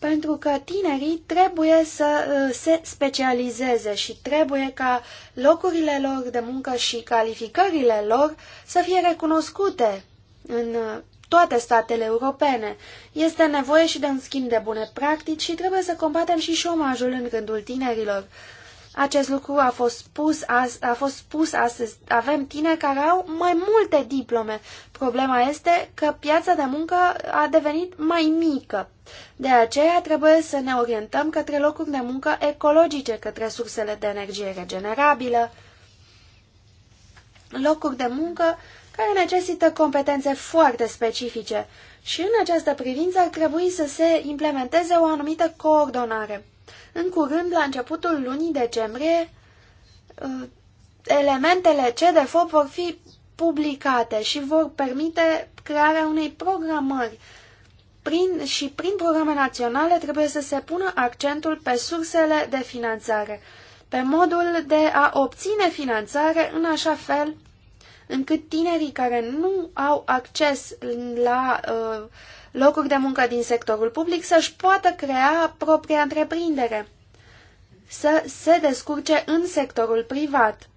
pentru că tinerii trebuie să uh, se specializeze și trebuie ca locurile lor de muncă și calificările lor să fie recunoscute în uh, toate statele europene. Este nevoie și de un schimb de bune practici și trebuie să combatem și șomajul în rândul tinerilor. Acest lucru a fost spus, a fost spus astăzi. Avem tineri care au mai multe diplome. Problema este că piața de muncă a devenit mai mică. De aceea trebuie să ne orientăm către locuri de muncă ecologice, către sursele de energie regenerabilă, locuri de muncă care necesită competențe foarte specifice și în această privință ar trebui să se implementeze o anumită coordonare. În curând, la începutul lunii decembrie, uh, elementele CDFOP vor fi publicate și vor permite crearea unei programări. Prin, și prin programe naționale trebuie să se pună accentul pe sursele de finanțare, pe modul de a obține finanțare în așa fel încât tinerii care nu au acces la uh, locuri de muncă din sectorul public să-și poată crea propria întreprindere, să se descurce în sectorul privat,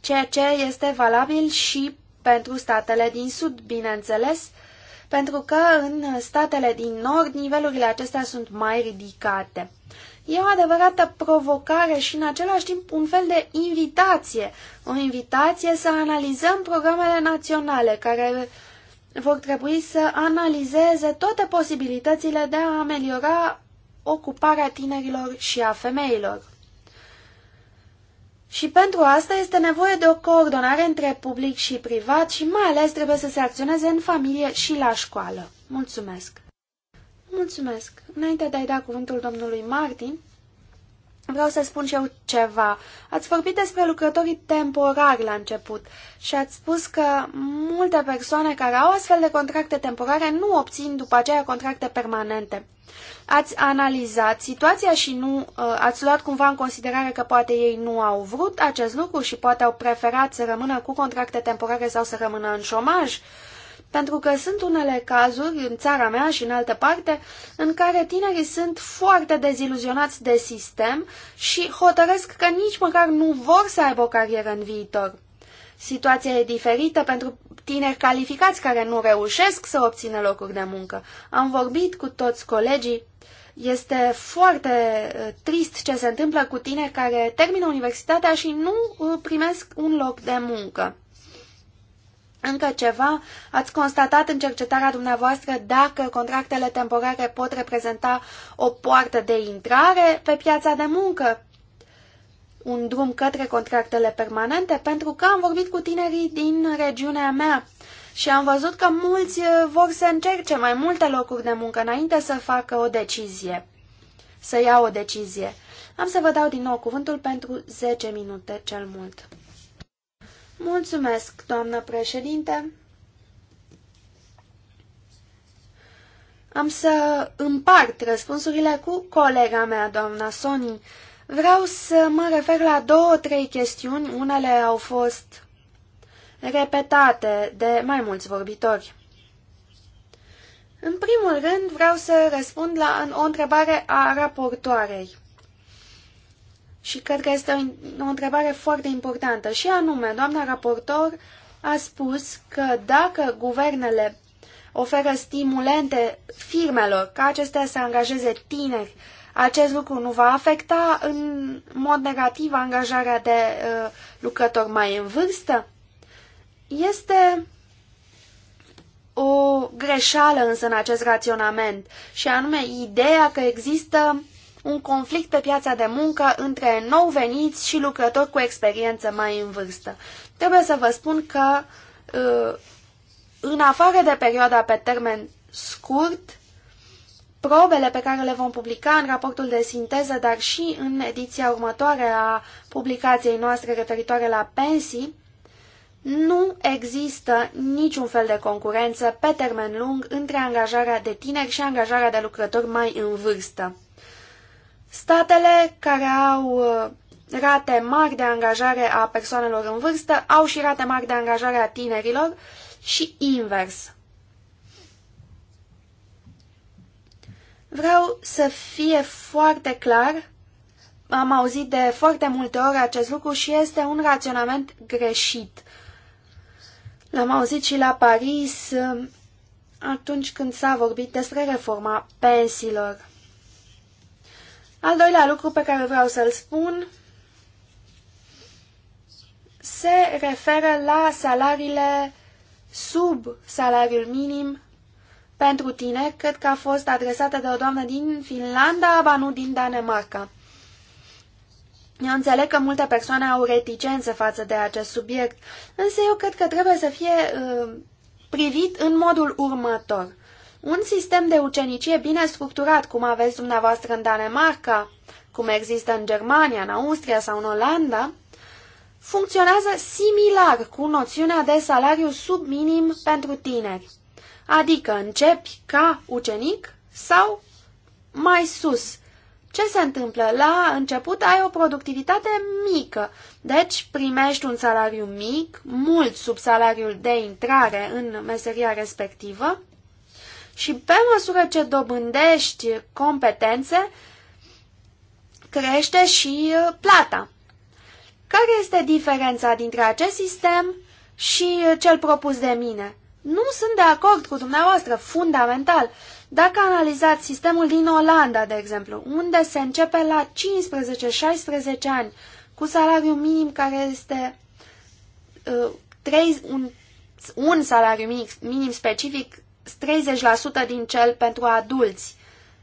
ceea ce este valabil și pentru statele din Sud, bineînțeles, pentru că în statele din Nord nivelurile acestea sunt mai ridicate. E o adevărată provocare și în același timp un fel de invitație, o invitație să analizăm programele naționale care vor trebui să analizeze toate posibilitățile de a ameliora ocuparea tinerilor și a femeilor. Și pentru asta este nevoie de o coordonare între public și privat și mai ales trebuie să se acționeze în familie și la școală. Mulțumesc! Mulțumesc! Înainte de a-i da cuvântul domnului Martin, Vreau să spun și eu ceva. Ați vorbit despre lucrătorii temporari la început și ați spus că multe persoane care au astfel de contracte temporare nu obțin după aceea contracte permanente. Ați analizat situația și nu uh, ați luat cumva în considerare că poate ei nu au vrut acest lucru și poate au preferat să rămână cu contracte temporare sau să rămână în șomaj? Uh, pentru că sunt unele cazuri, în țara mea și în altă parte, în care tinerii sunt foarte deziluzionați de sistem și hotărăsc că nici măcar nu vor să aibă o carieră în viitor. Situația e diferită pentru tineri calificați care nu reușesc să obțină locuri de muncă. Am vorbit cu toți colegii. Este foarte uh, trist ce se întâmplă cu tineri care termină universitatea și nu uh, primesc un loc de muncă. Încă ceva, ați constatat în cercetarea dumneavoastră dacă contractele temporare pot reprezenta o poartă de intrare pe piața de muncă, un drum către contractele permanente, pentru că am vorbit cu tinerii din regiunea mea și am văzut că mulți uh, vor să încerce mai multe locuri de muncă înainte să facă o decizie, să ia o decizie. Am să vă dau din nou cuvântul pentru 10 minute cel mult. Mulțumesc, doamnă președinte. Am să împart răspunsurile cu colega mea, doamna Sony. Vreau să mă refer la două, trei chestiuni. Unele au fost repetate de mai mulți vorbitori. În primul rând, vreau să răspund la o întrebare a raportoarei și cred că este o, întrebare foarte importantă. Și anume, doamna raportor a spus că dacă guvernele oferă stimulente firmelor ca acestea să angajeze tineri, acest lucru nu va afecta în mod negativ angajarea de uh, lucrători mai în vârstă? Este o greșeală însă în acest raționament și anume ideea că există un conflict pe piața de muncă între nou veniți și lucrători cu experiență mai în vârstă. Trebuie să vă spun că uh, în afară de perioada pe termen scurt, probele pe care le vom publica în raportul de sinteză, dar și în ediția următoare a publicației noastre referitoare la pensii, nu există niciun fel de concurență pe termen lung între angajarea de tineri și angajarea de lucrători mai în vârstă. Statele care au uh, rate mari de angajare a persoanelor în vârstă au și rate mari de angajare a tinerilor și invers. Vreau să fie foarte clar, am auzit de foarte multe ori acest lucru și este un raționament greșit. L-am auzit și la Paris uh, atunci când s-a vorbit despre reforma pensiilor. Al doilea lucru pe care vreau să-l spun se referă la salariile sub salariul minim pentru tine. Cred că a fost adresată de o doamnă din Finlanda, ba nu din Danemarca. Eu înțeleg că multe persoane au reticențe față de acest subiect, însă eu cred că trebuie să fie uh, privit în modul următor. Un sistem de ucenicie bine structurat, cum aveți dumneavoastră în Danemarca, cum există în Germania, în Austria sau în Olanda, funcționează similar cu noțiunea de salariu sub minim pentru tineri. Adică începi ca ucenic sau mai sus. Ce se întâmplă? La început ai o productivitate mică, deci primești un salariu mic, mult sub salariul de intrare în meseria respectivă, și pe măsură ce dobândești competențe, crește și uh, plata. Care este diferența dintre acest sistem și uh, cel propus de mine? Nu sunt de acord cu dumneavoastră, fundamental. Dacă analizați sistemul din Olanda, de exemplu, unde se începe la 15-16 ani, cu salariu minim care este uh, 3, un, un salariu minim, minim specific 30% din cel pentru adulți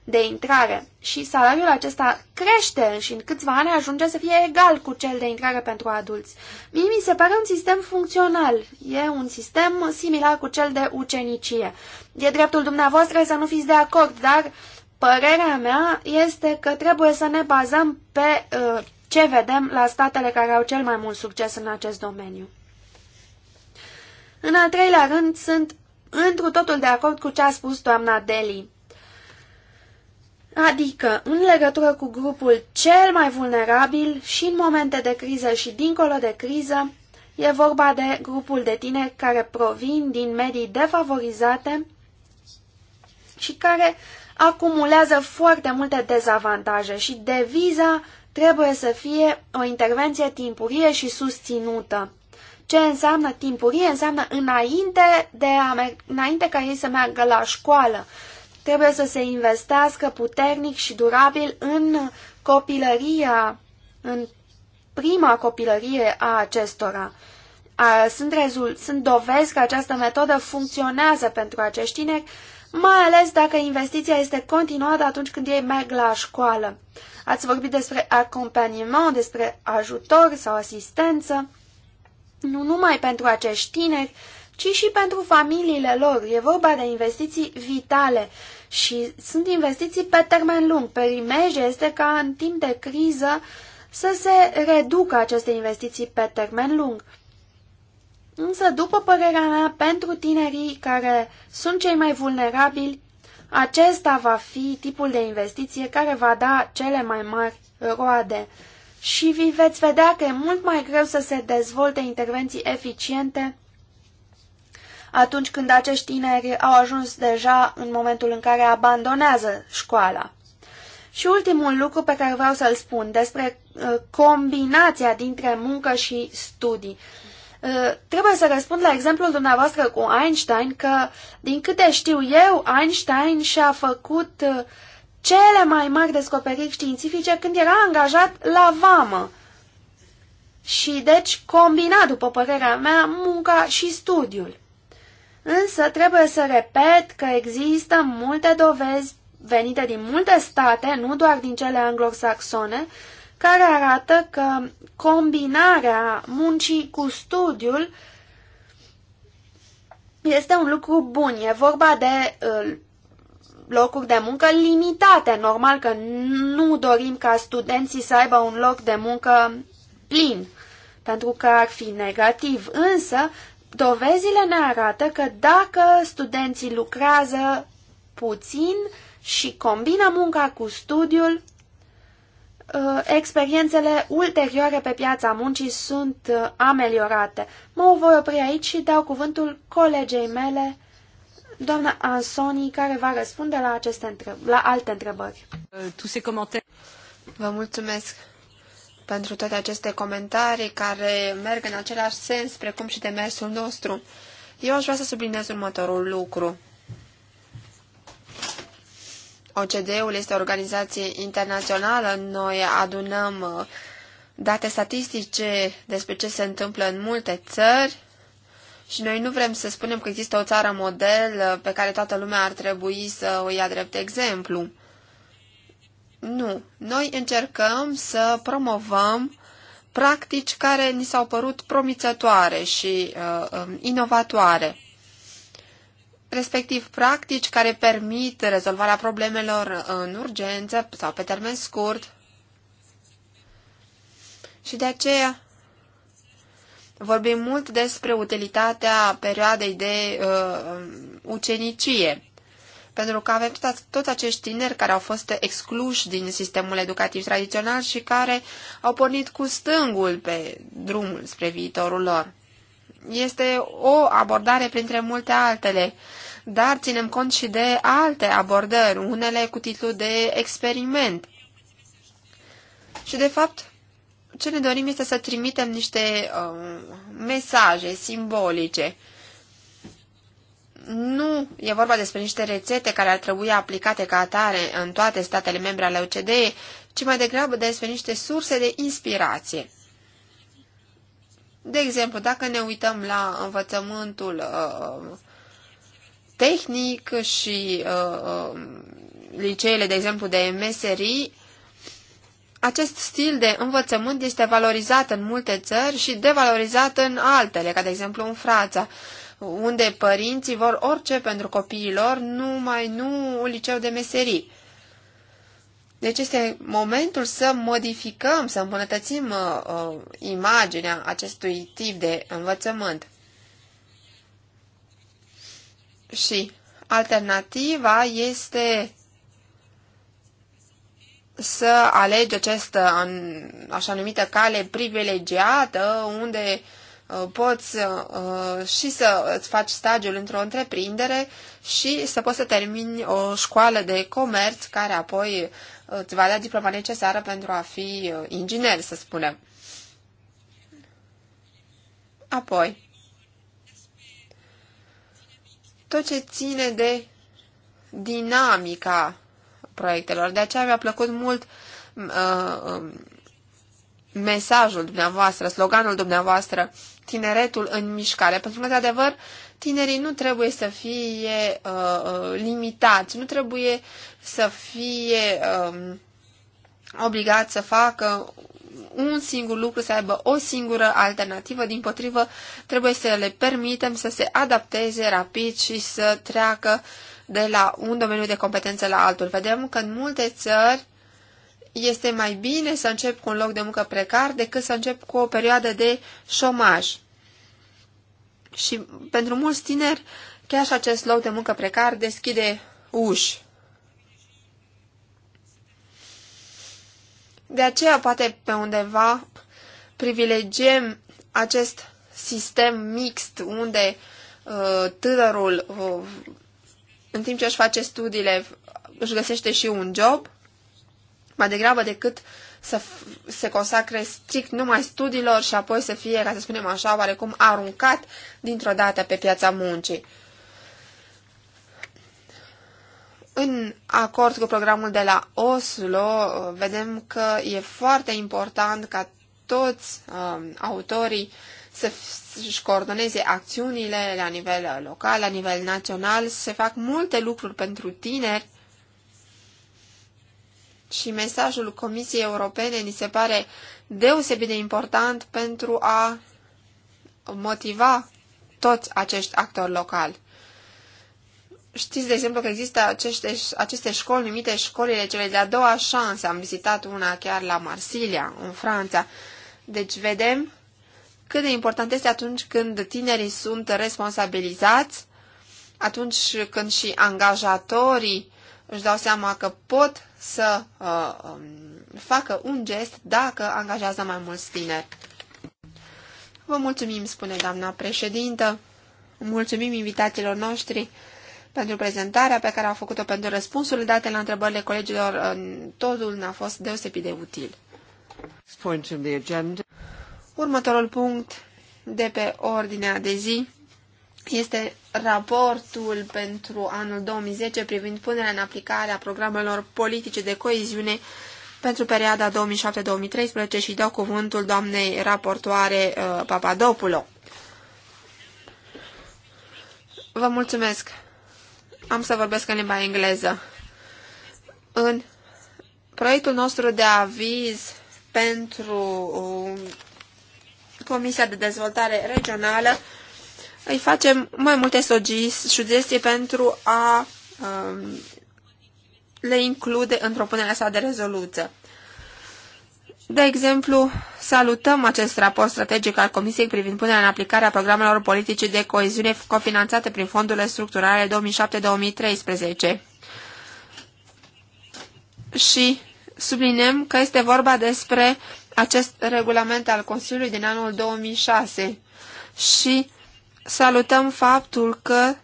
de intrare și salariul acesta crește și în câțiva ani ajunge să fie egal cu cel de intrare pentru adulți. Mie mi se pare un sistem funcțional, e un sistem similar cu cel de ucenicie. E dreptul dumneavoastră să nu fiți de acord, dar părerea mea este că trebuie să ne bazăm pe uh, ce vedem la statele care au cel mai mult succes în acest domeniu. În al treilea rând, sunt întru totul de acord cu ce a spus doamna Deli. Adică, în legătură cu grupul cel mai vulnerabil și în momente de criză și dincolo de criză, e vorba de grupul de tineri care provin din medii defavorizate și care acumulează foarte multe dezavantaje și deviza trebuie să fie o intervenție timpurie și susținută. Ce înseamnă timpurie? Înseamnă înainte, de a înainte ca ei să meargă la școală. Trebuie să se investească puternic și durabil în copilăria, în prima copilărie a acestora. Sunt, rezult, sunt dovezi că această metodă funcționează pentru acești tineri, mai ales dacă investiția este continuată atunci când ei merg la școală. Ați vorbit despre acompaniment, despre ajutor sau asistență nu numai pentru acești tineri, ci și pentru familiile lor. E vorba de investiții vitale și sunt investiții pe termen lung. Perimeje este ca în timp de criză să se reducă aceste investiții pe termen lung. Însă, după părerea mea, pentru tinerii care sunt cei mai vulnerabili, acesta va fi tipul de investiție care va da cele mai mari roade și veți vedea că e mult mai greu să se dezvolte intervenții eficiente atunci când acești tineri au ajuns deja în momentul în care abandonează școala. Și ultimul lucru pe care vreau să-l spun despre uh, combinația dintre muncă și studii. Uh, trebuie să răspund la exemplul dumneavoastră cu Einstein că, din câte știu eu, Einstein și-a făcut uh, cele mai mari descoperiri științifice când era angajat la vamă. Și deci combina, după părerea mea, munca și studiul. Însă trebuie să repet că există multe dovezi venite din multe state, nu doar din cele anglosaxone, care arată că combinarea muncii cu studiul este un lucru bun. E vorba de uh, locuri de muncă limitate. Normal că nu dorim ca studenții să aibă un loc de muncă plin, pentru că ar fi negativ. Însă, dovezile ne arată că dacă studenții lucrează puțin și combină munca cu studiul, uh, experiențele ulterioare pe piața muncii sunt uh, ameliorate. Mă voi opri aici și dau cuvântul colegei mele, doamna Ansoni, care va răspunde la, aceste la alte întrebări. Vă mulțumesc pentru toate aceste comentarii care merg în același sens, precum și demersul nostru. Eu aș vrea să subliniez următorul lucru. OCDE-ul este o organizație internațională, noi adunăm uh, date statistice despre ce se întâmplă în multe țări, și noi nu vrem să spunem că există o țară model uh, pe care toată lumea ar trebui să o ia drept exemplu. Nu. Noi încercăm să promovăm practici care ni s-au părut promițătoare și uh, um, inovatoare, respectiv practici care permit rezolvarea problemelor uh, în urgență sau pe termen scurt. Și de aceea Vorbim mult despre utilitatea perioadei de uh, ucenicie, pentru că avem toți, acești tineri care au fost excluși din sistemul educativ tradițional și care au pornit cu stângul pe drumul spre viitorul lor. Este o abordare printre multe altele, dar ținem cont și de alte abordări, unele cu titlu de experiment. Și de fapt, ce ne dorim este să trimitem niște uh, mesaje simbolice. Nu e vorba despre niște rețete care ar trebui aplicate ca atare în toate statele membre ale OCDE, ci mai degrabă despre niște surse de inspirație. De exemplu, dacă ne uităm la învățământul uh, tehnic și uh, uh liceele, de exemplu, de meserii, acest stil de învățământ este valorizat în multe țări și devalorizat în altele, ca de exemplu în Franța, unde părinții vor orice pentru copiilor, numai nu un liceu de meserii. Deci este momentul să modificăm, să îmbunătățim uh, uh imaginea acestui tip de învățământ. Și alternativa este să alegi această așa numită cale privilegiată unde uh, poți uh, și să îți faci stagiul într-o întreprindere și să poți să termini o școală de comerț care apoi uh, îți va da diploma necesară pentru a fi inginer, să spunem. Apoi, tot ce ține de dinamica proiectelor. De aceea mi-a plăcut mult uh, um, mesajul dumneavoastră, sloganul dumneavoastră, tineretul în mișcare, pentru că, de adevăr, tinerii nu trebuie să fie uh, uh limitați, nu trebuie să fie uh, obligați să facă un singur lucru, să aibă o singură alternativă, din potrivă trebuie să le permitem să se adapteze rapid și să treacă de la un domeniu de competență la altul. Vedem că în multe țări este mai bine să încep cu un loc de muncă precar decât să încep cu o perioadă de șomaj. Și pentru mulți tineri, chiar și acest loc de muncă precar deschide uși. De aceea, poate pe undeva, privilegiem acest sistem mixt unde uh, tânărul uh, în timp ce își face studiile, își găsește și un job, mai degrabă decât să se consacre strict numai studiilor și apoi să fie, ca să spunem așa, oarecum aruncat dintr-o dată pe piața muncii. În acord cu programul de la Oslo, vedem că e foarte important ca toți um, autorii să să-și coordoneze acțiunile la nivel local, la nivel național, se fac multe lucruri pentru tineri și mesajul Comisiei Europene ni se pare deosebit de important pentru a motiva toți acești actori locali. Știți, de exemplu, că există aceste, aceste școli numite școlile cele de-a doua șansă. Am vizitat una chiar la Marsilia, în Franța. Deci vedem cât de important este atunci când tinerii sunt responsabilizați, atunci când și angajatorii își dau seama că pot să uh, um, facă un gest dacă angajează mai mulți tineri. Vă mulțumim, spune doamna președintă. Mulțumim invitațiilor noștri pentru prezentarea pe care a făcut-o pentru răspunsurile date la întrebările colegilor. Totul ne-a fost deosebit de util. Point Următorul punct de pe ordinea de zi este raportul pentru anul 2010 privind punerea în aplicare a programelor politice de coeziune pentru perioada 2007-2013 și dau cuvântul doamnei raportoare uh, Papadopulo. Vă mulțumesc. Am să vorbesc în limba engleză. În proiectul nostru de aviz pentru uh, Comisia de Dezvoltare Regională îi facem mai multe sugestii pentru a um, le include în propunerea sa de rezoluție. De exemplu, salutăm acest raport strategic al Comisiei privind punerea în aplicare a programelor politice de coeziune cofinanțate prin fondurile structurale 2007-2013. Și subliniem că este vorba despre acest regulament al Consiliului din anul 2006 și salutăm faptul că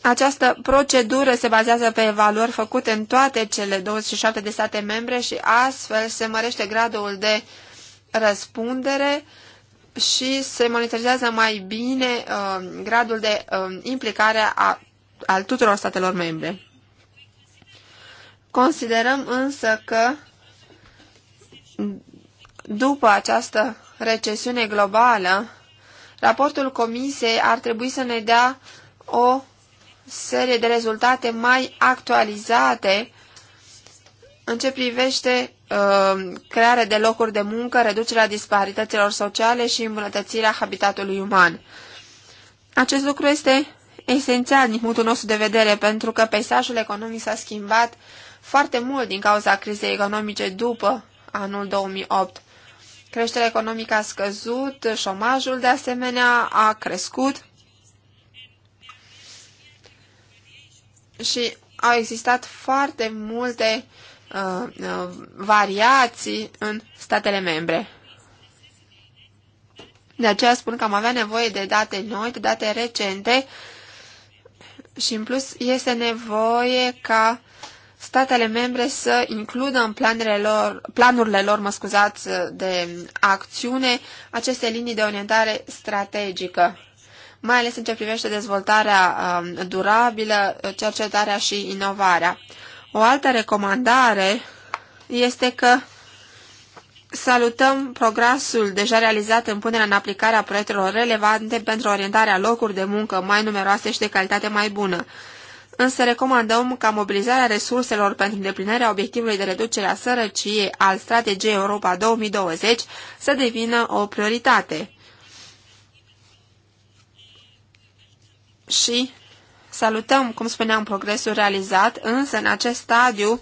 această procedură se bazează pe evaluări făcute în toate cele 27 de state membre și astfel se mărește gradul de răspundere și se monitorizează mai bine uh, gradul de uh, implicare a, al tuturor statelor membre. Considerăm însă că după această recesiune globală, raportul comisiei ar trebui să ne dea o serie de rezultate mai actualizate în ce privește uh, crearea de locuri de muncă, reducerea disparităților sociale și îmbunătățirea habitatului uman. Acest lucru este esențial din punctul nostru de vedere pentru că peisajul economic s-a schimbat foarte mult din cauza crizei economice după anul 2008. Creșterea economică a scăzut, șomajul de asemenea a crescut și au existat foarte multe uh, uh, variații în statele membre. De aceea spun că am avea nevoie de date noi, de date recente și în plus este nevoie ca statele membre să includă în planurile lor, planurile lor mă scuzați, de acțiune aceste linii de orientare strategică, mai ales în ce privește dezvoltarea um, durabilă, cercetarea și inovarea. O altă recomandare este că Salutăm progresul deja realizat în punerea în aplicare a proiectelor relevante pentru orientarea locuri de muncă mai numeroase și de calitate mai bună însă recomandăm ca mobilizarea resurselor pentru îndeplinirea obiectivului de reducere a sărăciei al strategiei Europa 2020 să devină o prioritate. Și salutăm, cum spuneam, progresul realizat, însă în acest stadiu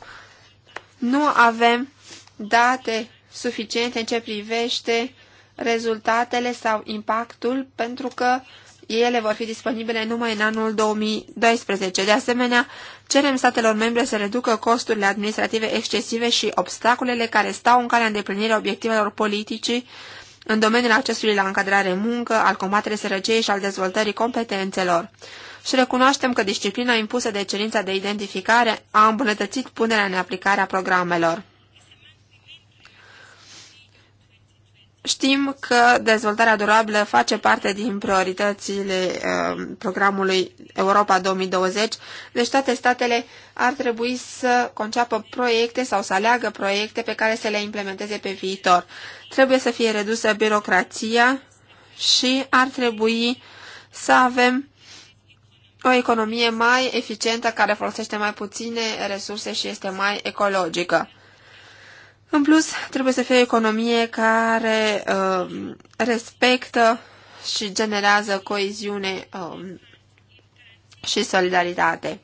nu avem date suficiente în ce privește rezultatele sau impactul, pentru că uh, ele vor fi disponibile numai în anul 2012. De asemenea, cerem statelor membre să reducă costurile administrative excesive și obstacolele care stau în calea îndeplinirii obiectivelor politicii în domeniul accesului la încadrare în muncă, al combaterei sărăciei și al dezvoltării competențelor. Și recunoaștem că disciplina impusă de cerința de identificare a îmbunătățit punerea în aplicare a programelor. Știm că dezvoltarea durabilă face parte din prioritățile uh, programului Europa 2020, deci toate statele ar trebui să conceapă proiecte sau să aleagă proiecte pe care să le implementeze pe viitor. Trebuie să fie redusă birocrația și ar trebui să avem o economie mai eficientă care folosește mai puține resurse și este mai ecologică. În plus, trebuie să fie o economie care uh, respectă și generează coeziune uh, și solidaritate.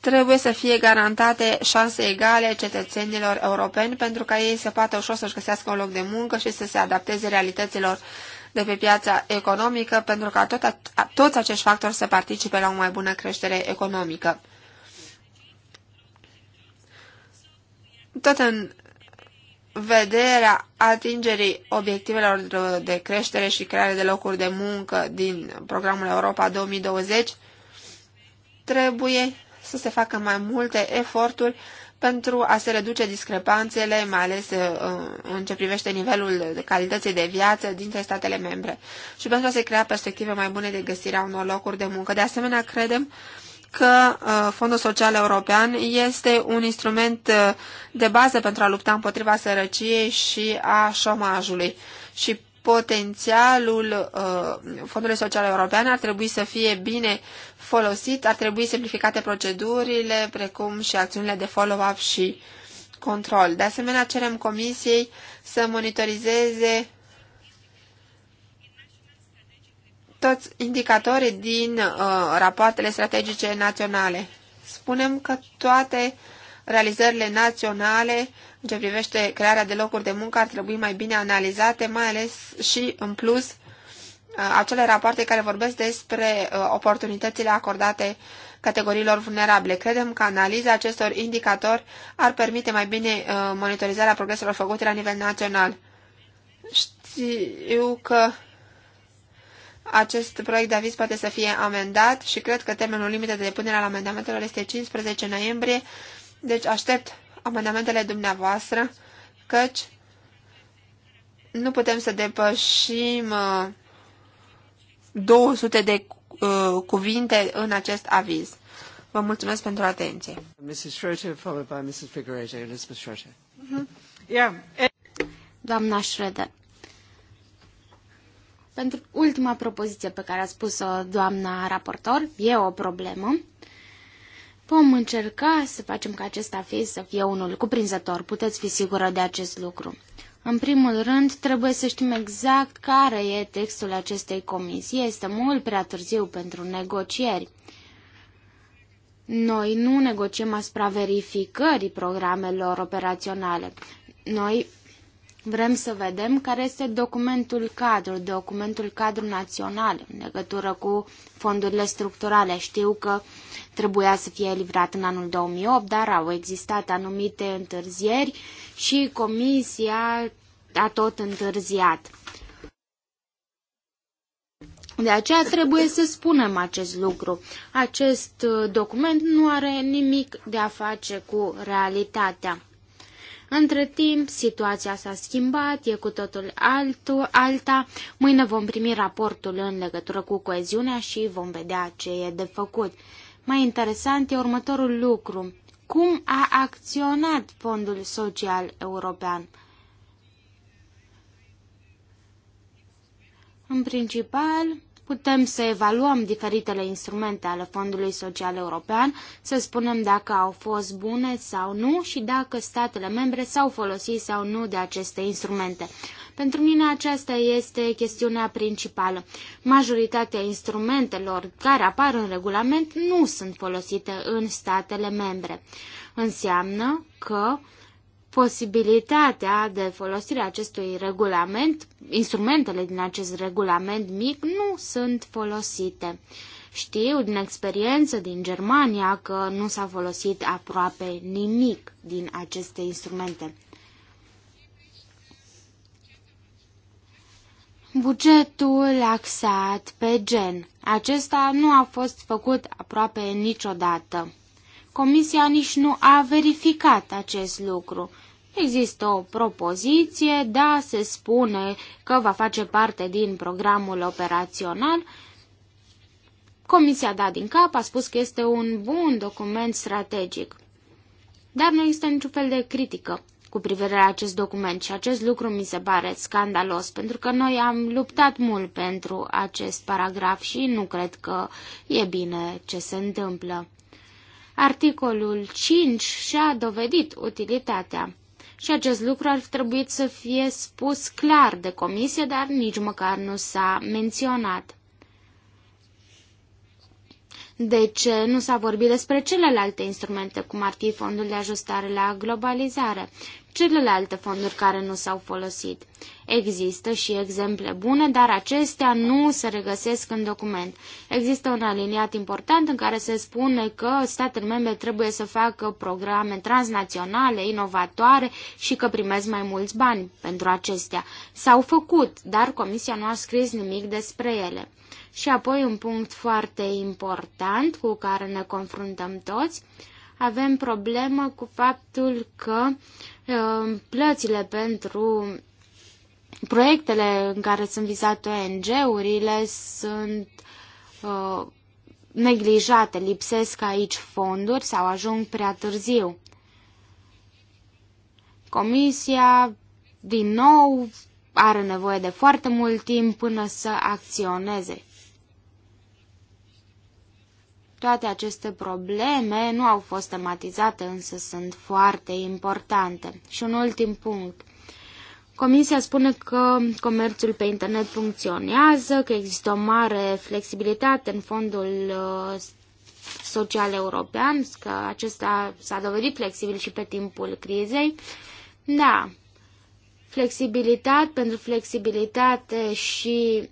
Trebuie să fie garantate șanse egale cetățenilor europeni pentru ca ei să poată ușor să-și găsească un loc de muncă și să se adapteze realităților de pe piața economică pentru ca tot, toți acești factori să participe la o mai bună creștere economică. Tot în vederea atingerii obiectivelor de creștere și creare de locuri de muncă din programul Europa 2020, trebuie să se facă mai multe eforturi pentru a se reduce discrepanțele, mai ales uh, în ce privește nivelul calității de viață dintre statele membre și pentru a se crea perspective mai bune de găsirea unor locuri de muncă. De asemenea, credem că uh, Fondul Social European este un instrument uh, de bază pentru a lupta împotriva sărăciei și a șomajului. Și potențialul uh, Fondului Social European ar trebui să fie bine folosit, ar trebui simplificate procedurile, precum și acțiunile de follow-up și control. De asemenea, cerem Comisiei să monitorizeze toți indicatorii din uh, rapoartele strategice naționale. Spunem că toate realizările naționale în ce privește crearea de locuri de muncă ar trebui mai bine analizate, mai ales și în plus uh, acele rapoarte care vorbesc despre uh, oportunitățile acordate categoriilor vulnerabile. Credem că analiza acestor indicatori ar permite mai bine uh, monitorizarea progreselor făcute la nivel național. Știu că acest proiect de aviz poate să fie amendat și cred că termenul limită de depunere al amendamentelor este 15 noiembrie, deci aștept amendamentele dumneavoastră, căci nu putem să depășim 200 uh, de uh, cuvinte în acest aviz. Vă mulțumesc pentru atenție. Mrs. Schroeder, followed by Mrs. Elizabeth Schroeder. Mhm. Doamna Schroeder. Pentru ultima propoziție pe care a spus-o doamna raportor, e o problemă. Vom încerca să facem ca acest fi să fie unul cuprinzător, puteți fi sigură de acest lucru. În primul rând, trebuie să știm exact care e textul acestei comisii. Este mult prea târziu pentru negocieri. Noi nu negociem asupra verificării programelor operaționale. Noi Vrem să vedem care este documentul cadru, documentul cadru național în legătură cu fondurile structurale. Știu că trebuia să fie livrat în anul 2008, dar au existat anumite întârzieri și comisia a tot întârziat. De aceea trebuie să spunem acest lucru. Acest document nu are nimic de a face cu realitatea. Între timp, situația s-a schimbat, e cu totul altul, alta. Mâine vom primi raportul în legătură cu coeziunea și vom vedea ce e de făcut. Mai interesant e următorul lucru. Cum a acționat Fondul Social European? În principal, putem să evaluăm diferitele instrumente ale Fondului Social European, să spunem dacă au fost bune sau nu și dacă statele membre s-au folosit sau nu de aceste instrumente. Pentru mine aceasta este chestiunea principală. Majoritatea instrumentelor care apar în regulament nu sunt folosite în statele membre. Înseamnă că uh, posibilitatea de folosire a acestui regulament, instrumentele din acest regulament mic nu sunt folosite. Știu din experiență din Germania că nu s-a folosit aproape nimic din aceste instrumente. Bugetul axat pe gen. Acesta nu a fost făcut aproape niciodată. Comisia nici nu a verificat acest lucru. Există o propoziție, da, se spune că va face parte din programul operațional. Comisia a dat din cap, a spus că este un bun document strategic. Dar nu există niciun fel de critică cu privire la acest document și acest lucru mi se pare scandalos, pentru că noi am luptat mult pentru acest paragraf și nu cred că e bine ce se întâmplă. Articolul 5 și-a dovedit utilitatea. Și acest lucru ar fi trebuit să fie spus clar de comisie, dar nici măcar nu s-a menționat. De ce nu s-a vorbit despre celelalte instrumente, cum ar fi fondul de ajustare la globalizare? celelalte fonduri care nu s-au folosit. Există și exemple bune, dar acestea nu se regăsesc în document. Există un aliniat important în care se spune că statele membre trebuie să facă programe transnaționale, inovatoare și că primesc mai mulți bani pentru acestea. S-au făcut, dar Comisia nu a scris nimic despre ele. Și apoi un punct foarte important cu care ne confruntăm toți, avem problemă cu faptul că uh, Uh, plățile pentru proiectele în care sunt vizate ONG-urile sunt uh, neglijate, lipsesc aici fonduri sau ajung prea târziu. Comisia, din nou, are nevoie de foarte mult timp până să acționeze. Toate aceste probleme nu au fost tematizate, însă sunt foarte importante. Și un ultim punct. Comisia spune că comerțul pe internet funcționează, că există o mare flexibilitate în fondul uh, social european, că acesta s-a dovedit flexibil și pe timpul crizei. Da, flexibilitate pentru flexibilitate și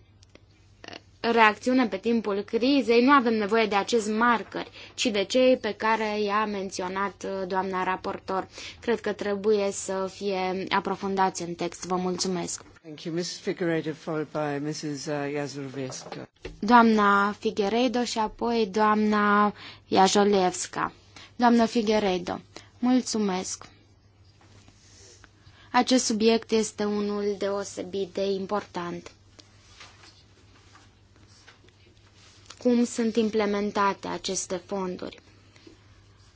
reacțiune pe timpul crizei, nu avem nevoie de acest marcări, ci de cei pe care i-a menționat uh, doamna raportor. Cred că trebuie să fie aprofundați în text. Vă mulțumesc. Thank you, Mrs. Figueredo, followed by Mrs. Jazlovska. Uh, doamna Figueredo și apoi doamna Iajolevska. Doamna Figueredo, mulțumesc. Acest subiect este unul deosebit de important. cum sunt implementate aceste fonduri.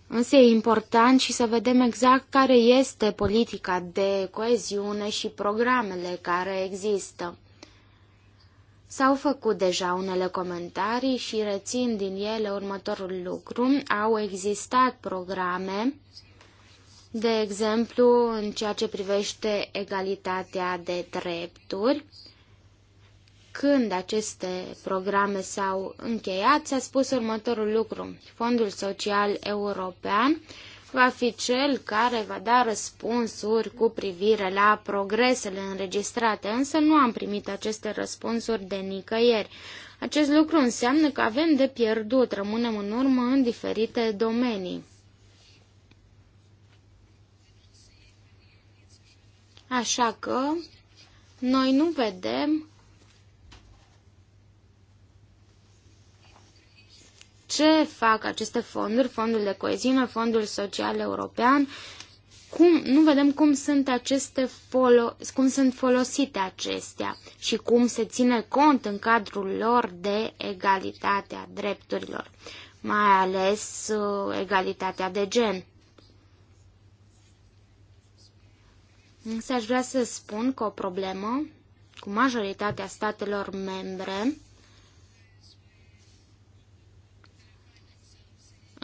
Însă e important și să vedem exact care este politica de coeziune și programele care există. S-au făcut deja unele comentarii și rețin din ele următorul lucru. Au existat programe, de exemplu, în ceea ce privește egalitatea de drepturi, când aceste programe s-au încheiat, s-a spus următorul lucru. Fondul Social European va fi cel care va da răspunsuri cu privire la progresele înregistrate, însă nu am primit aceste răspunsuri de nicăieri. Acest lucru înseamnă că avem de pierdut, rămânem în urmă în diferite domenii. Așa că noi nu vedem ce fac aceste fonduri, fondul de coeziune, fondul social european, cum, nu vedem cum sunt, aceste folo, cum sunt folosite acestea și cum se ține cont în cadrul lor de egalitatea drepturilor, mai ales uh, egalitatea de gen. Însă aș vrea să spun că o problemă cu majoritatea statelor membre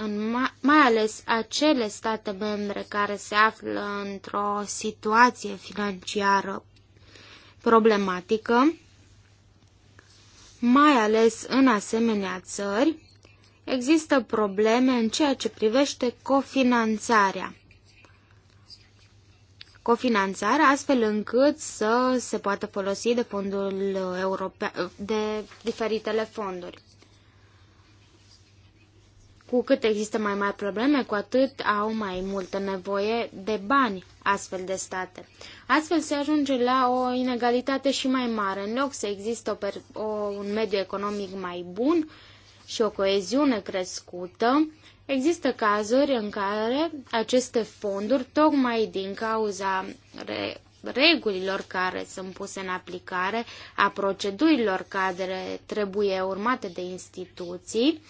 în ma mai ales acele state membre care se află într-o situație financiară problematică, mai ales în asemenea țări, există probleme în ceea ce privește cofinanțarea. Cofinanțarea astfel încât să se poată folosi de fondul european, de diferitele fonduri. Cu cât există mai mari probleme, cu atât au mai multă nevoie de bani astfel de state. Astfel se ajunge la o inegalitate și mai mare. În loc să există o, o, un mediu economic mai bun și o coeziune crescută, Există cazuri în care aceste fonduri, tocmai din cauza re regulilor care sunt puse în aplicare, a procedurilor care trebuie urmate de instituții,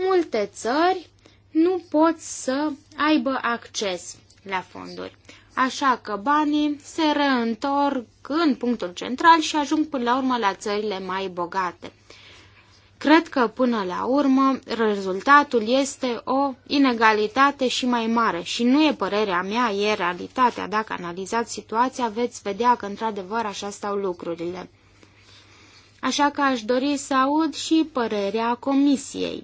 multe țări nu pot să aibă acces la fonduri. Așa că banii se reîntorc în punctul central și ajung până la urmă la țările mai bogate. Cred că până la urmă rezultatul este o inegalitate și mai mare și nu e părerea mea, e realitatea. Dacă analizați situația, veți vedea că într-adevăr așa stau lucrurile. Așa că aș dori să aud și părerea comisiei.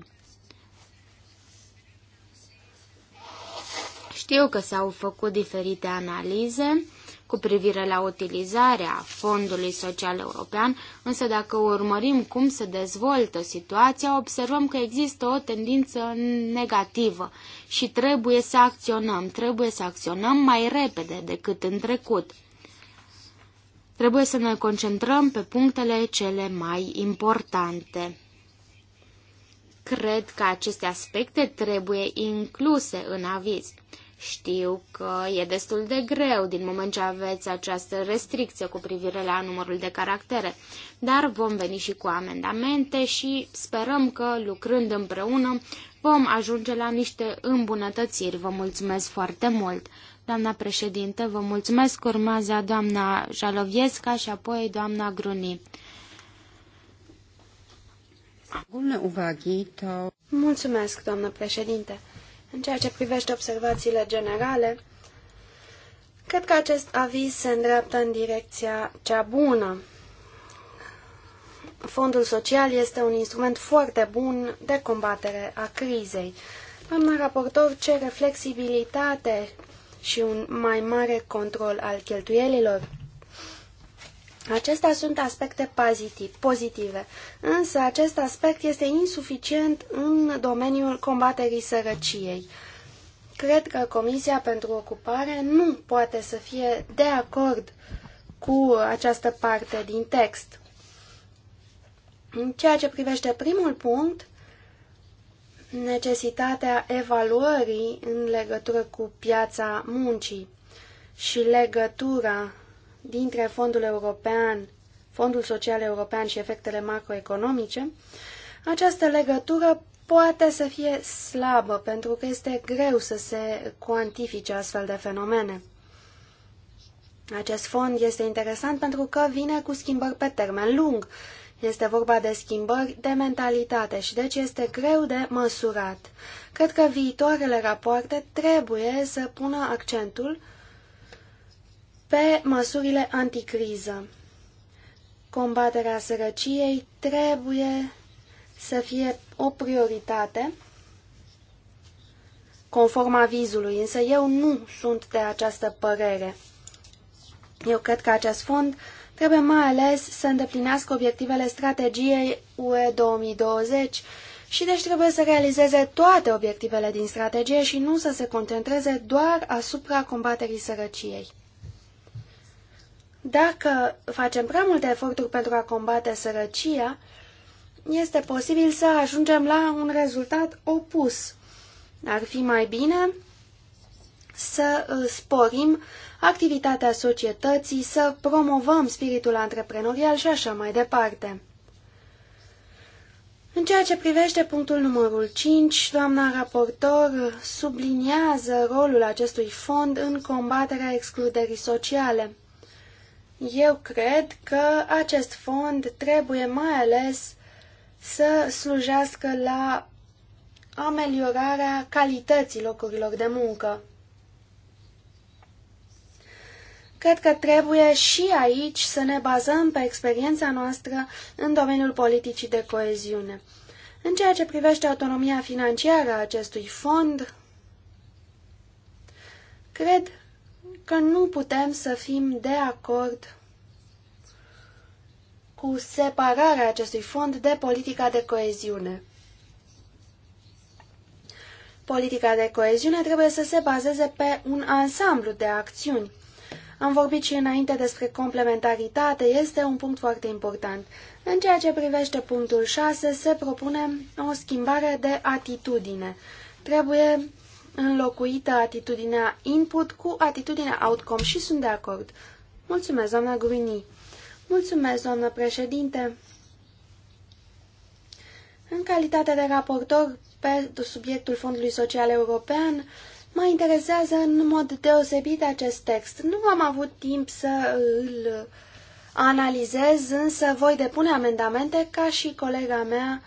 Știu că s-au făcut diferite analize cu privire la utilizarea Fondului Social European, însă dacă urmărim cum se dezvoltă situația, observăm că există o tendință negativă și trebuie să acționăm, trebuie să acționăm mai repede decât în trecut. Trebuie să ne concentrăm pe punctele cele mai importante. Cred că aceste aspecte trebuie incluse în aviz. Știu că e destul de greu din moment ce aveți această restricție cu privire la numărul de caractere, dar vom veni și cu amendamente și sperăm că, lucrând împreună, vom ajunge la niște îmbunătățiri. Vă mulțumesc foarte mult! Doamna președintă, vă mulțumesc. Urmează doamna Jalovieska și apoi doamna Gruni. Mulțumesc, doamnă președinte. În ceea ce privește observațiile generale, cred că acest aviz se îndreaptă în direcția cea bună. Fondul social este un instrument foarte bun de combatere a crizei. Doamna raportor cere flexibilitate și un mai mare control al cheltuielilor. Acestea sunt aspecte pozitive, însă acest aspect este insuficient în domeniul combaterii sărăciei. Cred că Comisia pentru Ocupare nu poate să fie de acord cu această parte din text. În ceea ce privește primul punct, necesitatea evaluării în legătură cu piața muncii și legătura dintre Fondul European, Fondul Social European și efectele macroeconomice, această legătură poate să fie slabă, pentru că este greu să se cuantifice astfel de fenomene. Acest fond este interesant pentru că vine cu schimbări pe termen lung. Este vorba de schimbări de mentalitate și deci este greu de măsurat. Cred că viitoarele rapoarte trebuie să pună accentul pe măsurile anticriză. Combaterea sărăciei trebuie să fie o prioritate conform avizului, însă eu nu sunt de această părere. Eu cred că acest fond trebuie mai ales să îndeplinească obiectivele strategiei UE 2020 și deci trebuie să realizeze toate obiectivele din strategie și nu să se concentreze doar asupra combaterii sărăciei. Dacă facem prea multe eforturi pentru a combate sărăcia, este posibil să ajungem la un rezultat opus. Ar fi mai bine să uh, sporim activitatea societății, să promovăm spiritul antreprenorial și așa mai departe. În ceea ce privește punctul numărul 5, doamna raportor subliniază rolul acestui fond în combaterea excluderii sociale. Eu cred că acest fond trebuie mai ales să slujească la ameliorarea calității locurilor de muncă. Cred că trebuie și aici să ne bazăm pe experiența noastră în domeniul politicii de coeziune. În ceea ce privește autonomia financiară a acestui fond, cred că nu putem să fim de acord cu separarea acestui fond de politica de coeziune. Politica de coeziune trebuie să se bazeze pe un ansamblu de acțiuni. Am vorbit și înainte despre complementaritate, este un punct foarte important. În ceea ce privește punctul 6, se propune o schimbare de atitudine. Trebuie înlocuită atitudinea input cu atitudinea outcome și sunt de acord. Mulțumesc, doamna Grunii. Mulțumesc, doamnă președinte. În calitate de raportor pe subiectul Fondului Social European, mă interesează în mod deosebit acest text. Nu am avut timp să îl analizez, însă voi depune amendamente ca și colega mea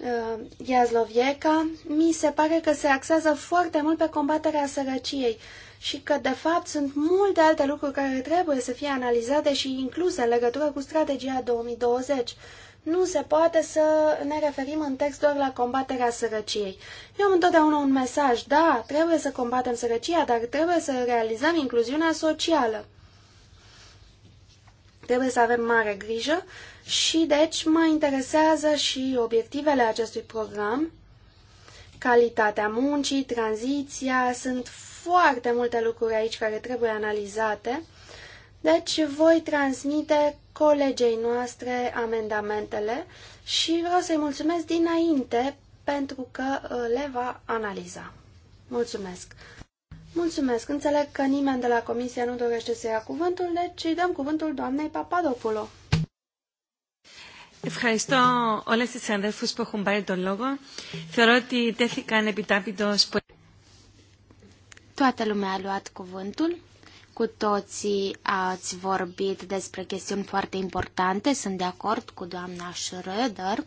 Uh, Iazlovieca, mi se pare că se axează foarte mult pe combaterea sărăciei și că, de fapt, sunt multe alte lucruri care trebuie să fie analizate și incluse în legătură cu strategia 2020. Nu se poate să ne referim în text doar la combaterea sărăciei. Eu am întotdeauna un mesaj, da, trebuie să combatem sărăcia, dar trebuie să realizăm incluziunea socială. Trebuie să avem mare grijă și deci mă interesează și obiectivele acestui program, calitatea muncii, tranziția, sunt foarte multe lucruri aici care trebuie analizate. Deci voi transmite colegei noastre amendamentele și vreau să-i mulțumesc dinainte pentru că uh, le va analiza. Mulțumesc! Mulțumesc! Înțeleg că nimeni de la Comisia nu dorește să ia cuvântul, deci îi dăm cuvântul doamnei Papadopulo. Ευχαριστώ όλε τι αδέρφου που έχουν πάρει τον λόγο. Θεωρώ ότι τέθηκαν επιτάπητο επιτάπητος... Toată lumea a luat cuvântul. Cu toții ați vorbit despre chestiuni foarte importante. Sunt de acord cu doamna Schröder.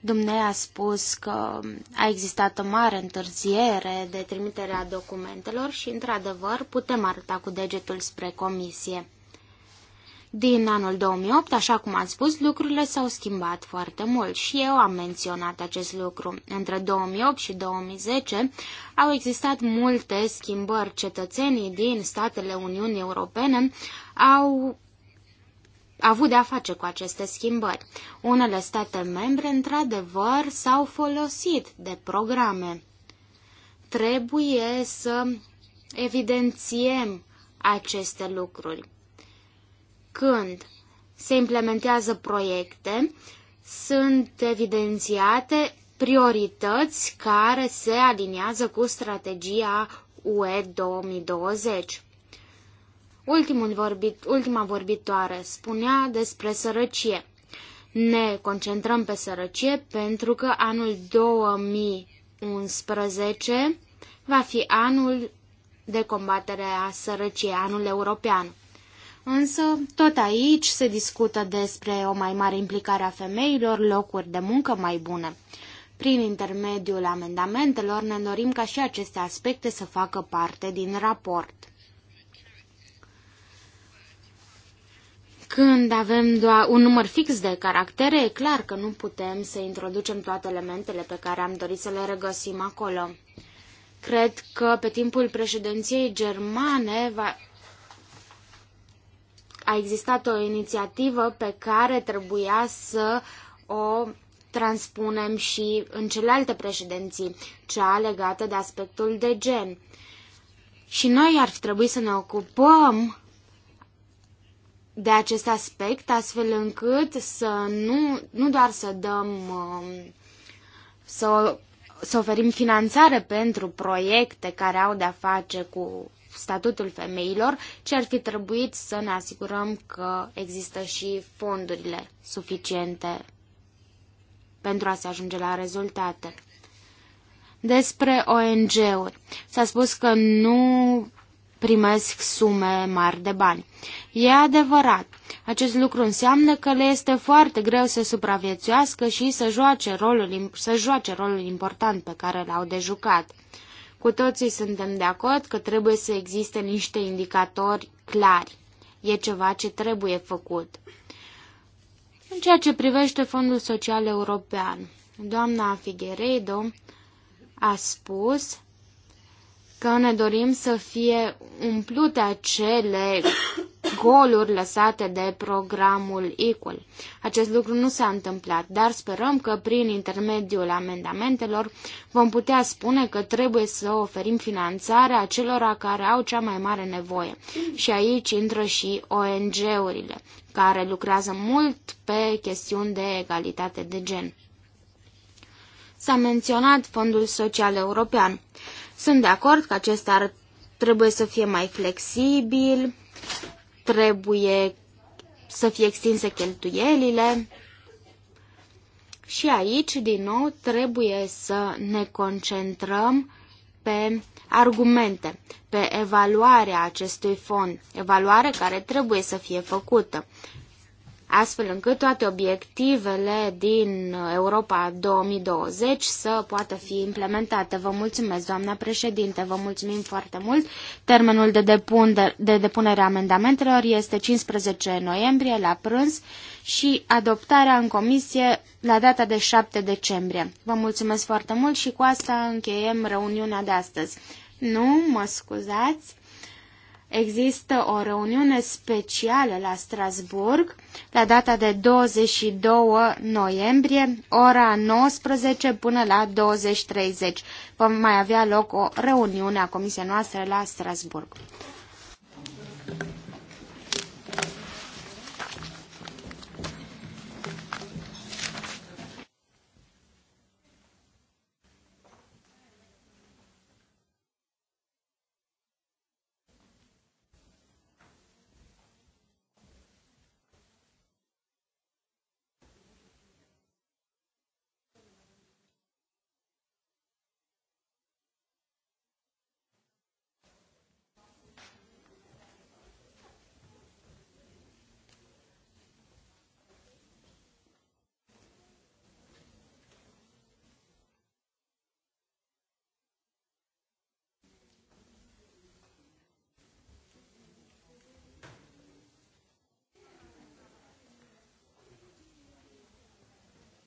Dumnezeu a spus că a existat o mare întârziere de trimiterea documentelor și, într-adevăr, putem arăta cu degetul spre comisie. Din anul 2008, așa cum ați spus, lucrurile s-au schimbat foarte mult și eu am menționat acest lucru. Între 2008 și 2010 au existat multe schimbări. Cetățenii din statele Uniunii Europene au avut de a face cu aceste schimbări. Unele state membre, într-adevăr, s-au folosit de programe. Trebuie să evidențiem aceste lucruri când se implementează proiecte, sunt evidențiate priorități care se aliniază cu strategia UE 2020. Ultimul vorbit, ultima vorbitoare spunea despre sărăcie. Ne concentrăm pe sărăcie pentru că anul 2011 va fi anul de combatere a sărăciei, anul european. Însă, tot aici se discută despre o mai mare implicare a femeilor, locuri de muncă mai bune. Prin intermediul amendamentelor ne dorim ca și aceste aspecte să facă parte din raport. Când avem doar un număr fix de caractere, e clar că nu putem să introducem toate elementele pe care am dorit să le regăsim acolo. Cred că pe timpul președinției germane va, a existat o inițiativă pe care trebuia să o transpunem și în celelalte președinții, cea legată de aspectul de gen. Și noi ar trebui să ne ocupăm de acest aspect, astfel încât să nu, nu doar să dăm, um, să, să oferim finanțare pentru proiecte care au de-a face cu statutul femeilor, ci ar fi trebuit să ne asigurăm că există și fondurile suficiente pentru a se ajunge la rezultate. Despre ONG-uri. S-a spus că nu primesc sume mari de bani. E adevărat. Acest lucru înseamnă că le este foarte greu să supraviețuiască și să joace rolul, să joace rolul important pe care l-au de jucat. Cu toții suntem de acord că trebuie să existe niște indicatori clari. E ceva ce trebuie făcut. În ceea ce privește Fondul Social European, doamna Figueredo a spus că ne dorim să fie umplute acele goluri lăsate de programul Equal. Acest lucru nu s-a întâmplat, dar sperăm că prin intermediul amendamentelor vom putea spune că trebuie să oferim finanțare acelora care au cea mai mare nevoie. Și aici intră și ONG-urile, care lucrează mult pe chestiuni de egalitate de gen. S-a menționat Fondul Social European. Sunt de acord că acesta ar, trebuie să fie mai flexibil, trebuie să fie extinse cheltuielile. Și aici, din nou, trebuie să ne concentrăm pe argumente, pe evaluarea acestui fond, evaluare care trebuie să fie făcută astfel încât toate obiectivele din Europa 2020 să poată fi implementate. Vă mulțumesc, doamna președinte, vă mulțumim foarte mult. Termenul de, depune, de depunere a amendamentelor este 15 noiembrie la prânz și adoptarea în comisie la data de 7 decembrie. Vă mulțumesc foarte mult și cu asta încheiem reuniunea de astăzi. Nu, mă scuzați. Există o reuniune specială la Strasburg la data de 22 noiembrie, ora 19 până la 20.30. Vom mai avea loc o reuniune a comisiei noastre la Strasburg.